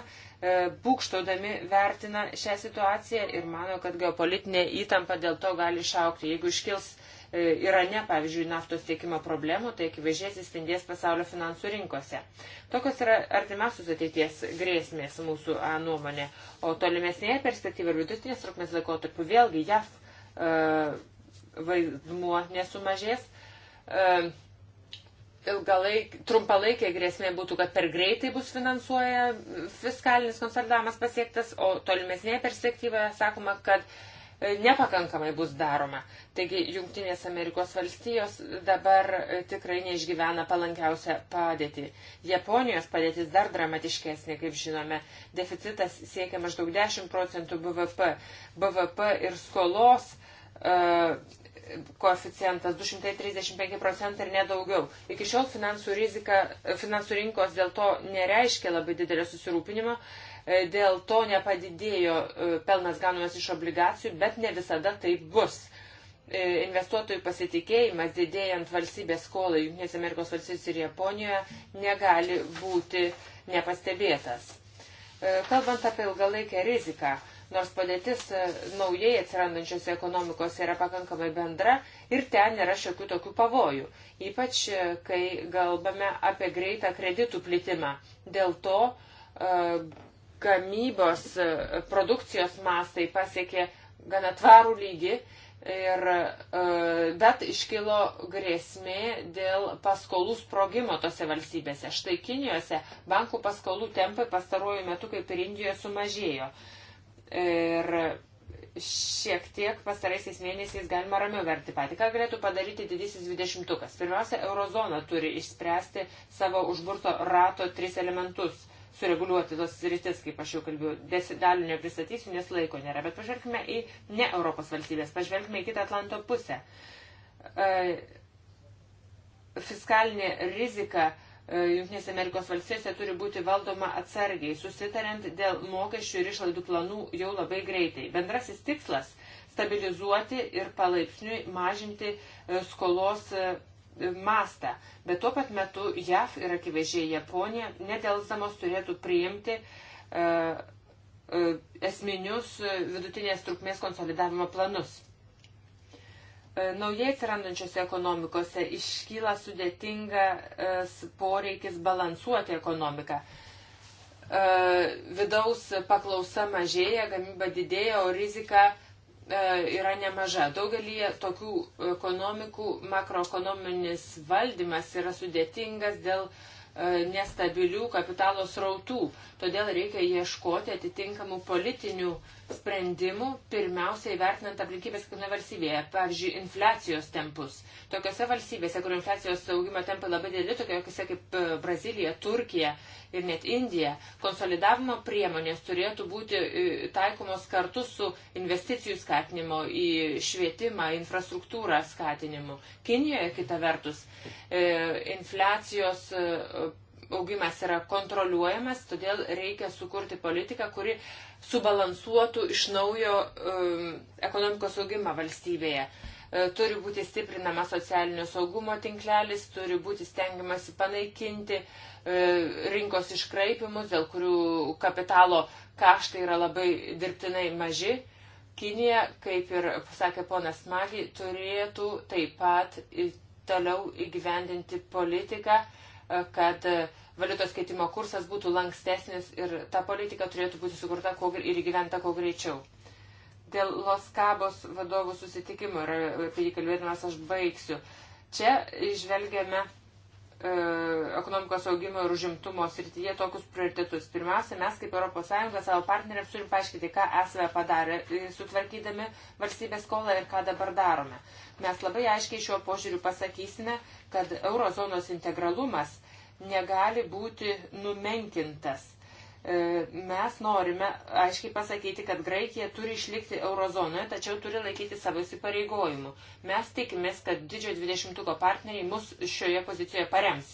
būkštaudami vertina šią situaciją ir mano, kad geopolitinė įtampa dėl to gali išaukti. Jeigu iškils E, Irane, pavyzdžiui, naftos tiekimo problemų, tai akivaizdžiai atsispindės pasaulio finansų rinkose. Tokios yra artimiausios ateities grėsmės mūsų a, nuomonė. O tolimesnėje perspektyvoje ir vidutinės trukmės laikotarpiu vėlgi JAF e, vaidmuo nesumažės. E, ilgalaik, trumpalaikė grėsmė būtų, kad per greitai bus finansuoja fiskalinis konsolidavimas pasiektas, o tolimesnėje perspektyvoje sakoma, kad E, nepakankamai bus daroma. Taigi Junktinės Amerikos valstijos dabar e, tikrai neišgyvena palankiausią padėtį. Japonijos padėtis dar dramatiškesnė, kaip žinome. Deficitas siekia maždaug 10 procentų BVP. BVP ir skolos uh, koeficientas 235 procentai ir nedaugiau. Iki šiol finansų, rizika, finansų rinkos dėl to nereiškia labai didelio susirūpinimo. Uh, E, dėl to nepadidėjo e, pelnas gaunamas iš obligacijų, bet ne visada taip bus. E, investuotojų pasitikėjimas didėjant valstybės skolai Junktinės Amerikos valstybės ir Japonijoje negali būti nepastebėtas. Kalbant apie ilgalaikę riziką, nors padėtis naujai atsirandančios ekonomikos yra pakankamai bendra ir ten yra šiokių tokių pavojų, ypač kai galbame apie greitą kreditų plitimą. Dėl to gamybos e, produkcijos mastai pasiekė gana tvarų lygį, ir, e, bet iškilo grėsmė dėl paskolų sprogimo tose valstybėse. Štai Kinijose bankų paskolų tempai pastaruoju metu kaip ir Indijoje sumažėjo. Ir šiek tiek pastaraisiais mėnesiais galima ramiau verti patį. Ką galėtų padaryti didysis dvidešimtukas? Pirmiausia, eurozona turi išspręsti savo užburto rato tris elementus sureguliuoti tos rytis, kaip aš jau kalbėjau. Desidalių nepristatysiu, nes laiko nėra, bet pažvelgime į ne Europos valstybės, pažvelgime į kitą Atlanto pusę. E, fiskalinė rizika e, Junktinės Amerikos valstijose turi būti valdoma atsargiai, susitariant dėl mokesčių ir išlaidų planų jau labai greitai. Bendrasis tikslas - stabilizuoti ir palaipsniui mažinti e, skolos mastą, bet tuo pat metu JAV ir akivaizdžiai Japonija nedelsamos turėtų priimti uh, uh, esminius vidutinės trukmės konsolidavimo planus. Uh, naujai atsirandančiose ekonomikose iškyla sudėtingas poreikis balansuoti ekonomiką. Vidaus paklausa mažėja, gamyba didėja, o rizika E, yra nemaža. Daugelį tokių ekonomikų makroekonominis valdymas yra sudėtingas dėl e, nestabilių kapitalo srautų. Todėl reikia ieškoti atitinkamų politinių sprendimų, pirmiausia įvertinant aplinkybės kiekvienoje valstybėje, pavyzdžiui, infliacijos tempus. Tokiose valstybėse, kur infliacijos augimo tempai labai dideli, tokiose kaip e, Brazilija, Turkija ir net Indija, konsolidavimo priemonės turėtų būti e, taikomos kartu su investicijų skatinimo į švietimą, infrastruktūrą skatinimu. Kinijoje, kita vertus, e, infliacijos augimas yra kontroliuojamas, todėl reikia sukurti politiką, kuri subalansuotų iš naujo um, ekonomikos augimą valstybėje. E, turi būti stiprinama socialinio saugumo tinklelis, turi būti stengiamasi panaikinti e, rinkos iškraipimus, dėl kurių kapitalo kaštai yra labai dirbtinai maži. Kinija, kaip ir sakė ponas Magi, turėtų taip pat toliau įgyvendinti politiką, e, kad uh, valiutos keitimo kursas būtų lankstesnis ir ta politika turėtų būti sukurta ir įgyventa kuo greičiau. Dėl Los Cabos vadovų susitikimo ir apie jį kalbėdamas aš baigsiu. Čia išvelgiame e, ekonomikos augimo ir užimtumo srityje tokius prioritetus. Pirmiausia, mes kaip ES savo partneriams turim paaiškinti, ką esame padarę, e, sutvarkydami valstybės skolą ir ką dabar darome. Mes labai aiškiai šiuo požiūriu pasakysime, kad eurozonos integralumas – negali būti numenkintas. E, mes norime aiškiai pasakyti, kad Graikija turi išlikti eurozonoje, tačiau turi laikyti savo įsipareigojimų. Mes tikimės, kad didžiojo dvidešimtuko partneriai mus šioje pozicijoje parems.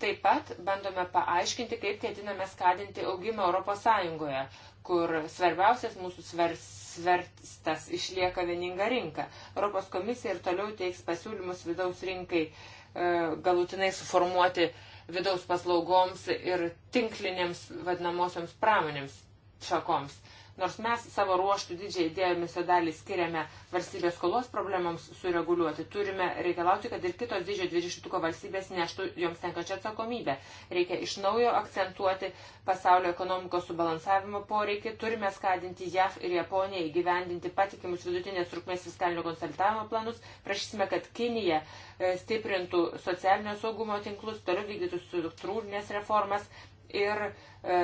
Taip pat bandome paaiškinti, kaip ketiname skatinti augimą Europos Sąjungoje, kur svarbiausias mūsų svers svertas išlieka vieninga rinka. Europos komisija ir toliau teiks pasiūlymus vidaus rinkai e, galutinai suformuoti uh, vidaus paslaugoms ir tinklinėms vadinamosioms pramonėms šakoms. Nors mes savo ruoštų didžiai dėmesio dalį skiriame valstybės skolos problemams sureguliuoti, turime reikalauti, kad ir kitos didžiojo dvidešimtuko valstybės neštų joms tenkačią atsakomybę. Reikia iš naujo akcentuoti pasaulio ekonomikos subalansavimo poreikį, turime skadinti JAV ir Japoniją įgyvendinti patikimus vidutinės trukmės fiskalinio konsultavimo planus, prašysime, kad Kinija e, stiprintų socialinio saugumo tinklus, toliau vykdytų struktūrinės reformas ir e,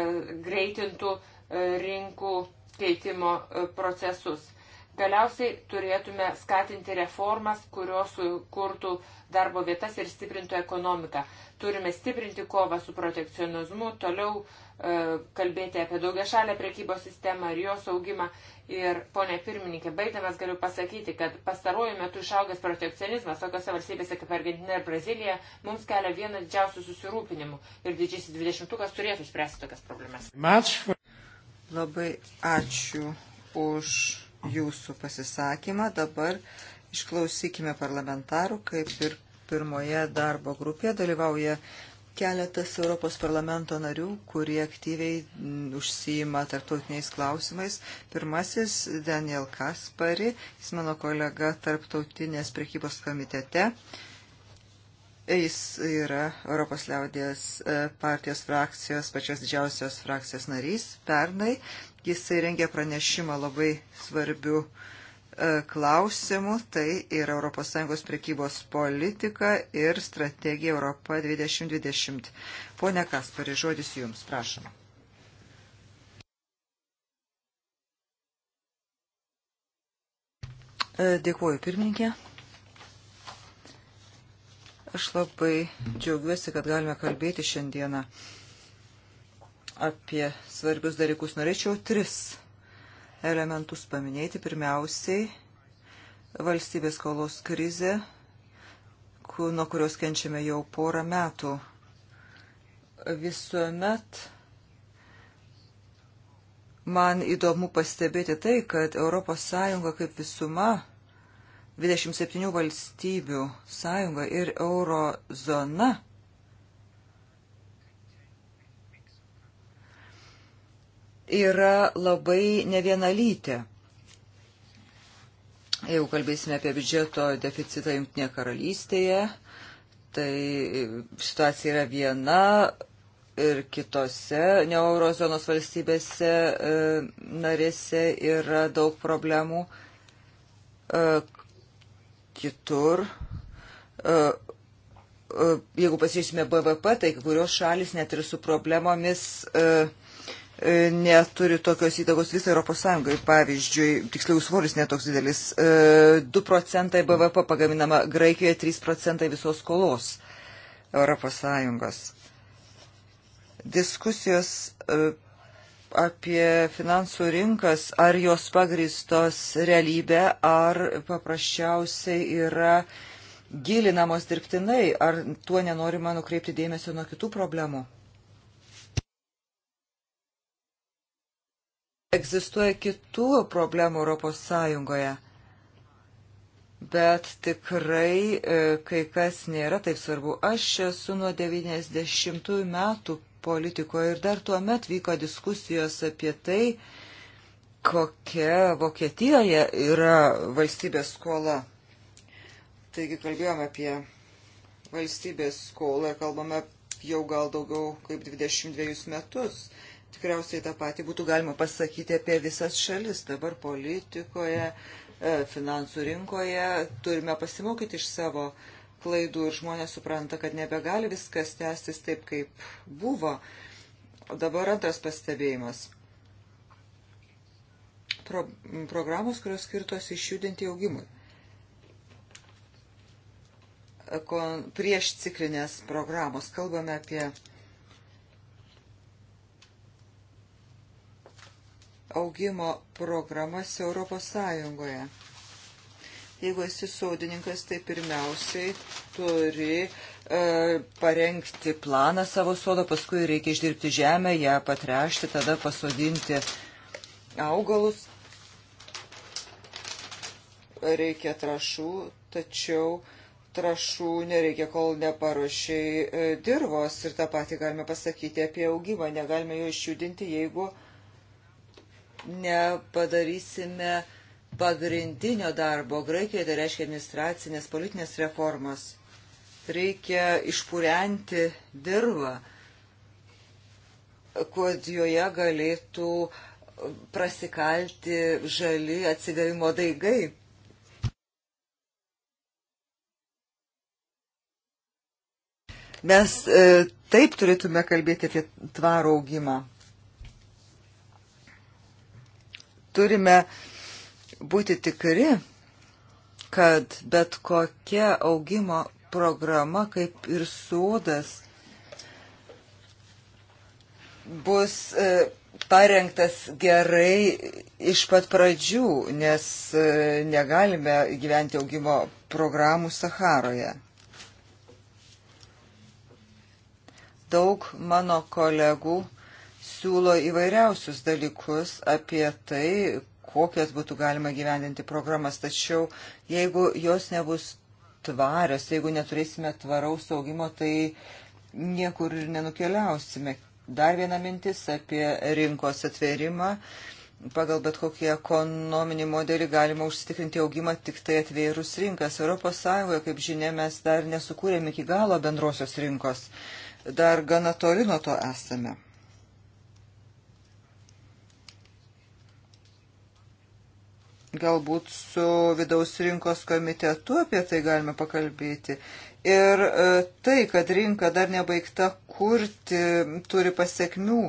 greitintų e, rinkų keitimo e, procesus. Galiausiai turėtume skatinti reformas, kurios kurtų darbo vietas ir stiprintų ekonomiką. Turime stiprinti kovą su protekcionizmu, toliau e, kalbėti apie daugia šalę prekybos sistemą ir jos augimą. Ir, ponė pirmininkė, baigdamas galiu pasakyti, kad pastaruoju metu išaugęs protekcionizmas tokiose valstybėse kaip Argentina ir Brazilija mums kelia vieną didžiausių susirūpinimų. Ir didžiasis dvidešimtukas turėtų spręsti tokias problemas. Labai ačiū už jūsų pasisakymą. Dabar išklausykime parlamentarų, kaip ir pirmoje darbo grupėje dalyvauja keletas Europos parlamento narių, kurie aktyviai mm, užsijima tarptautiniais klausimais. Pirmasis Daniel Kaspari, jis mano kolega tarptautinės prekybos komitete. Uh, Jis yra Europos liaudės e, partijos frakcijos, pačios didžiausios frakcijos narys. Pernai jisai rengė pranešimą labai svarbių e, klausimų, tai yra ES prekybos politika ir strategija Europa 2020. Pone Kaspari, žodis Jums, prašom. E, dėkuoju, pirmininkė. Aš labai džiaugiuosi, kad galime kalbėti šiandieną apie svarbius dalykus. Norėčiau tris elementus paminėti. Pirmiausiai, valstybės skolos krizė, nuo kurios kenčiame jau porą metų. Visuomet man įdomu pastebėti tai, kad ES kaip visuma 27 valstybių sąjunga ir eurozona yra labai nevienalytė. Jeigu kalbėsime apie biudžeto deficitą Junktinėje karalystėje, tai situacija yra viena ir kitose neurozonos valstybėse e, narėse yra daug problemų e, kitur. E, e, jeigu pasižiūrėsime BVP, tai kurios šalis net ir su problemomis e, neturi tokios įtakos visai Europos Sąjungai. Pavyzdžiui, tiksliau svoris netoks didelis. 2 procentai BVP pagaminama Graikijoje, 3 procentai visos skolos Europos Sąjungos. Diskusijos apie finansų rinkas, ar jos pagristos realybė, ar paprasčiausiai yra gilinamos dirbtinai, ar tuo nenorima nukreipti dėmesio nuo kitų problemų. Egzistuoja kitų problemų Europos Sąjungoje, bet tikrai e, kai kas nėra taip svarbu. Aš esu nuo 90 metų politikoje. Ir dar tuo met vyko diskusijos apie tai, kokia Vokietijoje yra valstybės skola. Taigi kalbėjome apie valstybės skolą, kalbame jau gal daugiau kaip 22 metus. Tikriausiai tą patį būtų galima pasakyti apie visas šalis. Dabar politikoje, e, finansų rinkoje turime pasimokyti iš savo uh, klaidų ir žmonės supranta, kad nebegali viskas tęstis taip, kaip buvo. O dabar antras pastebėjimas. Pro, programos, kurios skirtos išjudinti augimui. Kon, prieš ciklinės programos kalbame apie augimo programas Europos Sąjungoje Jeigu esi sodininkas, tai pirmiausiai turi e, parengti planą savo sodo, paskui reikia išdirbti žemę, ją patrešti, tada pasodinti augalus. Reikia trašų, tačiau trašų nereikia, kol neparuošiai e, dirvos ir tą patį galime pasakyti apie augimą. Negalime jo išjudinti, jeigu nepadarysime uh, pagrindinio darbo Graikijoje, tai reiškia administracinės politinės reformos. Reikia išpūrenti dirvą, kad joje galėtų prasikalti žali atsigavimo daigai. Mes e, taip turėtume kalbėti apie tvarų augimą. Turime e, būti tikri, kad bet kokia augimo programa, kaip ir sodas, bus e, parengtas gerai iš pat pradžių, nes e, negalime gyventi augimo programų Saharoje. Daug mano kolegų siūlo įvairiausius dalykus apie tai, kokias būtų galima gyvendinti programas. Tačiau jeigu jos nebus tvarios, jeigu neturėsime tvaraus augimo, tai niekur ir nenukeliausime. Dar viena mintis apie rinkos atvėrimą. Pagal bet kokį ekonominį modelį galima užsitikrinti augimą tik tai atvėrus rinkas. Europos Sąjungoje, kaip žinia, mes dar nesukūrėme iki galo bendrosios rinkos. Dar gana toli nuo to esame. Galbūt su vidaus rinkos komitetu apie tai galime pakalbėti. Ir e, tai, kad rinka dar nebaigta kurti, turi pasiekmių.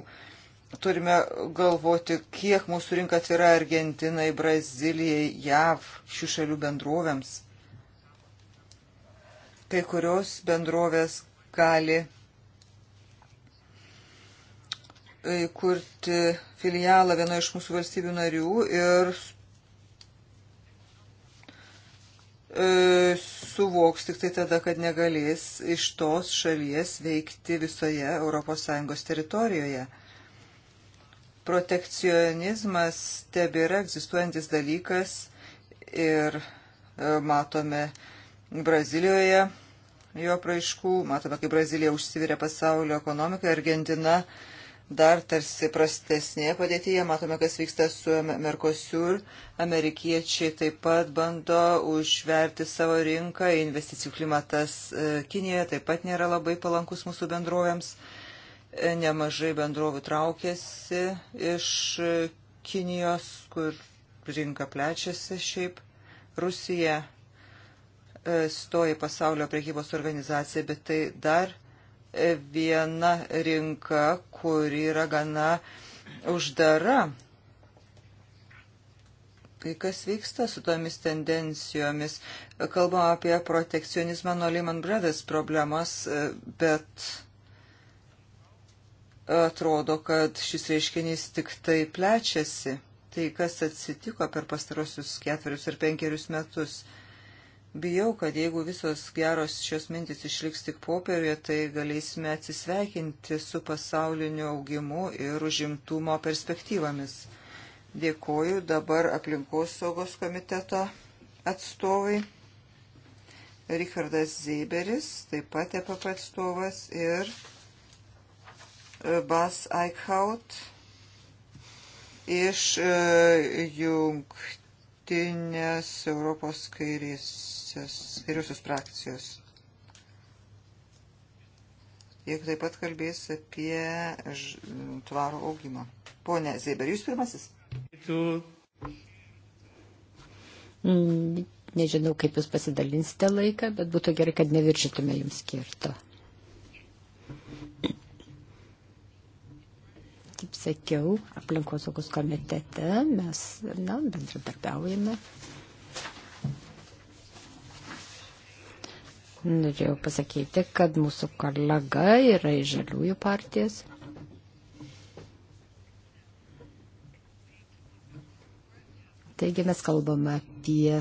Turime galvoti, kiek mūsų rinka atvira Argentinai, Brazilijai, JAV, šių šalių bendrovėms. Kai kurios bendrovės gali įkurti e, filialą vienoje iš mūsų valstybių narių ir E, suvoks tik tai tada, kad negalės iš tos šalies veikti visoje ES teritorijoje. Protekcionizmas tebėra egzistuojantis dalykas ir e, matome Brazilijoje jo praaiškų, matome, kaip Brazilija užsivirė pasaulio ekonomiką, Argentina uh, dar tarsi prastesnėje padėtyje. Matome, kas vyksta su Mercosur. Amerikiečiai taip pat bando užverti savo rinką. Investicijų klimatas e, Kinijoje taip pat nėra labai palankus mūsų bendrovėms. E, nemažai bendrovų traukėsi iš e, Kinijos, kur rinka plečiasi šiaip. Rusija stoja į pasaulio priekybos organizaciją, bet tai dar viena rinka, kuri yra gana uždara. Kai kas vyksta su tomis tendencijomis, kalbam apie protekcionizmą nuo Lehman Brothers problemos, bet atrodo, kad šis reiškinys tik tai plečiasi. Tai kas atsitiko per pastarosius ketverius ir penkerius metus. Bijau, kad jeigu visos geros šios mintis išliks tik popieriuje, tai galėsime atsisveikinti su pasauliniu augimu ir užimtumo perspektyvomis. Dėkoju dabar aplinkos saugos komiteto atstovai. Richardas Zeiberis, taip pat EPP atstovas ir e, Bas Eichhaut iš e, jungtinių kraštutinės Europos kairiosios frakcijos. Jeigu taip pat kalbės apie tvarų augimą. Pone Zeiber, jūs pirmasis? Tu. Mm, nežinau, kaip jūs pasidalinsite laiką, bet būtų gerai, kad neviršytume jums skirto. sakiau, aplinkosaugos komitete mes na, bendradarbiaujame. Norėjau pasakyti, kad mūsų kolega yra iš žaliųjų partijos. Taigi mes kalbame apie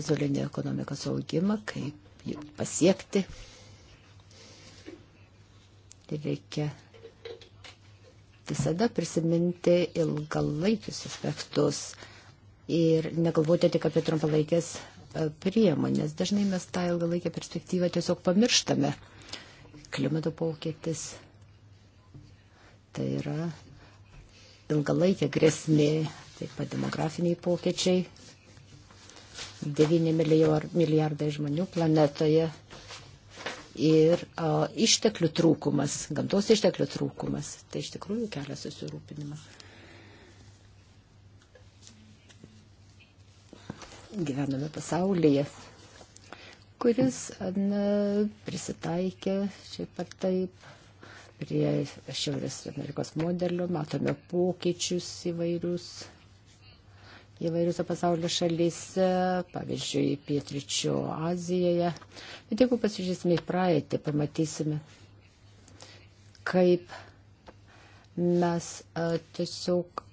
pasaulinį ekonomikos augimą, kaip jį pasiekti. Tai reikia visada prisiminti ilgalaikius aspektus ir negalvoti tik apie trumpalaikės e, priemonės. Dažnai mes tą ilgalaikę perspektyvą tiesiog pamirštame. Klimato pokytis. Tai yra ilgalaikė grėsmė, taip pat demografiniai pokyčiai. 9 milijardai žmonių planetoje ir a, išteklių trūkumas, gamtos išteklių trūkumas. Tai iš tikrųjų kelia susirūpinimą. Gyvename pasaulyje, kuris na, prisitaikė šiaip ar taip prie Šiaurės Amerikos modelio, matome pokyčius įvairius įvairiuose pasaulio šalyse, pavyzdžiui, pietričio Azijoje. Bet jeigu pasižiūrėsime į praeitį, pamatysime, kaip mes e, tiesiog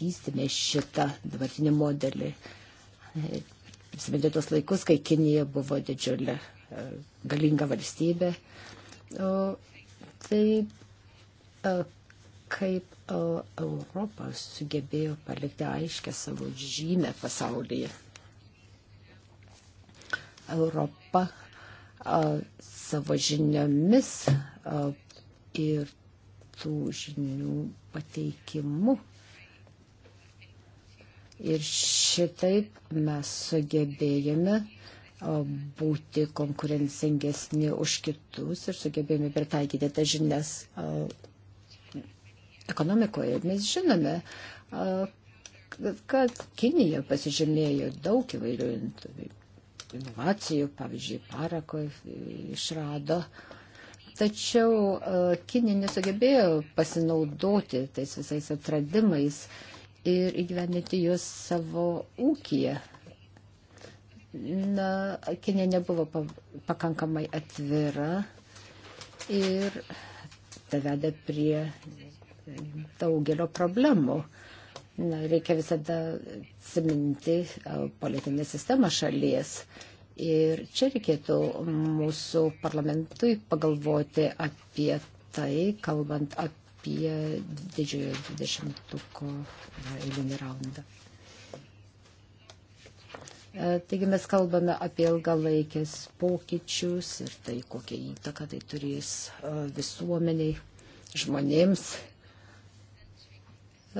vystėme šitą dabartinį modelį. Prisimenu tos laikus, kai Kinija buvo didžiulė e, galinga valstybė. O tai e, kaip e, Europa sugebėjo palikti aiškę savo žymę pasaulyje. Europa a, e, savo žiniomis a, e, ir tų žinių pateikimu. Ir šitaip mes sugebėjome a, būti konkurencingesni už kitus ir sugebėjome pritaikyti tas žinias ekonomikoje. Mes žinome, kad Kinija pasižymėjo daug įvairių inovacijų, pavyzdžiui, parako išrado. Tačiau Kinija nesugebėjo pasinaudoti tais visais atradimais ir įgyvendinti juos savo ūkiją. Na, Kinija nebuvo pakankamai atvira ir tai vedė prie daugelio problemų. Na, reikia visada atsiminti politinę sistemą šalies. Ir čia reikėtų mūsų parlamentui pagalvoti apie tai, kalbant apie didžiojo dvidešimtuko eilinį raundą. Taigi mes kalbame apie ilgalaikės pokyčius ir tai, kokią įtaką tai turės visuomeniai, žmonėms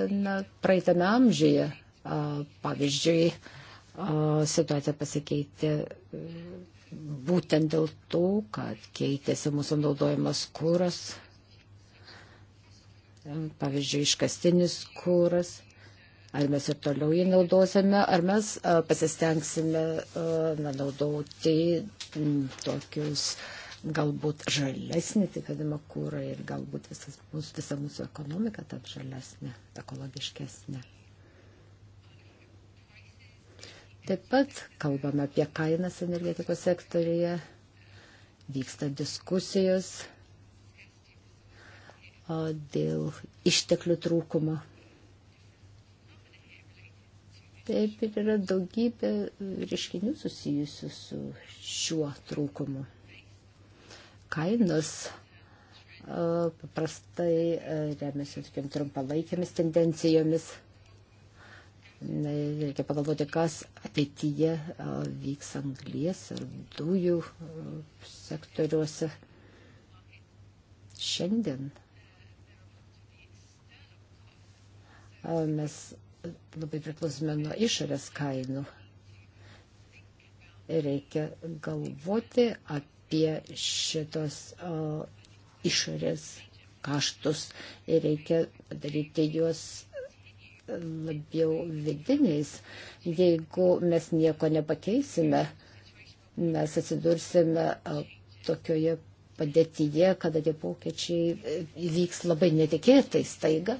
na, praeitame amžiuje. Pavyzdžiui, situacija pasikeitė būtent dėl to, kad keitėsi mūsų naudojimas kūras, pavyzdžiui, iškastinis kūras. Ar mes ir toliau jį naudosime, ar mes pasistengsime na, naudoti tokius uh, galbūt žalesnį tikrinimą kūrą ir galbūt visas, mūsų, visa mūsų ekonomika tap žalesnė, ekologiškesnė. Taip pat kalbame apie kainas energetikos sektorėje, vyksta diskusijos dėl išteklių trūkumo. Taip ir yra daugybė reiškinių susijusių su šiuo trūkumu kainos paprastai remiasi tokiam trumpalaikėmis tendencijomis. Reikia pagalvoti, kas ateityje vyks anglies ir dujų sektoriuose. Šiandien mes labai priklausome nuo išorės kainų. Reikia galvoti apie apie šitos o, išorės kaštus ir reikia padaryti juos labiau vidiniais. Jeigu mes nieko nepakeisime, mes atsidursime tokioje padėtyje, kada tie pokyčiai e, įvyks labai netikėtai staiga.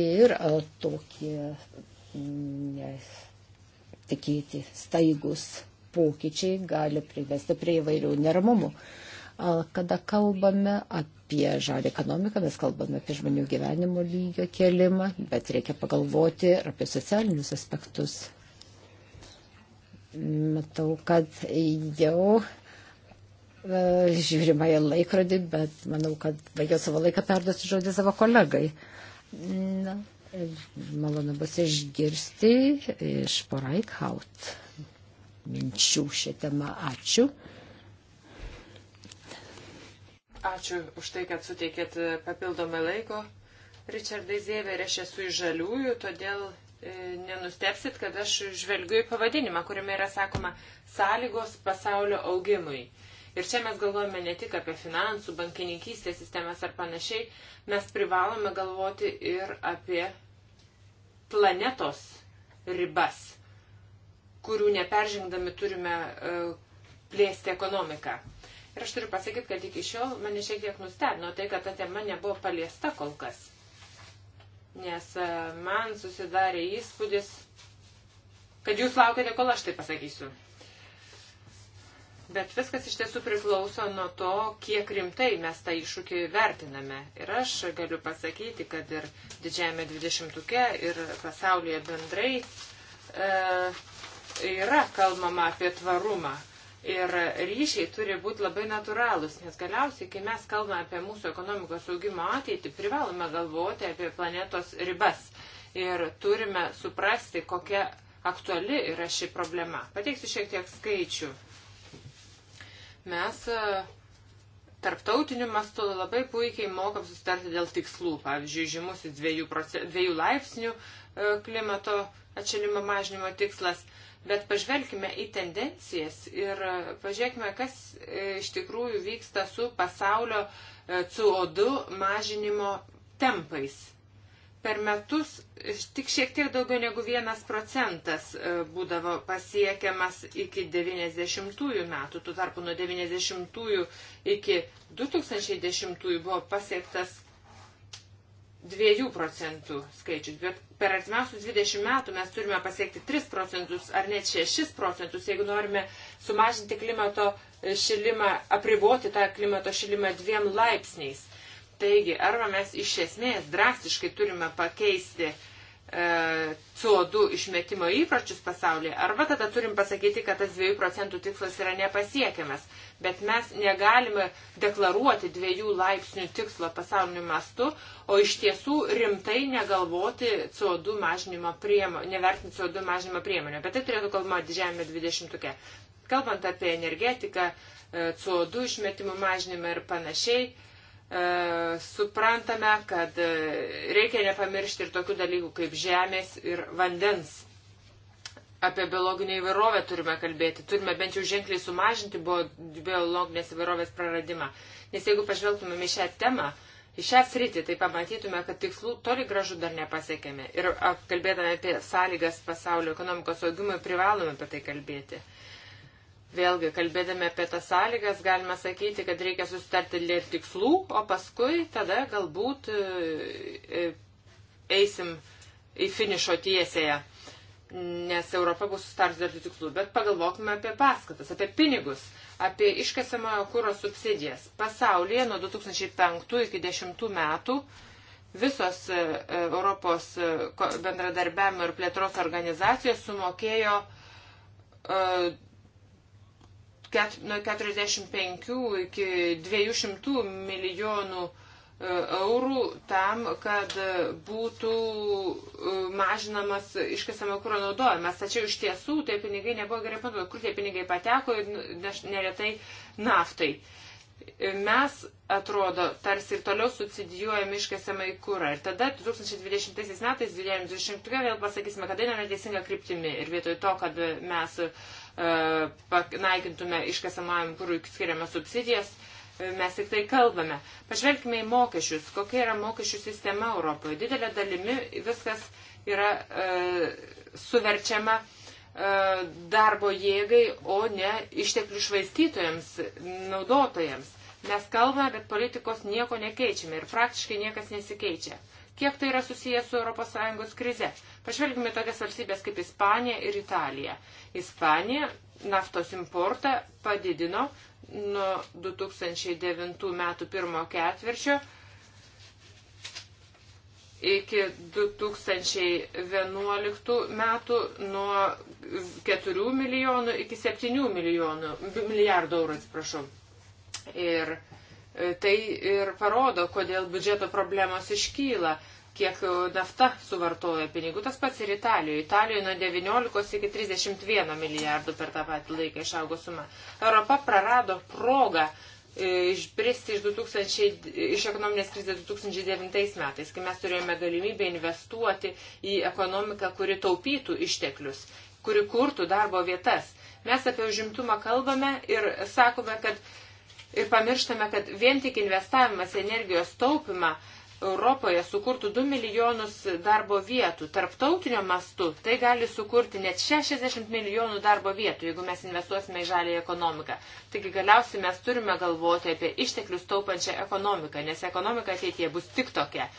Ir tokie mm, netikėti staigus pokyčiai gali privesti prie įvairių neramumų. Kada kalbame apie žalį ekonomiką, mes kalbame apie žmonių gyvenimo lygio kelimą, bet reikia pagalvoti ir apie socialinius aspektus. Matau, kad jau e, žiūrima į laikrodį, bet manau, kad baigiau savo laiką perduosiu žodį savo kolegai. Na, malonu bus išgirsti iš Poraikhaut minčių šią temą. Ačiū. Ačiū už tai, kad suteikėt papildomai laiko. Richardai Zėver, aš esu iš žaliųjų, todėl e, nenustepsit, kad aš žvelgiu į pavadinimą, kuriame yra sakoma sąlygos pasaulio augimui. Ir čia mes galvojame ne tik apie finansų, bankininkystės sistemas ar panašiai, mes privalome galvoti ir apie planetos ribas kurių neperžengdami turime e, plėsti ekonomiką. Ir aš turiu pasakyti, kad iki šiol mane šiek tiek nustebino tai, kad ta tema nebuvo paliesta kol kas. Nes e, man susidarė įspūdis, kad jūs laukite, kol aš tai pasakysiu. Bet viskas iš tiesų priklauso nuo to, kiek rimtai mes tą iššūkį vertiname. Ir aš galiu pasakyti, kad ir didžiajame dvidešimtuke, ir pasaulyje bendrai e, yra kalbama apie tvarumą. Ir ryšiai turi būti labai natūralūs, nes galiausiai, kai mes kalbame apie mūsų ekonomikos augimo ateitį, privalome galvoti apie planetos ribas. Ir turime suprasti, kokia aktuali yra ši problema. Pateiksiu šiek tiek skaičių. Mes e, tarptautiniu mastu labai puikiai mokam susitarti dėl tikslų. Pavyzdžiui, žymusis dviejų, proces, dviejų laipsnių e, klimato atšilimo mažinimo tikslas – Bet pažvelkime į tendencijas ir e, pažiūrėkime, kas e, iš tikrųjų vyksta su pasaulio e, CO2 mažinimo tempais. Per metus tik šiek tiek daugiau negu vienas procentas būdavo pasiekiamas iki 90-ųjų metų. Tuo tarpu nuo 90-ųjų iki 2010-ųjų buvo pasiektas 2 procentų skaičius, bet per artimiausius 20 metų mes turime pasiekti 3 procentus ar net 6 procentus, jeigu norime sumažinti klimato šilimą, apriboti tą klimato šilimą dviem laipsniais. Taigi, arba mes iš esmės drastiškai turime pakeisti uh, E, CO2 išmetimo įpročius pasaulyje, arba tada turim pasakyti, kad tas 2 procentų tikslas yra nepasiekiamas. Bet mes negalime deklaruoti 2 laipsnių tikslo pasauliniu mastu, o iš tiesų rimtai negalvoti CO2 mažinimo priemonę, nevertinti CO2 mažinimo priemonę. Bet tai turėtų kalbama didžiajame 20-uke. Kalbant apie energetiką, e, CO2 išmetimų mažinimą ir panašiai, E, suprantame, kad e, reikia nepamiršti ir tokių dalykų kaip žemės ir vandens. Apie biologinę įvairovę turime kalbėti. Turime bent jau ženkliai sumažinti biologinės įvairovės praradimą. Nes jeigu pažvelgtumėm į šią temą, į šią sritį, tai pamatytume, kad tikslų toli gražu dar nepasiekėme. Ir kalbėdami apie sąlygas pasaulio ekonomikos augimui, privalome apie tai kalbėti. Vėlgi, kalbėdami apie tas sąlygas, galime sakyti, kad reikia susitarti ir tikslų, o paskui tada galbūt e, e, eisim į finišo tiesėje, nes Europa bus susitars dėl tikslų. Bet pagalvokime apie paskatas, apie pinigus, apie iškasamojo kūro subsidijas. Pasaulyje nuo 2005 iki 2010 metų visos e, Europos bendradarbiavimo ir plėtros organizacijos sumokėjo ket, nuo 45 iki 200 milijonų e, eurų tam, kad e, būtų e, mažinamas iškasamo kūro naudojimas. Tačiau iš tiesų tie pinigai nebuvo gerai panaudojami. Kur tie pinigai pateko ir neretai naftai. Mes, atrodo, tarsi ir toliau subsidijuojame iškasamą į kūrą. Ir tada 2020 metais, 2020 vėl pasakysime, kad einame tai teisinga kryptimi. Ir vietoj to, kad mes uh, E, panaikintume iškasamajam kūrui skiriamas subsidijas, e, mes tik tai kalbame. Pažvelkime į mokesčius. Kokia yra mokesčių sistema Europoje? Didelė dalimi viskas yra e, suverčiama e, darbo jėgai, o ne išteklių švaistytojams, naudotojams. Mes kalbame, bet politikos nieko nekeičiame ir praktiškai niekas nesikeičia. Kiek tai yra susijęs su ES krize? Pažvelgime tokias valstybės kaip Ispanija ir Italija. Ispanija naftos importą padidino nuo 2009 metų pirmo ketvirčio iki 2011 metų nuo 4 milijonų iki 7 milijonų, milijardų eurų atsiprašau. Ir e, tai ir parodo, kodėl biudžeto problemos iškyla kiek e, nafta suvartoja pinigų. Tas pats ir Italijoje. Italijoje nuo 19 iki 31 milijardų per tą patį laiką išaugo suma. Europa prarado progą e, išbristi iš, 2000, iš ekonominės krizės 2009 metais, kai mes turėjome galimybę investuoti į ekonomiką, kuri taupytų išteklius, kuri kurtų darbo vietas. Mes apie užimtumą kalbame ir sakome, kad ir pamirštame, kad vien tik investavimas energijos taupimą uh, Europoje sukurtų 2 milijonus darbo vietų. Tarptautinio mastu tai gali sukurti net 60 milijonų darbo vietų, jeigu mes investuosime į žalį ekonomiką. Taigi galiausiai mes turime galvoti apie išteklius taupančią ekonomiką, nes ekonomika ateitie bus tik tokia.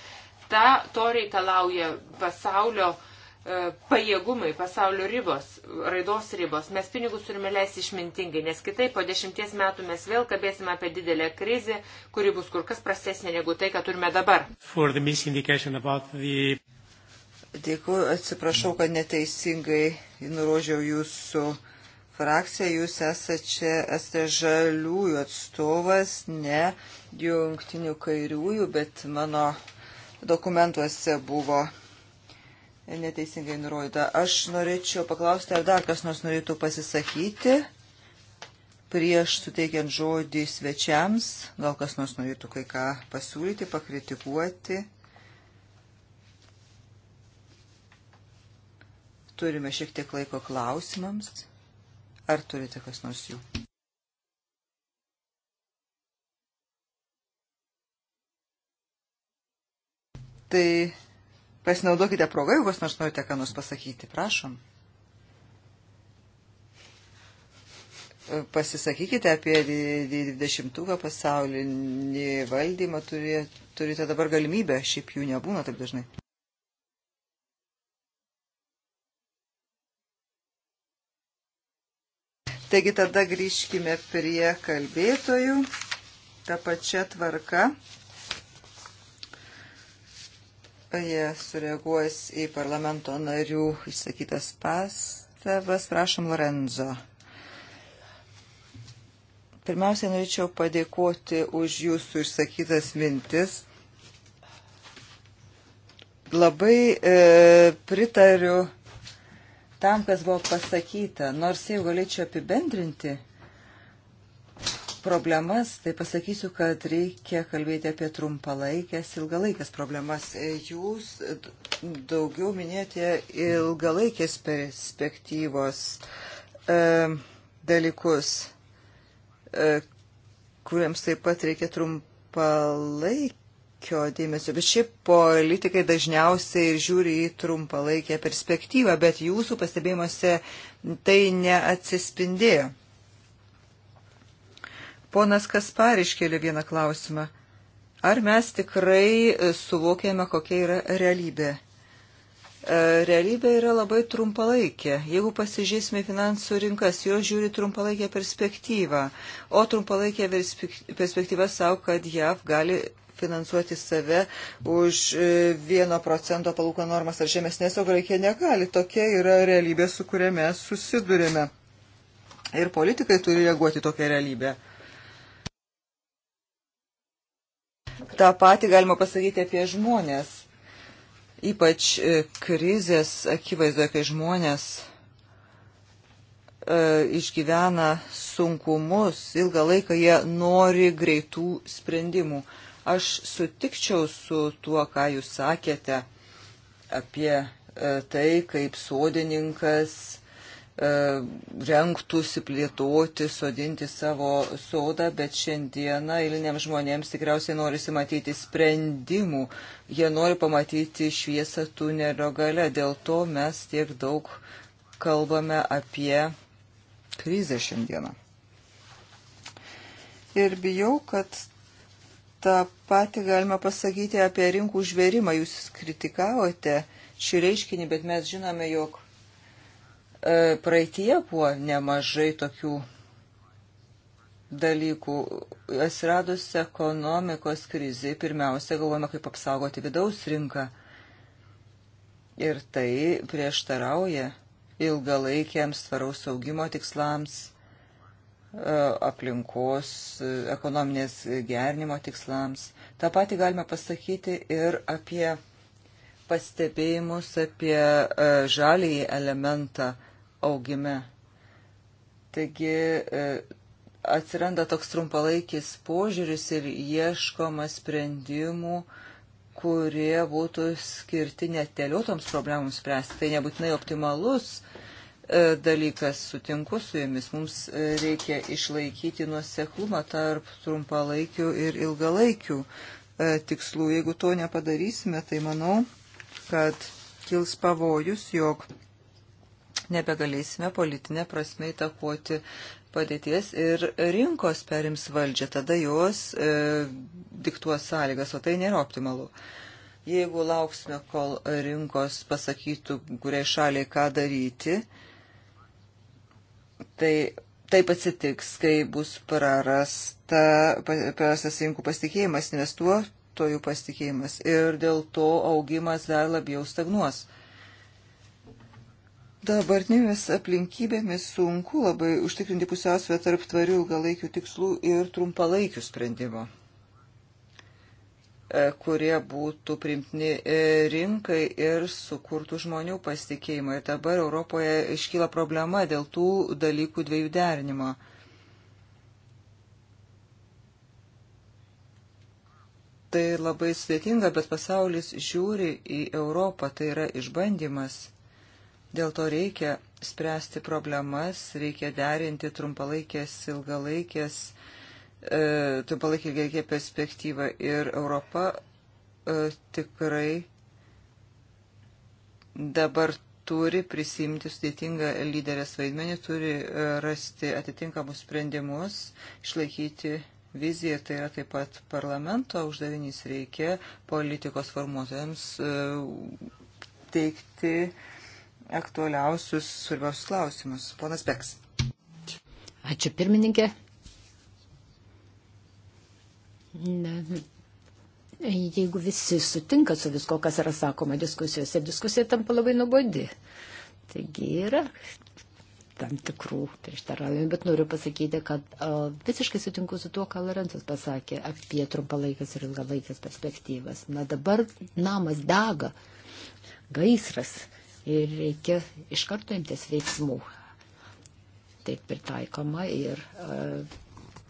Ta, to reikalauja pasaulio uh, E, pajėgumai, pasaulio ribos, raidos ribos. Mes pinigus turime leisti išmintingai, nes kitaip po dešimties metų mes vėl kalbėsime apie didelę krizę, kuri bus kur kas prastesnė negu tai, ką turime dabar. The... Dėkuoju, atsiprašau, kad neteisingai nurodžiau jūsų frakciją. Jūs esate čia, esate žaliųjų atstovas, ne jungtinių kairiųjų, bet mano dokumentuose buvo neteisingai nurodyta. Aš norėčiau paklausti, ar dar kas nors norėtų pasisakyti prieš suteikiant žodį svečiams. Gal kas nors norėtų kai ką pasiūlyti, pakritikuoti. Turime šiek tiek laiko klausimams. Ar turite kas nors jų? Tai Pasinaudokite progą, jeigu kas nors norite ką nors pasakyti. Prašom. E, pasisakykite apie 20-ąją pasaulinį valdymą. Turite dabar galimybę, šiaip jų nebūna taip dažnai. Taigi tada grįžkime prie kalbėtojų. Ta pačia tvarka. Jie sureaguos į parlamento narių išsakytas pastabas. Prašom, Lorenzo. Pirmiausia, norėčiau padėkoti už jūsų išsakytas mintis. Labai e, pritariu tam, kas buvo pasakyta. Nors jeigu galėčiau apibendrinti, problemas, tai pasakysiu, kad reikia kalbėti apie trumpalaikės, ilgalaikės problemas. Jūs daugiau minėjote ilgalaikės perspektyvos e, dalykus, e, kuriems taip pat reikia trumpalaikio dėmesio. Bet šiaip politikai dažniausiai ir žiūri į trumpalaikę perspektyvą, bet jūsų pastebėjimuose tai neatsispindėjo. Ponas Kaspar iškėlė vieną klausimą. Ar mes tikrai e, suvokėme, kokia yra realybė? E, realybė yra labai trumpalaikė. Jeigu pasižiūrėsime finansų rinkas, jos žiūri trumpalaikę perspektyvą, o trumpalaikė perspektyva savo, kad JAV gali finansuoti save už 1 e, procento palūkanų normas ar žemesnės, o Graikija negali. Tokia yra realybė, su kuria mes susidurėme. Ir politikai turi reaguoti tokią realybę. tą patį galima pasakyti apie žmonės. Ypač e, krizės akivaizdoje, kai žmonės e, išgyvena sunkumus, ilgą laiką jie nori greitų sprendimų. Aš sutikčiau su tuo, ką jūs sakėte apie e, tai, kaip sodininkas E, renktųsi plėtoti, sodinti savo sodą, bet šiandieną eiliniam žmonėms tikriausiai norisi matyti sprendimų. Jie nori pamatyti šviesą tunelio gale. Dėl to mes tiek daug kalbame apie krizę šiandieną. Ir bijau, kad tą patį galima pasakyti apie rinkų žvėrimą. Jūs kritikavote šį reiškinį, bet mes žinome, jog E, praeitie buvo nemažai tokių dalykų. Atsiradus ekonomikos krizai, pirmiausia, galvojame, kaip apsaugoti vidaus rinką. Ir tai prieštarauja ilgalaikiams tvaraus augimo tikslams, e, aplinkos, e, ekonominės gernimo tikslams. Ta pati galime pasakyti ir apie pastebėjimus apie žalį elementą augime. Taigi e, atsiranda toks trumpalaikis požiūris ir ieškoma sprendimų, kurie būtų skirti neteliotoms problemams spręsti. Tai nebūtinai optimalus e, dalykas, sutinku su jumis, mums e, reikia išlaikyti nuoseklumą tarp trumpalaikių ir ilgalaikių tikslų. Jeigu to nepadarysime, tai manau, kad kils pavojus, jog nebegalėsime politinę prasme įtakoti padėties ir rinkos perims valdžią, tada jos e, diktuos sąlygas, o tai nėra optimalu. Jeigu lauksime, kol rinkos pasakytų, kuriai šaliai ką daryti, tai taip atsitiks, kai bus prarasta, prarastas rinkų pasitikėjimas, investuotojų pasitikėjimas ir dėl to augimas dar labiau stagnuos. Dabartinėmis aplinkybėmis sunku labai užtikrinti pusiausvę tarp tvarių ilgalaikių tikslų ir trumpalaikių sprendimų, e, kurie būtų primtini e, rinkai ir sukurtų žmonių pasitikėjimą. Ir dabar Europoje iškyla problema dėl tų dalykų dviejų derinimo. tai labai sudėtinga, bet pasaulis žiūri į Europą, tai yra išbandymas. Dėl to reikia spręsti problemas, reikia derinti trumpalaikės, ilgalaikės, e, trumpalaikį ilgalaikį perspektyvą ir Europa e, tikrai dabar turi prisimti sudėtingą lyderės vaidmenį, turi e, rasti atitinkamus sprendimus, išlaikyti viziją, tai yra taip pat parlamento uždavinys reikia politikos formuotojams e, teikti aktualiausius svarbiausius klausimus. Ponas Peks. Ačiū pirmininkė. Ne. Jeigu visi sutinka su visko, kas yra sakoma diskusijose, diskusija tampa labai nuobodi. Taigi yra tam tikrų prieštaravimų, bet noriu pasakyti, kad o, visiškai sutinku su tuo, ką Lorentas pasakė apie trumpalaikės ir ilgalaikės perspektyvas. Na dabar namas dega, gaisras ir reikia iš karto imtis veiksmų. Taip pritaikoma ir uh,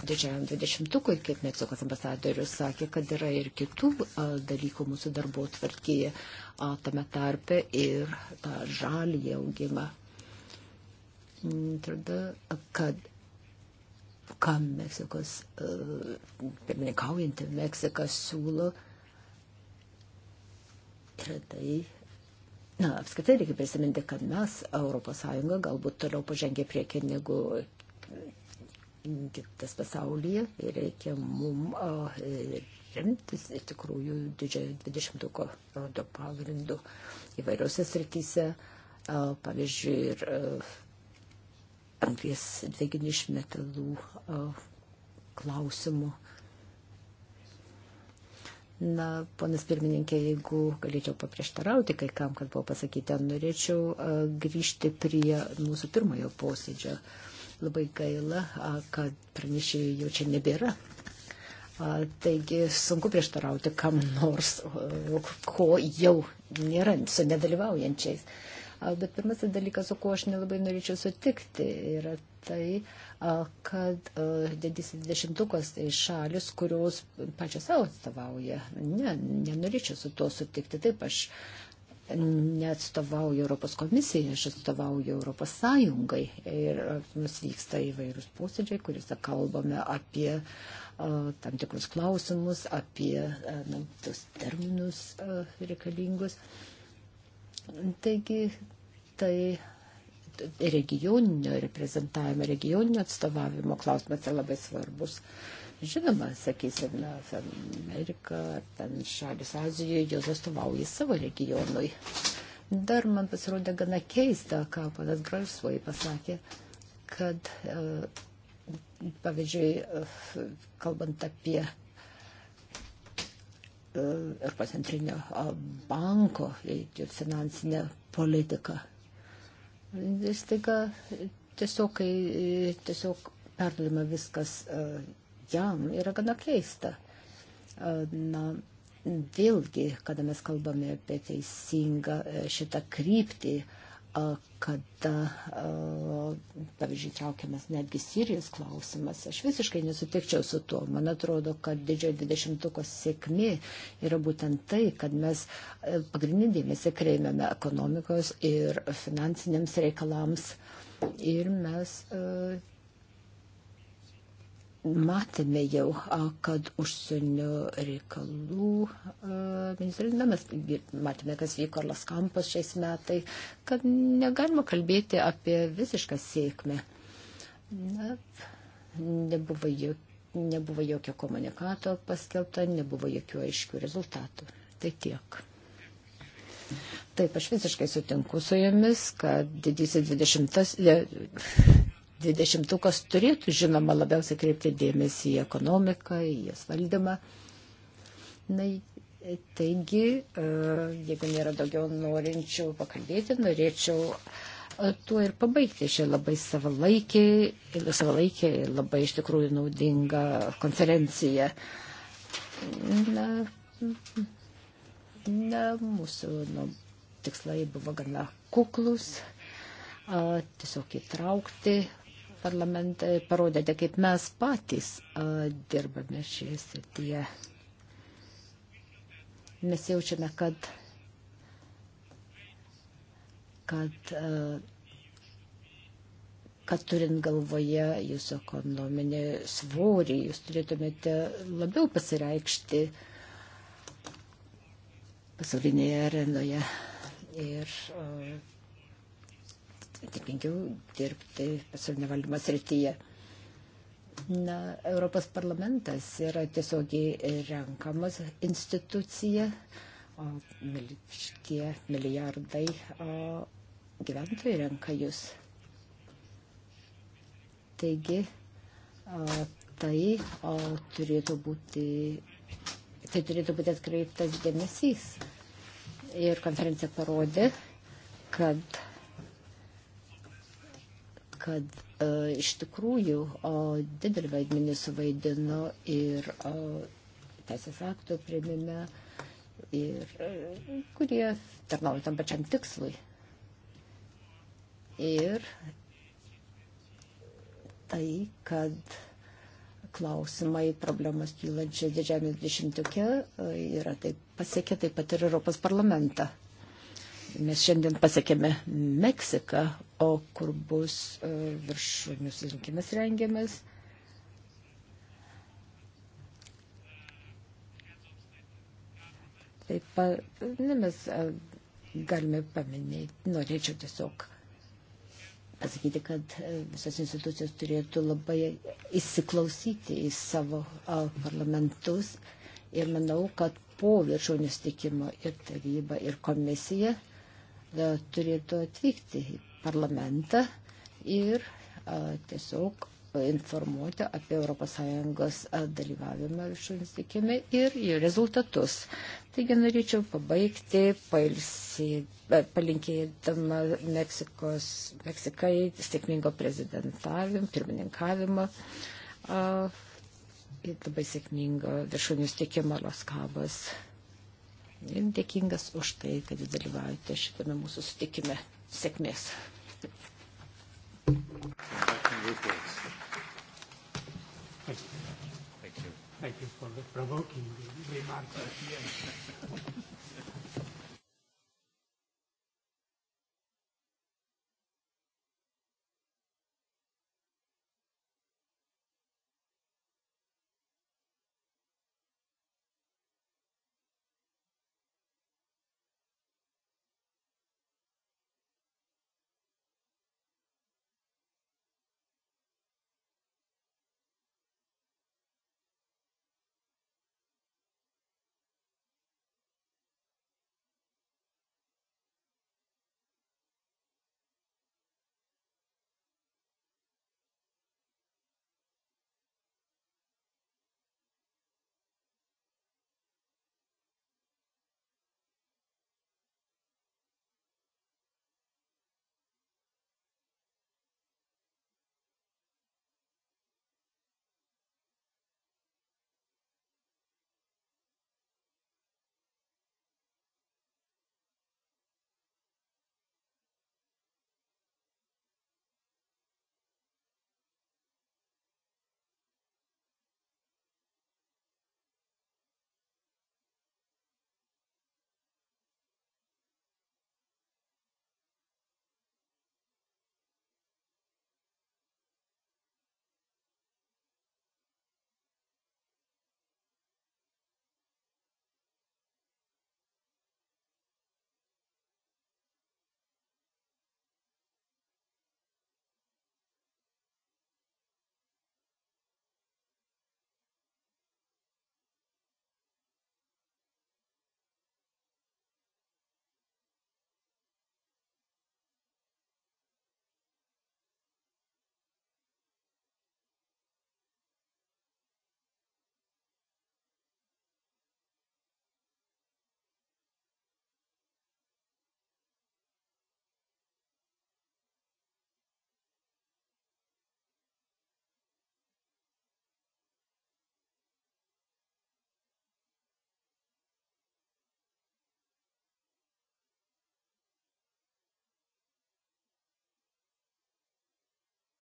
didžiajam dvidešimtukui, kaip Meksikos ambasadorius sakė, kad yra ir kitų a, e, dalykų mūsų darbo tvarkyje, a, tame tarpe ir tą žalį augimą. Mm, Atrodo, kad kam Meksikos, e, pirmininkaujantį Meksiką siūlo, yra tai, Na, apskritai reikia prisiminti, kad mes, ES, galbūt toliau pažengė priekį negu kitas pasaulyje ir reikia mum remtis iš tikrųjų didžiojo 20-ko rodo pagrindų įvairiose srityse, pavyzdžiui, ir anglies dviginį iš metalų klausimų Na, ponas pirmininkė, jeigu galėčiau paprieštarauti kai kam, kad buvo pasakyti, norėčiau grįžti prie mūsų pirmojo posėdžio. Labai gaila, kad pranešėjai jau čia nebėra. Taigi sunku prieštarauti kam nors, ko jau nėra su nedalyvaujančiais. Bet pirmasis dalykas, su kuo aš nelabai norėčiau sutikti, yra tai, kad didysis dešimtukas tai šalis, kurios pačios savo atstovauja. Ne, nenorėčiau su tuo sutikti. Taip, aš neatstovauju Europos komisijai, aš atstovauju Europos Sąjungai. Ir mums vyksta įvairūs posėdžiai, kuriuose kalbame apie a, tam tikrus klausimus, apie a, na, tos terminus a, reikalingus. A, Taigi, tai regioninio reprezentavimo, regioninio atstovavimo klausimas yra labai svarbus. Žinoma, sakysime, Amerika ar ten šalis Azijoje, jos atstovauja savo regionui. Dar man pasirodė gana keista, ką panas Gralsvoj pasakė, kad, e, pavyzdžiui, e, kalbant apie Europos centrinio banko finansinę politiką. Vis tik tiesiog, kai tiesiog perdodama viskas jam, yra gana keista. Na, vėlgi, kada mes kalbame apie teisingą e, šitą kryptį, kada, pavyzdžiui, traukiamas netgi Sirijos klausimas. Aš visiškai nesutikčiau su tuo. Man atrodo, kad didžiojo dvidešimtuko sėkmė yra būtent tai, kad mes pagrindinį dėmesį kreipiame ekonomikos ir finansiniams reikalams ir mes matėme jau, kad užsienio reikalų ministerija, na mes matėme, kas vyko Las Kampas šiais metai, kad negalima kalbėti apie visišką sėkmę. Na, nebuvo, jok, nebuvo jokio komunikato paskelbta, nebuvo jokių aiškių rezultatų. Tai tiek. Taip, aš visiškai sutinku su jumis, kad didysis 20. Dvidešimtukas turėtų, žinoma, labiausiai kreipti dėmesį į ekonomiką, į jas valdymą. Na, taigi, e, jeigu nėra daugiau norinčių pakalbėti, norėčiau e, tuo ir pabaigti šią labai savalaikį, savalaikį ir labai iš tikrųjų naudingą konferenciją. Na, na mūsų nu, tikslai buvo gana kuklus, a, tiesiog įtraukti parlamentą parodėte, kaip mes patys a, dirbame šioje srityje. Mes jaučiame, kad, kad, a, kad turint galvoje jūsų ekonominį svorį, jūs turėtumėte labiau pasireikšti pasaulinėje arenoje. Ir, a, atsakingiau dirbti pasaulinio valdymo srityje. Na, Europos parlamentas yra tiesiogiai renkamas institucija, o šitie milijardai o, gyventojai renka jūs. Taigi, o, tai o, turėtų būti, tai turėtų būti atkreiptas dėmesys. Ir konferencija parodė, kad kad e, iš tikrųjų o, didelį vaidmenį suvaidino ir o, teisės aktų primime, ir e, kurie tarnauja tam pačiam tikslui. Ir tai, kad klausimai, problemas kylančios didžiame dešimtuke e, yra taip pasiekę taip pat ir Europos parlamentą. Mes šiandien pasiekėme Meksiką, o kur bus e, viršūnių surinkimas rengiamas. Taip pat ne, mes e, galime paminėti, norėčiau tiesiog pasakyti, kad e, visos institucijos turėtų labai įsiklausyti į savo parlamentus ir manau, kad po viršūnių stikimo ir taryba, ir komisija E, turėtų atvykti į parlamentą ir e, tiesiog informuoti apie ES dalyvavimą viršūnės tikime ir jų rezultatus. Taigi norėčiau pabaigti palsį, e, palinkėdama Meksikos, Meksikai sėkmingo prezidentavimo, pirmininkavimo. Uh, labai sėkmingo viršūnių stikimo Los Kabos ir dėkingas už tai, kad jūs dalyvaujate šitame mūsų sutikime. Sėkmės. Thank you. Thank you for the provoking remarks at the end.